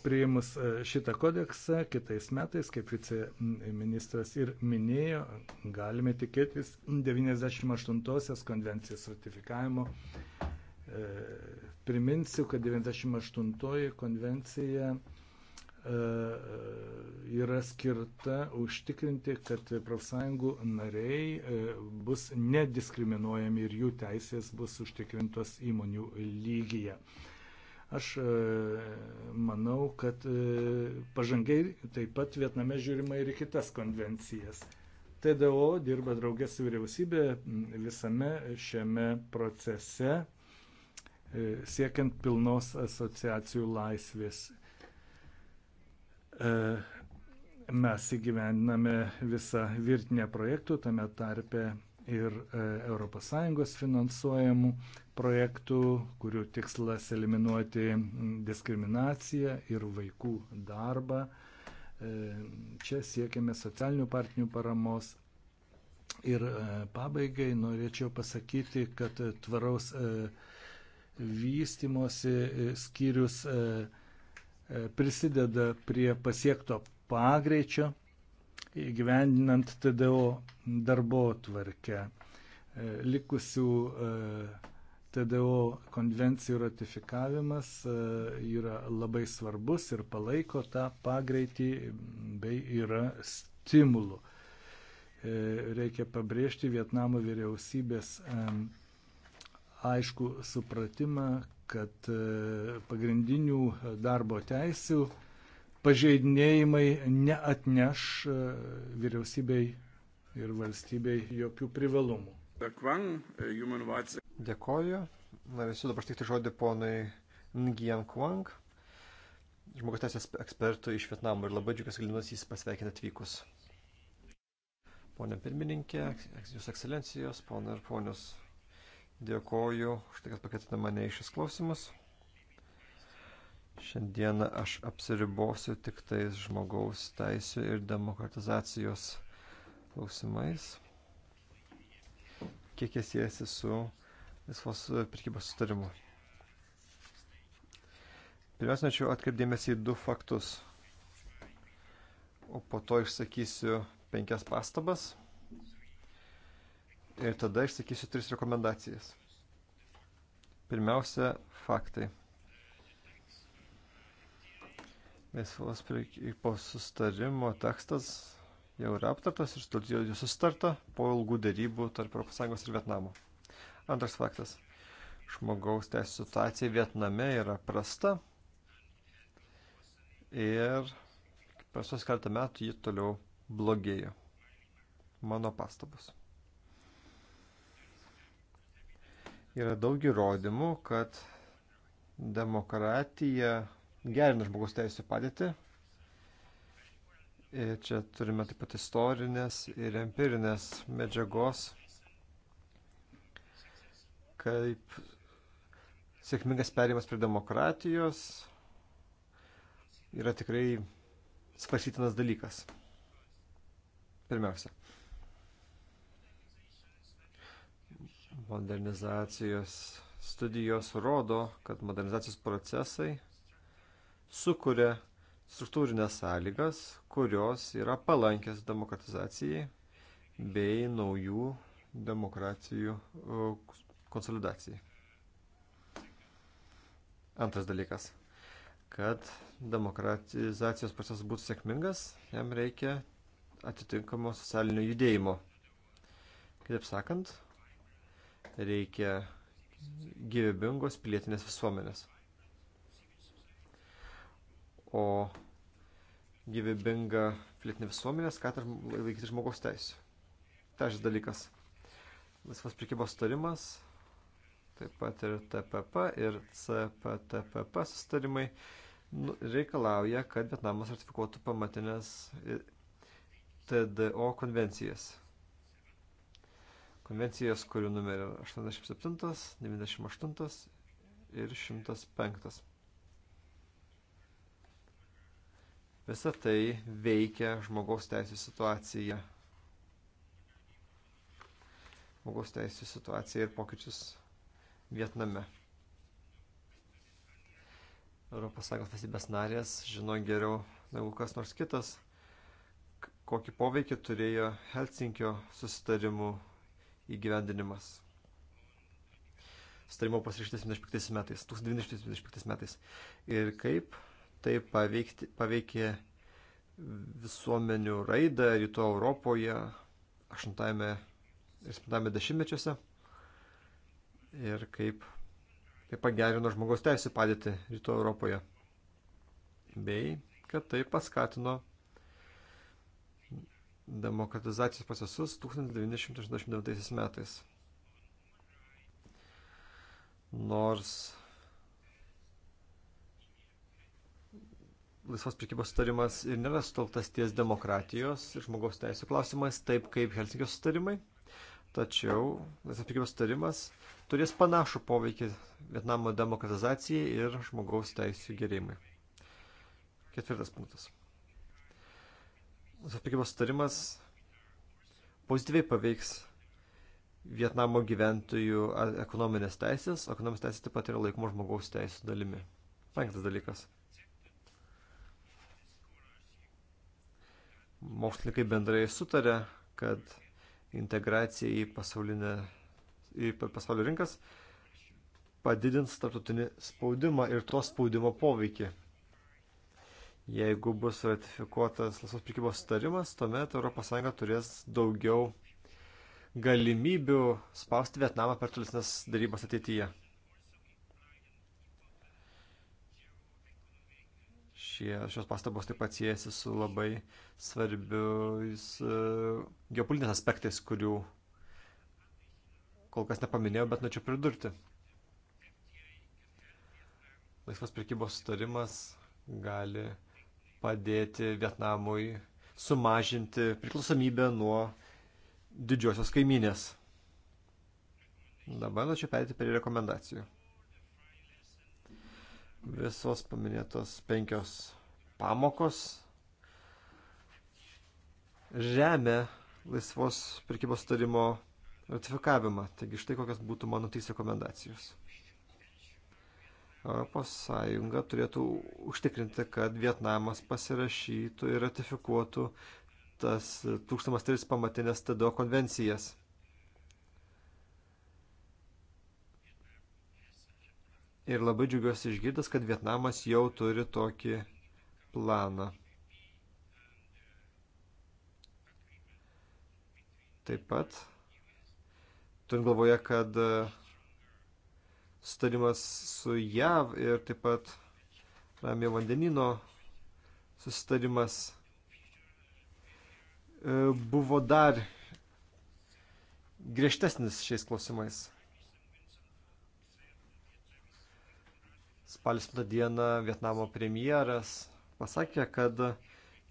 Priimus e, šitą kodeksą kitais metais, kaip viceministras ir minėjo, galime tikėtis 98-osios konvencijos ratifikavimo Priminsiu, kad 98 konvencija E, e, yra skirta užtikrinti, kad profsąjungų nariai e, bus nediskriminuojami ir jų teisės bus užtikrintos įmonių lygyje. Aš manau, kad pažangiai taip pat Vietname žiūrima ir į kitas konvencijas. TDO dirba draugės su vyriausybė visame šiame procese siekiant pilnos asociacijų laisvės E, mes įgyvendiname visą virtinę projektų, tame tarpe ir ES finansuojamų projektų, kurių tikslas eliminuoti diskriminaciją ir vaikų darbą. E, čia siekiame socialinių partinių paramos. Ir e, pabaigai norėčiau pasakyti, kad tvaraus vystimosi skyrius E, prisideda prie pasiekto pagreičio įgyvendinant TDO darbo tvarkę. E, likusių e, TDO konvencijų ratifikavimas yra labai svarbus ir palaiko tą pagreitį bei yra stimulų. Reikia pabrėžti Vietnamo vyriausybės aišku supratimą, kad e, pagrindinių darbo teisių pažeidinėjimai neatneš e, vyriausybei ir valstybei jokių privalumų. Dėkoju. Norėsiu dabar tik žodį ponai Nguyen Kwang, žmogus teisės ekspertų iš Vietnamo ir labai džiugas galinas jis pasveikina atvykus. Pone pirmininkė, jūsų ekscelencijos, ponai ir ponios Dėkoju už tai, kad pakvietėte mane į šis klausimus. Šiandieną aš apsiribosiu tik tais žmogaus teisų ir demokratizacijos klausimais. Kiek jie siejasi su laisvos pirkybos sutarimu. Pirmiausia, norėčiau atkreipdėmėsi į du faktus, o po to išsakysiu penkias pastabas ir tada išsakysiu tris rekomendacijas. Pirmiausia, faktai. Laisvos prekybos sustarimo tekstas jau yra aptartas ir studijuoju sustarta po ilgų dėrybų tarp ES ir Vietnamo. Antras faktas. Žmogaus teisų situacija Vietname yra prasta ir prasos keletą metų ji toliau blogėjo. Mano pastabos. Yra daug įrodymų, kad demokratija gerina žmogus teisų padėtį. Ir čia turime taip pat istorinės ir empirinės medžiagos, kaip sėkmingas perėjimas prie demokratijos yra tikrai svarstytinas dalykas. Pirmiausia. Modernizacijos studijos rodo, kad modernizacijos procesai sukuria struktūrinės sąlygas, kurios yra palankės demokratizacijai bei naujų demokratijų konsolidacijai. Antras dalykas. Kad demokratizacijos procesas būtų sėkmingas, jam reikia atitinkamo socialinio judėjimo. Kitaip sakant, Reikia gyvybingos pilietinės visuomenės. O gyvybinga pilietinė visuomenė skatina laikyti žmogaus teisų. Trečias dalykas. Laisvas prikybos tarimas, taip pat ir TPP ir CPTPP sustarimai nu, reikalauja, kad Vietnamas ratifikuotų pamatinės TDO konvencijas konvencijas, kurių numerio 87, 98 ir 105. Visa tai veikia žmogaus teisų situaciją. Žmogaus teisų situaciją ir pokyčius Vietname. ES valstybės narės žino geriau negu kas nors kitas, kokį poveikį turėjo Helsinkio susitarimų įgyvendinimas. Starimo pasirašytas 25 metais, 1925 metais. Ir kaip tai paveikti, paveikė visuomenių raidą rytų Europoje 8 ir 7 dešimtmečiuose ir kaip tai pagerino žmogaus teisų padėtį rytų Europoje. Bei kad tai paskatino demokratizacijos procesus 1989 metais. Nors laisvos prekybos sutarimas ir nėra sutoltas ties demokratijos ir žmogaus teisų klausimais, taip kaip Helsinkio sutarimai, tačiau laisvos prekybos sutarimas turės panašų poveikį Vietnamo demokratizacijai ir žmogaus teisų gerėjimai. Ketvirtas punktas. Laisvos prekybos sutarimas pozityviai paveiks Vietnamo gyventojų ekonominės teisės, ekonominės teisės taip pat yra laikoma žmogaus teisų dalimi. Penktas dalykas. Mokslininkai bendrai sutarė, kad integracija į pasaulinę, į pasaulio rinkas padidins tarptautinį spaudimą ir to spaudimo poveikį. Jeigu bus ratifikuotas laisvos prekybos sutarimas, tuomet ES turės daugiau galimybių spausti Vietnamą per tolesnes darybas ateityje. Šie, šios pastabos taip pat siejasi su labai svarbiais uh, geopolitiniais aspektais, kurių kol kas nepaminėjau, bet norėčiau pridurti. Laisvas prekybos sutarimas gali padėti Vietnamui sumažinti priklausomybę nuo didžiosios kaiminės. Dabar norėčiau perėti prie rekomendacijų. Visos paminėtos penkios pamokos žemė laisvos prekybos tarimo ratifikavimą. Taigi štai kokios būtų mano trys rekomendacijos. ES turėtų užtikrinti, kad Vietnamas pasirašytų ir ratifikuotų tas 1003 pamatinės TDO konvencijas. Ir labai džiugiuosi išgirdęs, kad Vietnamas jau turi tokį planą. Taip pat turint galvoje, kad sutarimas su JAV ir taip pat Ramio vandenino susitarimas e, buvo dar griežtesnis šiais klausimais. Spalis 7 dieną Vietnamo premjeras pasakė, kad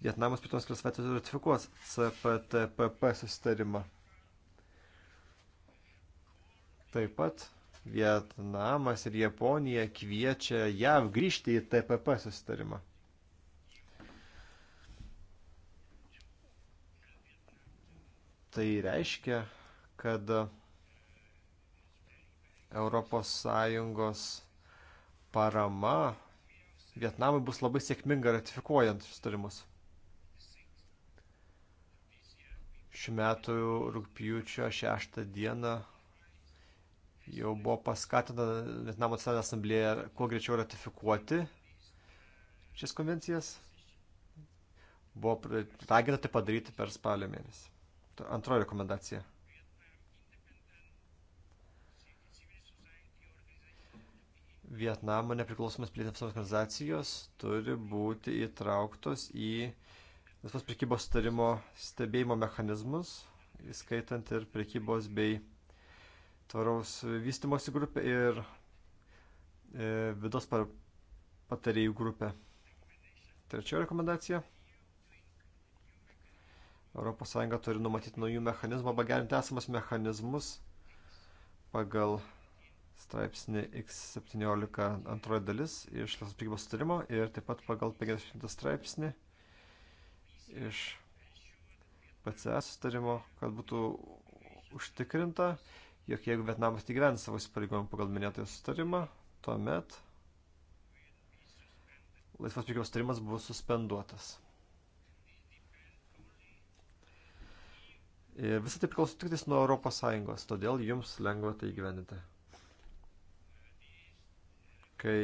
Vietnamas pietoms kelias savaitės ratifikuos CPTPP susitarimą. Taip pat Vietnamas ir Japonija kviečia JAV grįžti į TPP susitarimą. Tai reiškia, kad ES parama Vietnamui bus labai sėkminga ratifikuojant sustarimus. Šiuo metu rūpjūčio 6 dieną jau buvo paskatinta Vietnamo nacionalinė asamblėja kuo greičiau ratifikuoti šias konvencijas. Buvo raginta tai padaryti per spalio mėnesį. Antroji rekomendacija. Vietnamo nepriklausomas pilietinės organizacijos turi būti įtrauktos į laisvos prekybos starimo stebėjimo mechanizmus, įskaitant ir prekybos bei tvaraus vystimosi grupė ir e, vidos patarėjų grupė. Trečioji rekomendacija. ES turi numatyti naujų mechanizmų arba gerinti esamus mechanizmus pagal straipsnį X17 antroji dalis iš Lietuvos prekybos sutarimo ir taip pat pagal 50 straipsnį iš PCS e sutarimo, kad būtų užtikrinta, jog jeigu Vietnamas įgyvens savo įsipareigojimą pagal minėtą sutarimą, tuomet laisvos prekybos sutarimas buvo suspenduotas. Ir visą tai priklauso tik nuo ES, todėl jums lengva tai įgyvendinti. Kai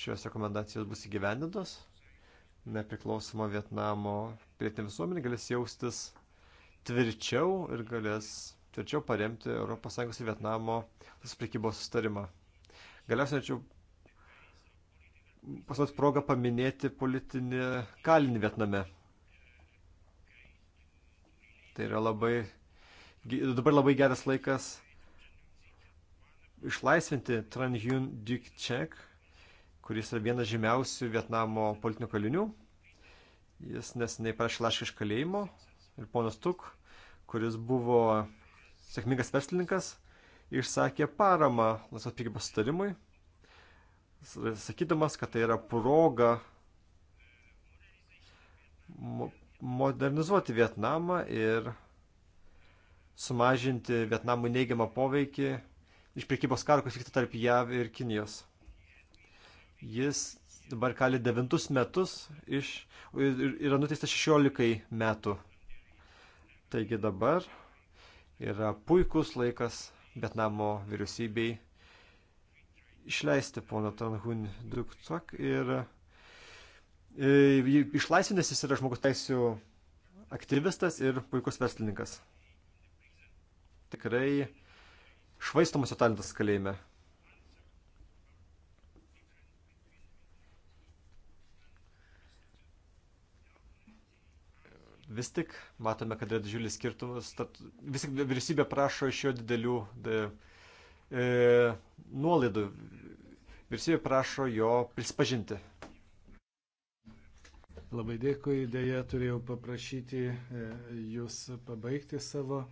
šios rekomendacijos bus įgyvendintos, nepriklausoma Vietnamo pilietinė visuomenė galės jaustis tvirčiau ir galės tvirčiau paremti ES ir Vietnamo susiprikybos sustarimą. Galiausiai norėčiau pasinaudoti progą paminėti politinį kalinį Vietname. Tai yra labai, dabar labai geras laikas išlaisvinti Tran Hyun Dik Chek, kuris yra vienas žymiausių Vietnamo politinių kalinių. Jis nesiniai parašė laišką iš kalėjimo ir ponas Tuk, kuris buvo sėkmingas verslininkas išsakė paramą laisvos prekybos sutarimui, sakydamas, kad tai yra proga modernizuoti Vietnamą ir sumažinti Vietnamų neigiamą poveikį iš priekybos karo, kas vyksta tarp JAV ir Kinijos. Jis dabar kali devintus metus iš, yra nuteistas 16 metų. Taigi dabar yra puikus laikas Vietnamo vyriausybei išleisti poną Tanhun Duktak ir e, išlaisvinęs jis yra žmogus teisų aktyvistas ir puikus verslininkas. Tikrai švaistomas jo talentas kalėjime. vis tik matome, kad yra didžiulis skirtumas, tad vis tik vyriausybė prašo iš jo didelių de, e, nuolaidų. Vyriausybė prašo jo prisipažinti. Labai dėkui, dėja turėjau paprašyti e, jūs pabaigti savo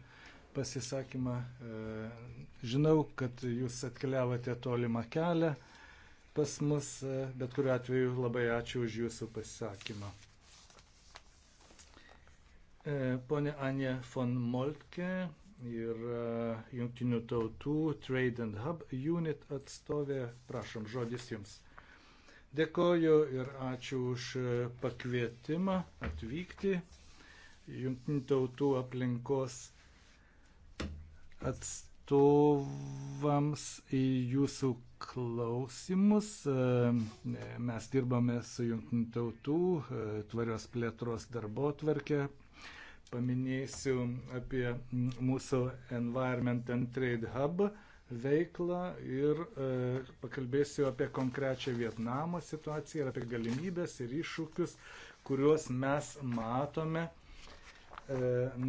pasisakymą. E, žinau, kad jūs atkeliavote tolimą kelią pas mus, e, bet kuriu atveju labai ačiū už jūsų pasisakymą. E, Pone Anja von Moltke yra e, Junktinių tautų Trade and Hub Unit atstovė. Prašom, žodis jums. Dėkoju ir ačiū už e, pakvietimą atvykti. Junktinių tautų aplinkos atstovams į jūsų klausimus. Mes dirbame su Junktinių tautų tvarios plėtros darbo tvarkė paminėsiu apie mūsų Environment and Trade Hub veiklą ir e, pakalbėsiu apie konkrečią Vietnamo situaciją ir apie galimybės ir iššūkius, kuriuos mes matome e,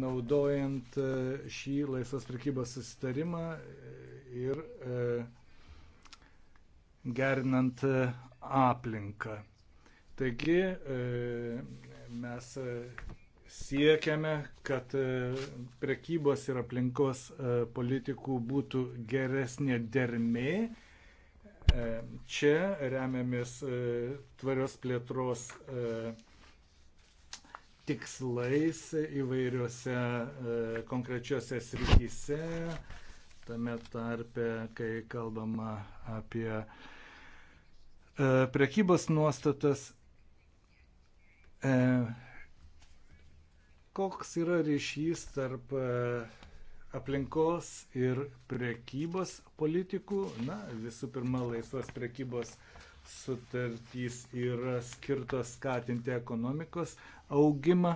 naudojant e, šį laisvos prekybos susitarimą e, ir e, gerinant e, aplinką. Taigi e, mes e, siekiame, kad e, prekybos ir aplinkos e, politikų būtų geresnė dermė. E, čia remiamės tvarios plėtros tikslais įvairiuose e, konkrečiuose srityse, tame tarpe, kai kalbama apie e, prekybos nuostatas, e, koks yra ryšys tarp e, aplinkos ir prekybos politikų. Na, visų pirma, laisvos prekybos sutartys yra skirtos skatinti ekonomikos augimą,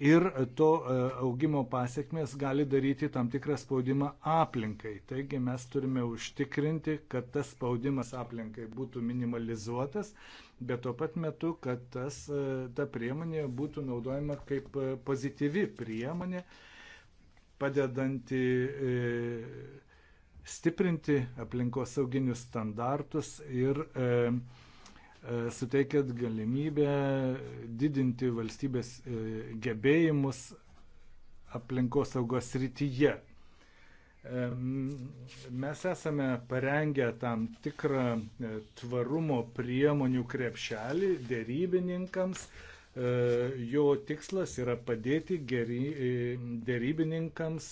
ir to e, augimo pasiekmes gali daryti tam tikrą spaudimą aplinkai. Taigi mes turime užtikrinti, kad tas spaudimas aplinkai būtų minimalizuotas, bet tuo pat metu, kad tas, e, ta priemonė būtų naudojama kaip e, pozityvi priemonė, padedanti stiprinti aplinkosauginius standartus ir e, E, suteikėt galimybę didinti valstybės e, gebėjimus aplinkosaugos rytyje. Mes esame parengę tam tikrą e, tvarumo priemonių krepšelį dėrybininkams. Jo tikslas yra padėti gery, dėrybininkams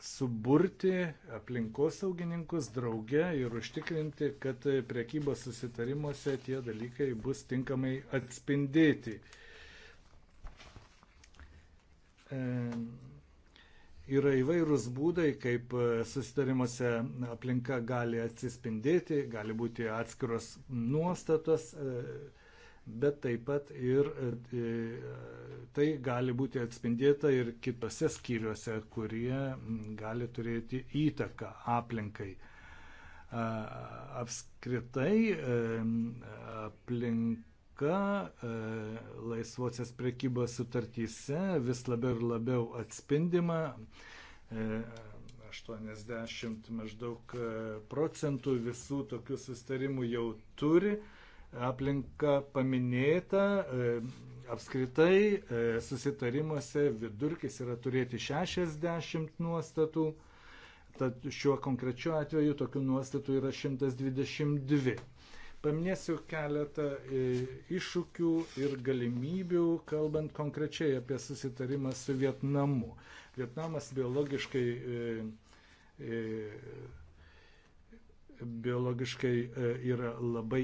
suburti aplinkosaugininkus drauge ir užtikrinti, kad priekybos susitarimuose tie dalykai bus tinkamai atspindėti. E, yra įvairūs būdai, kaip susitarimuose aplinka gali atsispindėti, gali būti atskiros nuostatos. E, bet taip pat ir e, e, tai gali būti atspindėta ir kitose skyriuose, kurie gali turėti įtaką aplinkai. Apskritai aplinka e, laisvosios prekybos sutartyse vis labiau ir labiau atspindima. 80 maždaug procentų visų tokių sustarimų jau turi uh, aplinka paminėta. E, apskritai e, susitarimuose vidurkis yra turėti 60 nuostatų, tad šiuo konkrečiu atveju tokių nuostatų yra 122. Paminėsiu keletą e, iššūkių ir galimybių, kalbant konkrečiai apie susitarimą su Vietnamu. Vietnamas biologiškai biologiškai e, yra labai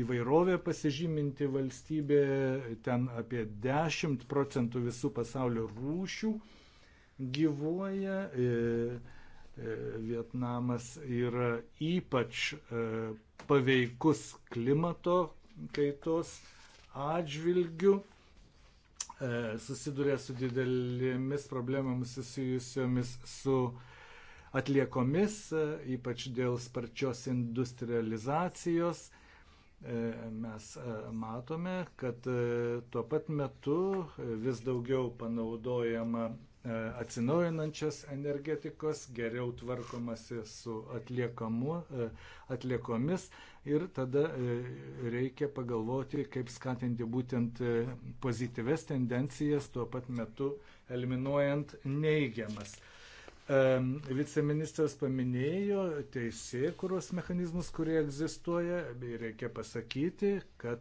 įvairovė pasižyminti valstybė, ten apie 10 procentų visų pasaulio rūšių gyvuoja. E, e, Vietnamas yra ypač paveikus klimato kaitos atžvilgių susiduria su didelėmis problemomis susijusiomis su uh, atliekomis, e, ypač dėl sparčios industrializacijos. E, mes e, matome, kad tuo pat metu vis daugiau panaudojama atsinaujinančios energetikos, geriau tvarkomasi su atliekamu, atliekomis ir tada reikia pagalvoti, kaip skatinti būtent pozityves tendencijas, tuo pat metu eliminuojant neigiamas. Viceministras paminėjo teisėkuros mechanizmus, kurie egzistuoja, bei reikia pasakyti, kad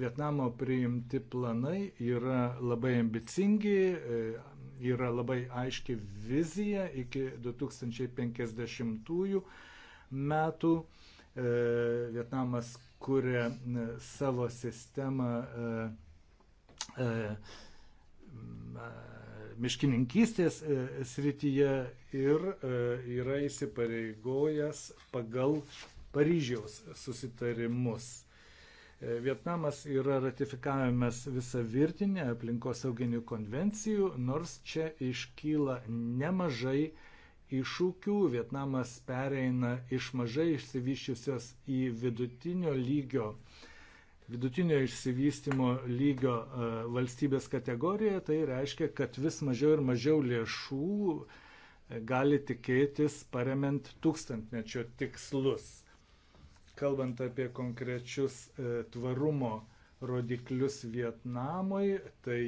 Vietnamo priimti planai yra labai ambicingi, e, yra labai aiški vizija iki 2050 metų. E, Vietnamas kuria e, savo sistemą miškininkystės e, srityje ir e, yra įsipareigojęs pagal Paryžiaus susitarimus. E, Vietnamas yra ratifikavimas visą virtinę aplinkosauginių konvencijų, nors čia iškyla nemažai iššūkių. Vietnamas pereina iš mažai išsivyščiusios į vidutinio lygio uh, vidutinio išsivystimo lygio e, valstybės kategoriją, tai reiškia, kad vis mažiau ir mažiau lėšų e, gali tikėtis paremant tūkstantmečio tikslus. Kalbant apie konkrečius e, tvarumo rodiklius Vietnamui, tai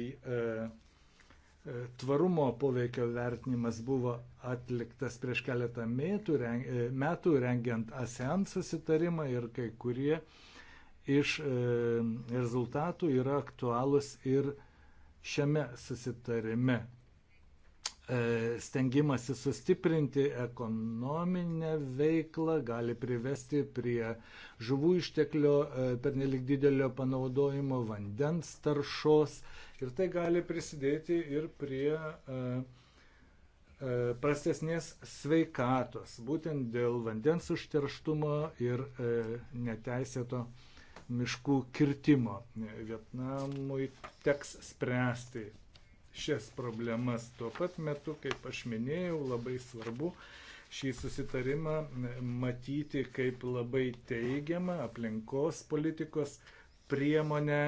tvarumo poveikio vertinimas buvo atliktas prieš keletą metų, metų rengiant ASEAN susitarimą ir kai kurie uh, iš e, rezultatų yra aktualūs ir šiame susitarime. E, Stengimasi sustiprinti ekonominę veiklą gali privesti prie žuvų išteklio e, pernelik didelio panaudojimo, vandens taršos ir tai gali prisidėti ir prie prastesnės sveikatos, būtent dėl vandens užterštumo ir neteisėto uh, miškų kirtimo. Vietnamui teks spręsti šias problemas. Tuo pat metu, kaip aš minėjau, labai svarbu šį susitarimą matyti kaip labai teigiamą aplinkos politikos priemonę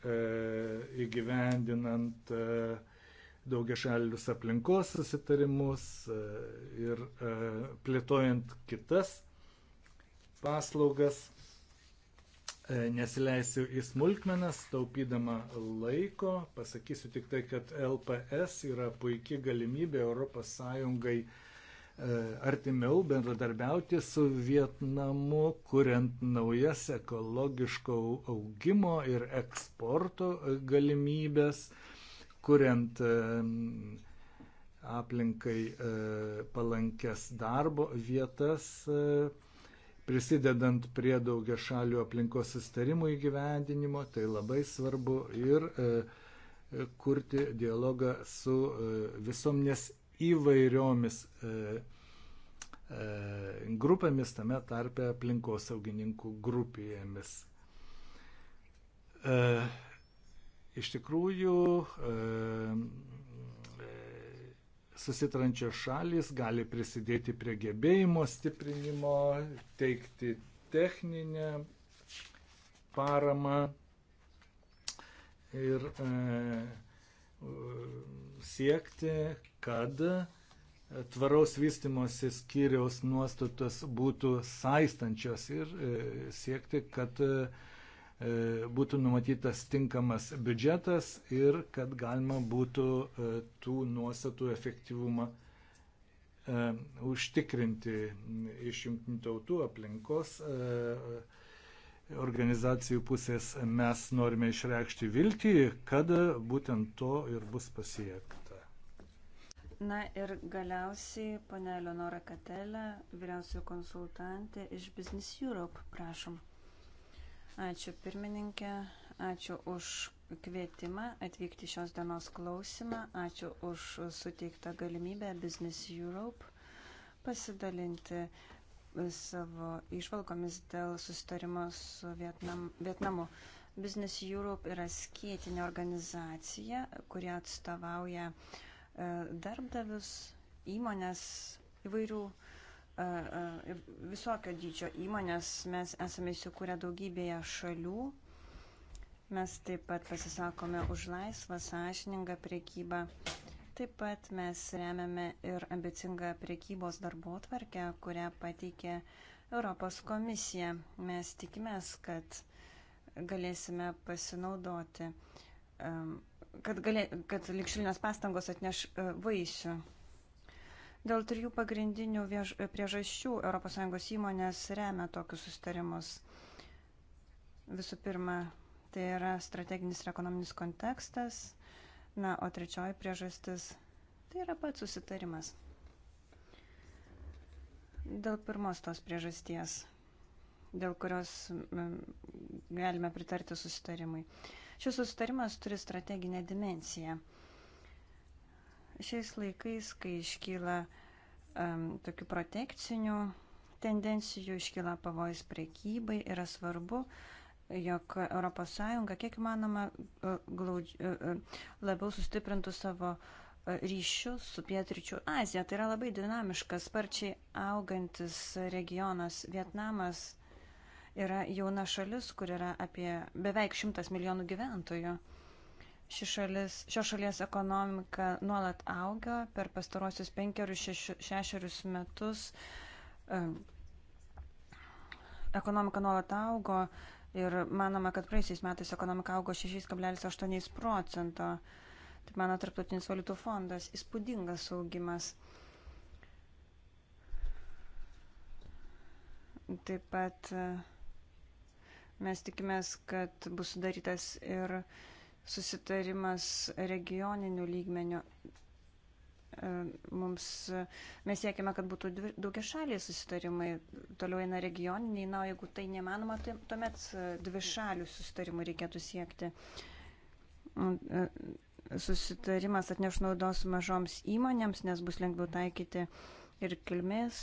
e, įgyvendinant e, daugiašalius aplinkos susitarimus e, ir plėtojant kitas paslaugas. E, nesileisiu į smulkmenas, taupydama laiko, pasakysiu tik tai, kad LPS yra puikia galimybė ES e, artimiau bendradarbiauti su Vietnamu, kuriant naujas ekologiško augimo ir eksporto galimybės, kuriant e, aplinkai palankes darbo vietas prisidedant prie daugia šalių aplinkos sustarimų įgyvendinimo, tai labai svarbu ir e, e, kurti dialogą su e, visuomenės įvairiomis e, e, grupėmis, tame tarpe aplinkosaugininkų grupėmis. E, iš tikrųjų, e, susitrančios šalis gali prisidėti prie gebėjimo stiprinimo, teikti techninę paramą ir e, siekti, kad tvaraus vystimosi skyriaus nuostatos būtų saistančios ir e, siekti, kad e, E, būtų numatytas tinkamas biudžetas ir kad galima būtų e, tų nuostatų efektyvumą e, užtikrinti iš jungtinių tautų aplinkos organizacijų pusės mes norime išreikšti viltį, kad būtent to ir bus pasiekta. Na ir galiausiai, ponė Leonora Katelė, vyriausioji konsultantė iš Business Europe, prašom. Ačiū pirmininkė, ačiū už kvietimą atvykti šios dienos klausimą, ačiū už suteiktą galimybę Business Europe pasidalinti savo išvalgomis dėl susitarimo su Vietnam, Vietnamu. Business Europe yra skėtinė organizacija, kuri atstovauja e, darbdavius, įmonės įvairių uh, visokio dydžio įmonės, mes esame įsikūrę daugybėje šalių. Mes taip pat pasisakome už laisvą, sąžiningą priekybą. Taip pat mes remiame ir ambicingą priekybos darbo tvarkę, kurią pateikė Europos komisija. Mes tikimės, kad galėsime pasinaudoti, kad, galė, kad likšilinės pastangos atneš vaisių. Dėl trijų pagrindinių viež... priežasčių ES įmonės remia tokius sustarimus. Visų pirma, tai yra strateginis ir ekonominis kontekstas. Na, o trečioji priežastis - tai yra pats susitarimas. Dėl pirmos tos priežasties, dėl kurios galime pritarti susitarimui. Šis susitarimas turi strateginę dimenciją šiais laikais, kai iškyla um, tokių protekcinių tendencijų, iškyla pavojus prekybai, yra svarbu, jog ES kiek įmanoma e, glaudž... E, e, labiau sustiprintų savo ryšius su Pietričių Azija. Tai yra labai dinamiškas, sparčiai augantis regionas Vietnamas yra jauna šalis, kur yra apie beveik šimtas milijonų gyventojų. Ši šalis, šios šalies ekonomika nuolat auga per pastarosius penkerius šeši, šešerius metus. Ekonomika nuolat augo ir manoma, kad praeisiais metais ekonomika augo 6,8 procento. Tai mano tarptautinis valiutų fondas įspūdingas augimas. Taip pat e, mes tikimės, kad bus sudarytas ir uh, susitarimas regioninių lygmenių. E, mums, e, mes siekime, kad būtų daugia šaliai susitarimai, toliau eina regioniniai, na, jeigu tai nemanoma, tai tuomet e, dvi šalių susitarimų reikėtų siekti. Mm, susitarimas atneš naudos mažoms įmonėms, nes bus lengviau taikyti ir kilmės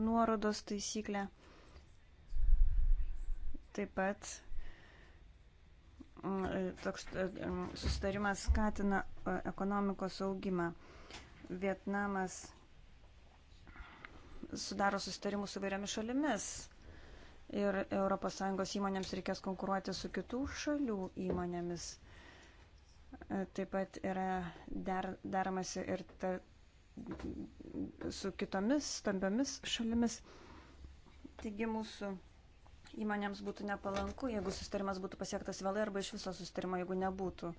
nuorodos taisyklę. Taip pat E, toks e, e, sustarimas skatina ekonomikos augimą. Vietnamas sudaro sustarimus su vairiomis šalimis ir ES įmonėms reikės konkuruoti su kitų šalių įmonėmis. Taip pat yra dar, daromasi ir ta, su kitomis stambiomis šalimis. Taigi mūsų Įmonėms būtų nepalanku, jeigu sustarimas būtų pasiektas vėlai arba iš viso sustarimo, jeigu nebūtų.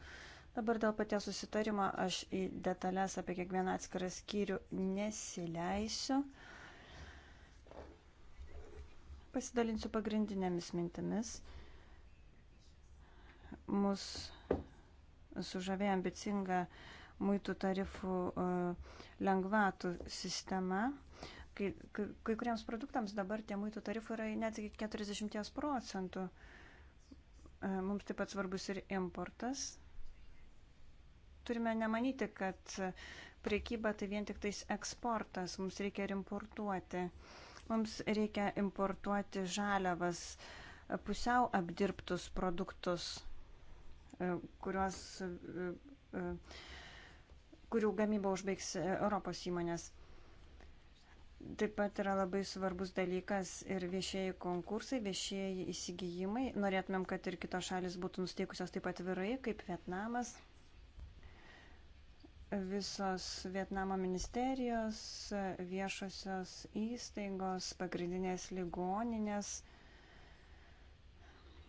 Dabar dėl paties susitarimo aš į detalės apie kiekvieną atskirą skyrių nesileisiu. Pasidalinsiu pagrindinėmis mintimis. Mūsų sužavėjo ambicinga muitų tarifų e, lengvatų sistema kai, kai, kai kuriems produktams dabar tie muitų tarifai yra net iki 40 procentų. E, mums taip pat svarbus ir importas. Turime nemanyti, kad priekyba tai vien tik tais eksportas, mums reikia ir importuoti. Mums reikia importuoti žaliavas, e, pusiau apdirbtus produktus, e, kuriuos kurių gamybą užbaigs Europos įmonės. Taip pat yra labai svarbus dalykas ir viešieji konkursai, viešieji įsigijimai. Norėtumėm, kad ir kitos šalis būtų nusteikusios taip atvirai, kaip Vietnamas. Visos Vietnamo ministerijos, viešosios įstaigos, pagrindinės ligoninės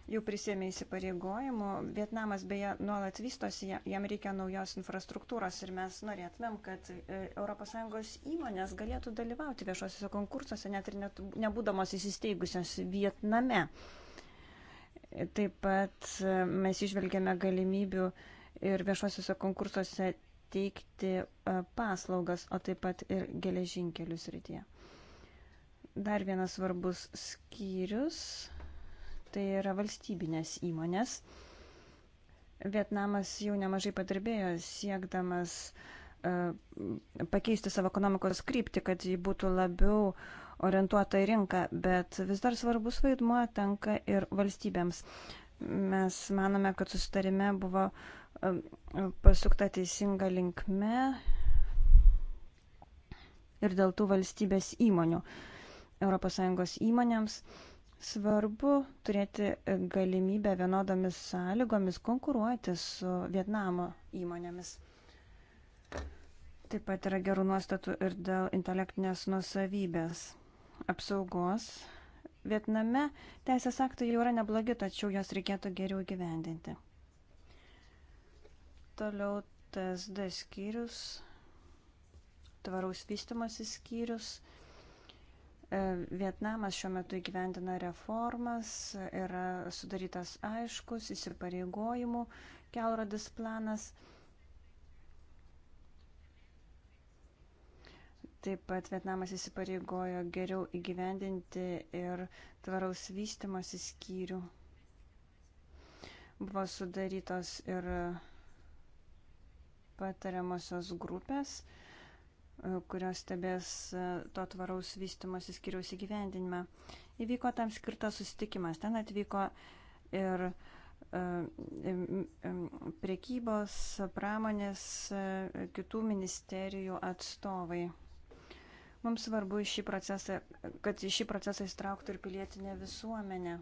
jau prisėmė įsipareigojimų. Vietnamas beje nuolat vystosi, jam reikia naujos infrastruktūros ir mes norėtumėm, kad ES įmonės galėtų dalyvauti viešuosiuose konkursuose, net ir net, nebūdamos įsisteigusios Vietname. Taip pat e, mes išvelgiame galimybių ir viešuosiuose konkursuose teikti e, paslaugas, o taip pat ir geležinkelius rytyje. Dar vienas svarbus skyrius tai yra valstybinės įmonės. Vietnamas jau nemažai padirbėjo siekdamas uh, pakeisti savo ekonomikos kryptį, kad ji būtų labiau orientuota į rinką, bet vis dar svarbus vaidmuo tenka ir valstybėms. Mes manome, kad susitarime buvo uh, pasukta teisinga linkme ir dėl tų valstybės įmonių. ES įmonėms uh, Svarbu turėti e, galimybę vienodomis sąlygomis konkuruoti su Vietnamo įmonėmis. Taip pat yra gerų nuostatų ir dėl intelektinės nusavybės apsaugos. Vietname teisės aktai jau yra neblogi, tačiau jos reikėtų geriau gyvendinti. Toliau TSD skyrius, tvaraus vystimosi skyrius. E, Vietnamas šiuo metu įgyvendina reformas, yra sudarytas aiškus įsipareigojimų kelrodis planas. Taip pat Vietnamas įsipareigojo geriau įgyvendinti ir tvaraus vystimosi skyrių. Buvo sudarytos ir patariamosios grupės, uh, E, kurios stebės e, to tvaraus vystimosi skiriaus įgyvendinimą. Įvyko tam skirtas susitikimas. Ten atvyko ir e, priekybos, pramonės, kitų ministerijų atstovai. Mums svarbu šį procesą, kad į šį procesą įstrauktų ir pilietinė visuomenė,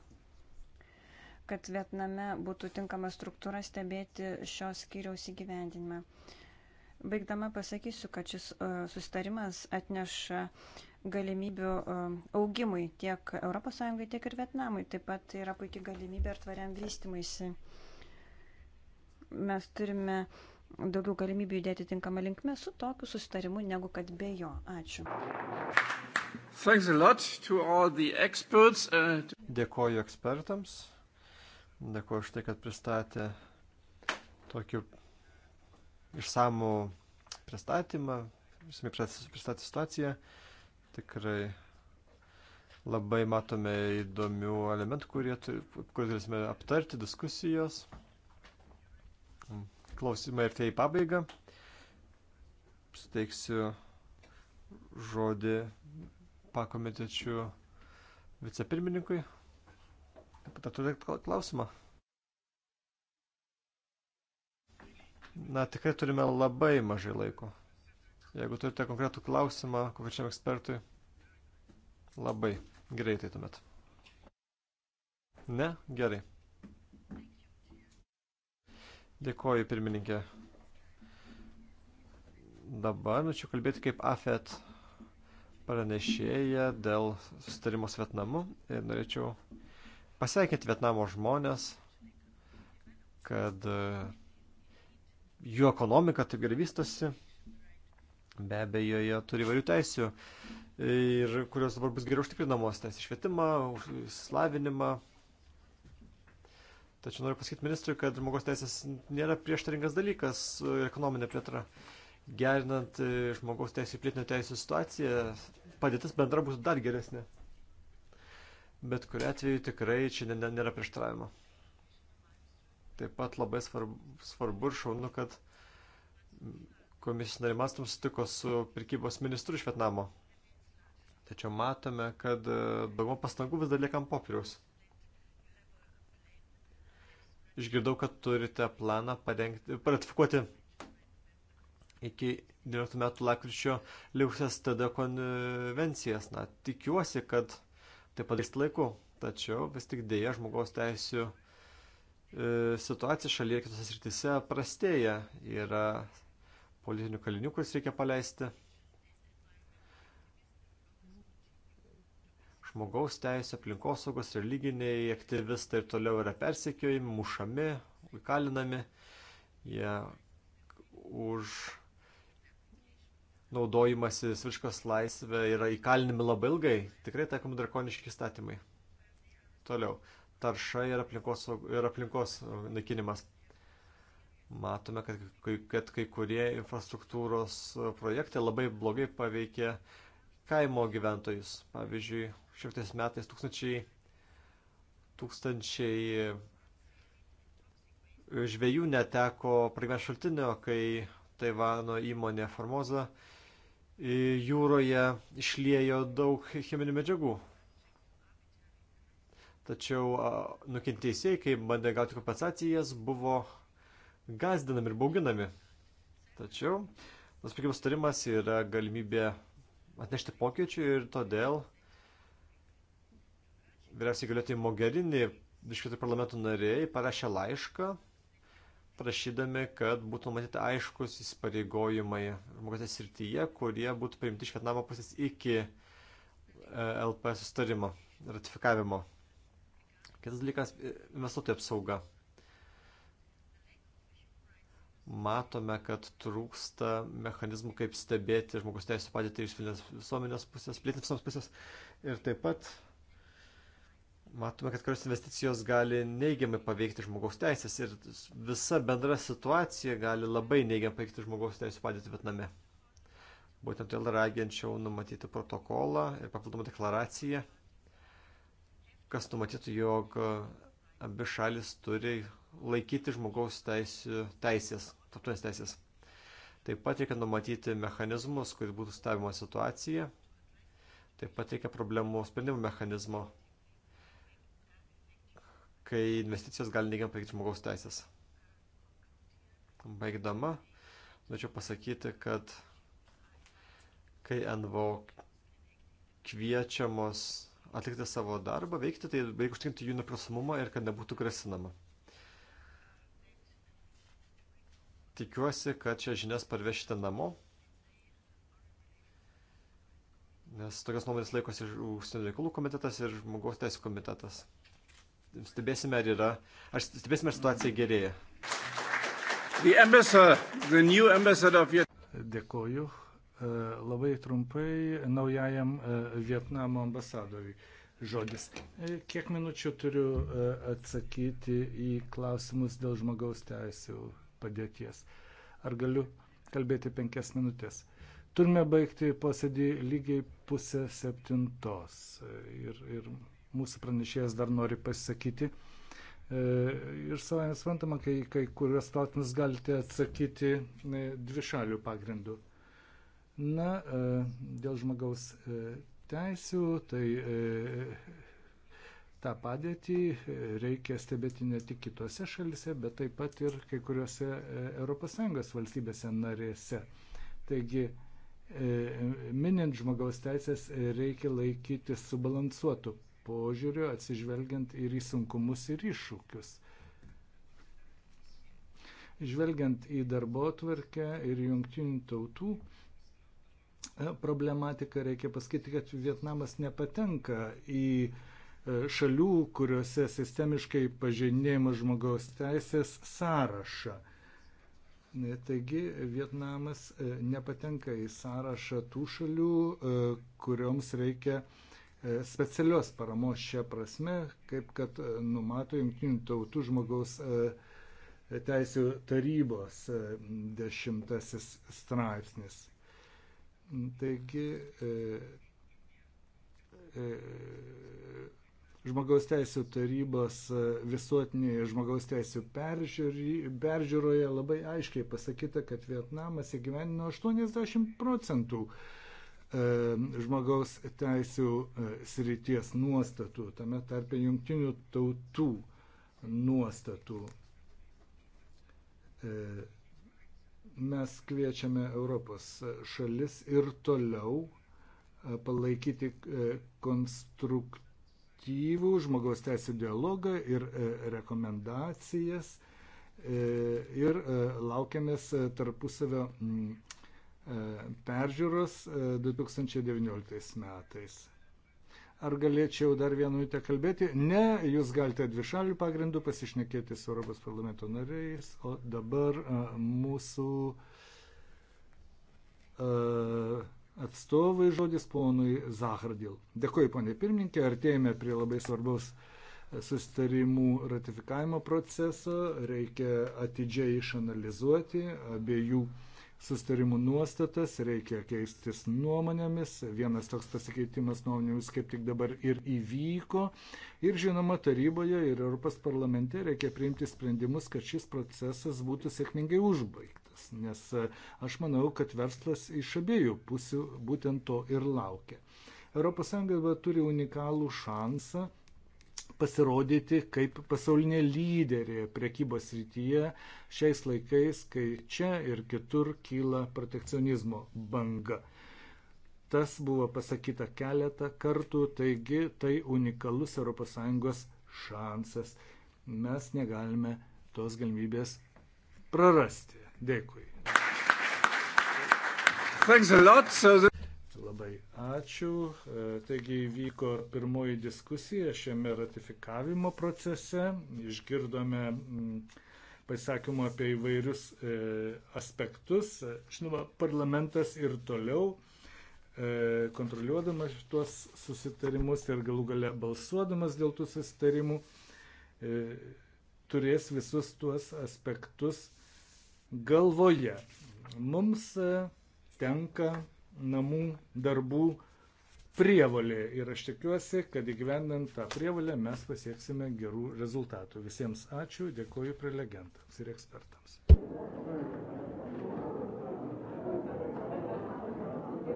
kad Vietname būtų tinkama struktūra stebėti šios skyriaus įgyvendinimą. Baigdama pasakysiu, kad šis e, sustarimas atneša galimybių e, augimui tiek ES, tiek ir Vietnamui. Taip pat yra puikia galimybė ir tvariam vystimaisi. Mes turime daugiau galimybių judėti tinkamą linkmę su tokiu sustarimu, negu kad be jo. Ačiū. Uh, Dėkoju ekspertams. Dėkoju už tai, kad pristatė tokį išsamų pristatymą, visame pristatė situaciją. Tikrai labai matome įdomių elementų, kurie turėsime aptarti, diskusijos. Mm, klausimai ir tai į pabaigą. Suteiksiu žodį pakomitečių vicepirmininkui. Patartumėte klausimą? Na, tikrai turime labai mažai laiko. Jeigu turite konkretų klausimą konkrečiam ekspertui, labai greitai tuomet. Ne? Gerai. Dėkoju, pirmininkė. Dabar norėčiau kalbėti kaip AFET pranešėja dėl sustarimo su Vietnamu ir norėčiau pasveikinti Vietnamo žmonės, kad jų ekonomika taip gerai vystosi. Be abejo, jie turi įvairių teisių, ir kurios dabar bus geriau užtikrinamos, teisė švietimą, slavinimą. Tačiau noriu pasakyti ministrui, kad žmogaus teisės nėra prieštaringas dalykas ekonominė plėtra. Gerinant žmogaus teisų ir plėtinių teisų situaciją, padėtis bendra bus dar geresnė. Bet kuriu atveju tikrai čia nėra prieštaravimo. Taip pat labai svarbu, svarbu ir šaunu, kad komisijos narimas mums sutiko su pirkybos ministru iš Vietnamo. Tačiau matome, kad e, dauguma pastangų vis dar liekam popieriaus. Išgirdau, kad turite planą parengti, paratifikuoti iki 19 metų lakryčio liuksės TD konvencijas. Na, tikiuosi, kad tai padarys laiku, tačiau vis tik dėja žmogaus teisų E, situacija šalyje kitose srityse prastėja. Yra politinių kalinių, kuris reikia paleisti. Žmogaus teisė, aplinkosaugos, religiniai aktyvistai ir toliau yra persekiojami, mušami, įkalinami. Jie už naudojimasi sviškos laisvė yra įkalinami labai ilgai. Tikrai taikomi drakoniški įstatymai. Toliau tarša ir aplinkos, ir aplinkos e, naikinimas. Matome, kad, kad kai kurie infrastruktūros e, projektai labai blogai paveikė kaimo gyventojus. Pavyzdžiui, šimtais metais tūkstančiai, tūkstančiai e, žvėjų neteko pragyvenimo šaltinio, kai Taivano įmonė Formoza jūroje išliejo daug cheminių medžiagų tačiau nukentėjusiai, kai bandė gauti kompensacijas, buvo gazdinami ir bauginami. Tačiau tas prekybos sutarimas yra galimybė atnešti pokyčių ir todėl vyriausiai galėtų į Mogherini, iš kitų parlamentų nariai, parašė laišką, prašydami, kad būtų matyti aiškus įsipareigojimai žmogaus srityje, kurie būtų priimti iš Vietnamo pusės iki e, LP sustarimo ratifikavimo. Kitas dalykas - investuotojų apsauga. Matome, kad trūksta mechanizmų, kaip stebėti žmogus teisų padėtį iš visuomenės pusės, plėtinės pusės. Ir taip pat matome, kad kurios investicijos gali neigiamai paveikti žmogaus teisės ir visa bendra situacija gali labai neigiamai paveikti žmogaus teisų padėtį Vietname. Būtent todėl raginčiau numatyti protokolą ir papildomą deklaraciją, kas numatytų, jog e, abi šalis turi laikyti žmogaus teisės, teisės tarptautinės teisės. Taip pat reikia numatyti mechanizmus, kuris būtų stebima situacija. Taip pat reikia problemų sprendimų mechanizmo, kai investicijos gali neigiamai paveikti žmogaus teisės. Baigdama, norėčiau pasakyti, kad kai NVO kviečiamos atlikti savo darbą, veikti, tai reikia užtikrinti jų neprasumumą ir kad nebūtų grasinama. Tikiuosi, kad čia žinias parvešite namo, nes tokias nuomonės laikosi ir užsienio reikalų komitetas, ir žmogaus teisų komitetas. Stebėsime, ar yra, ar stebėsime, ar situacija gerėja. The ambassador, the new ambassador of... Dėkoju. E, labai trumpai naujajam e, Vietnamo ambasadoriui žodis. E, kiek minučių turiu atsakyti į klausimus dėl žmogaus teisų padėties? Ar galiu kalbėti penkias minutės? Turime baigti posėdį lygiai pusę septintos. Ir, ir mūsų pranešėjas dar nori pasisakyti. Ir savai nesvantama, kai kai kurias klausimus galite atsakyti dvi šalių pagrindų. Na, e, dėl žmogaus e, teisių, tai e, tą padėtį reikia stebėti ne tik kitose šalise, bet taip pat ir kai kuriuose ES valstybėse narėse. Taigi, minint žmogaus teisės, reikia laikyti subalansuotų požiūrių, atsižvelgiant ir į sunkumus ir iššūkius. Žvelgiant į darbo tvarkę ir jungtinių tautų, E, problematiką, reikia pasakyti, kad Vietnamas nepatenka į e, šalių, kuriuose sistemiškai pažeidinėjimas žmogaus teisės sąrašą. E, taigi Vietnamas nepatenka į sąrašą tų šalių, kurioms reikia specialios paramos šią prasme, kaip kad numato Junktinių tautų žmogaus teisų tarybos dešimtasis straipsnis. Taigi, e, e, žmogaus teisų tarybos e, visuotinėje žmogaus teisų peržiūroje labai aiškiai pasakyta, kad Vietnamas įgyvenino 80 procentų žmogaus teisų srities nuostatų, tame tarpe jungtinių tautų nuostatų mes kviečiame Europos šalis ir toliau e, palaikyti e, konstruktyvų žmogaus teisų dialogą ir e, rekomendacijas ir laukiamės tarpusavio peržiūros 2019 metais. Ar galėčiau dar vieną minutę kalbėti? Ne, jūs galite dvišalių pagrindų pasišnekėti su Europos parlamento nariais, o dabar mūsų atstovai žodis ponui Zahardil. Dėkuoju, ponė pirmininkė, artėjame prie labai svarbaus sustarimų ratifikavimo proceso, reikia atidžiai išanalizuoti abiejų jų sustarimų nuostatas, reikia keistis nuomonėmis. Vienas toks pasikeitimas nuomonėmis kaip tik dabar ir įvyko. Ir žinoma, taryboje ir Europos parlamente reikia priimti sprendimus, kad šis procesas būtų sėkmingai užbaigtas. Nes e, aš manau, kad verslas iš abiejų pusių būtent to ir laukia. ES turi unikalų šansą pasirodyti kaip pasaulinė lyderė priekybos rytyje šiais laikais, kai čia ir kitur kyla protekcionizmo banga. Tas buvo pasakyta keletą kartų, taigi tai unikalus ES šansas. Mes negalime tos galimybės prarasti. Dėkui. Thanks a lot. So the... Labai ačiū. E, taigi vyko pirmoji diskusija šiame ratifikavimo procese. Išgirdome mm, pasisakymų apie įvairius e, aspektus. Žinoma, parlamentas ir toliau e, kontroliuodamas tuos susitarimus ir galų gale balsuodamas dėl tų susitarimų turės visus tuos aspektus galvoje. Mums tenka namų darbų prievolė. Ir aš tikiuosi, kad įgyvendant tą prievolę mes pasieksime gerų rezultatų. Visiems ačiū, dėkoju prelegentams ir ekspertams.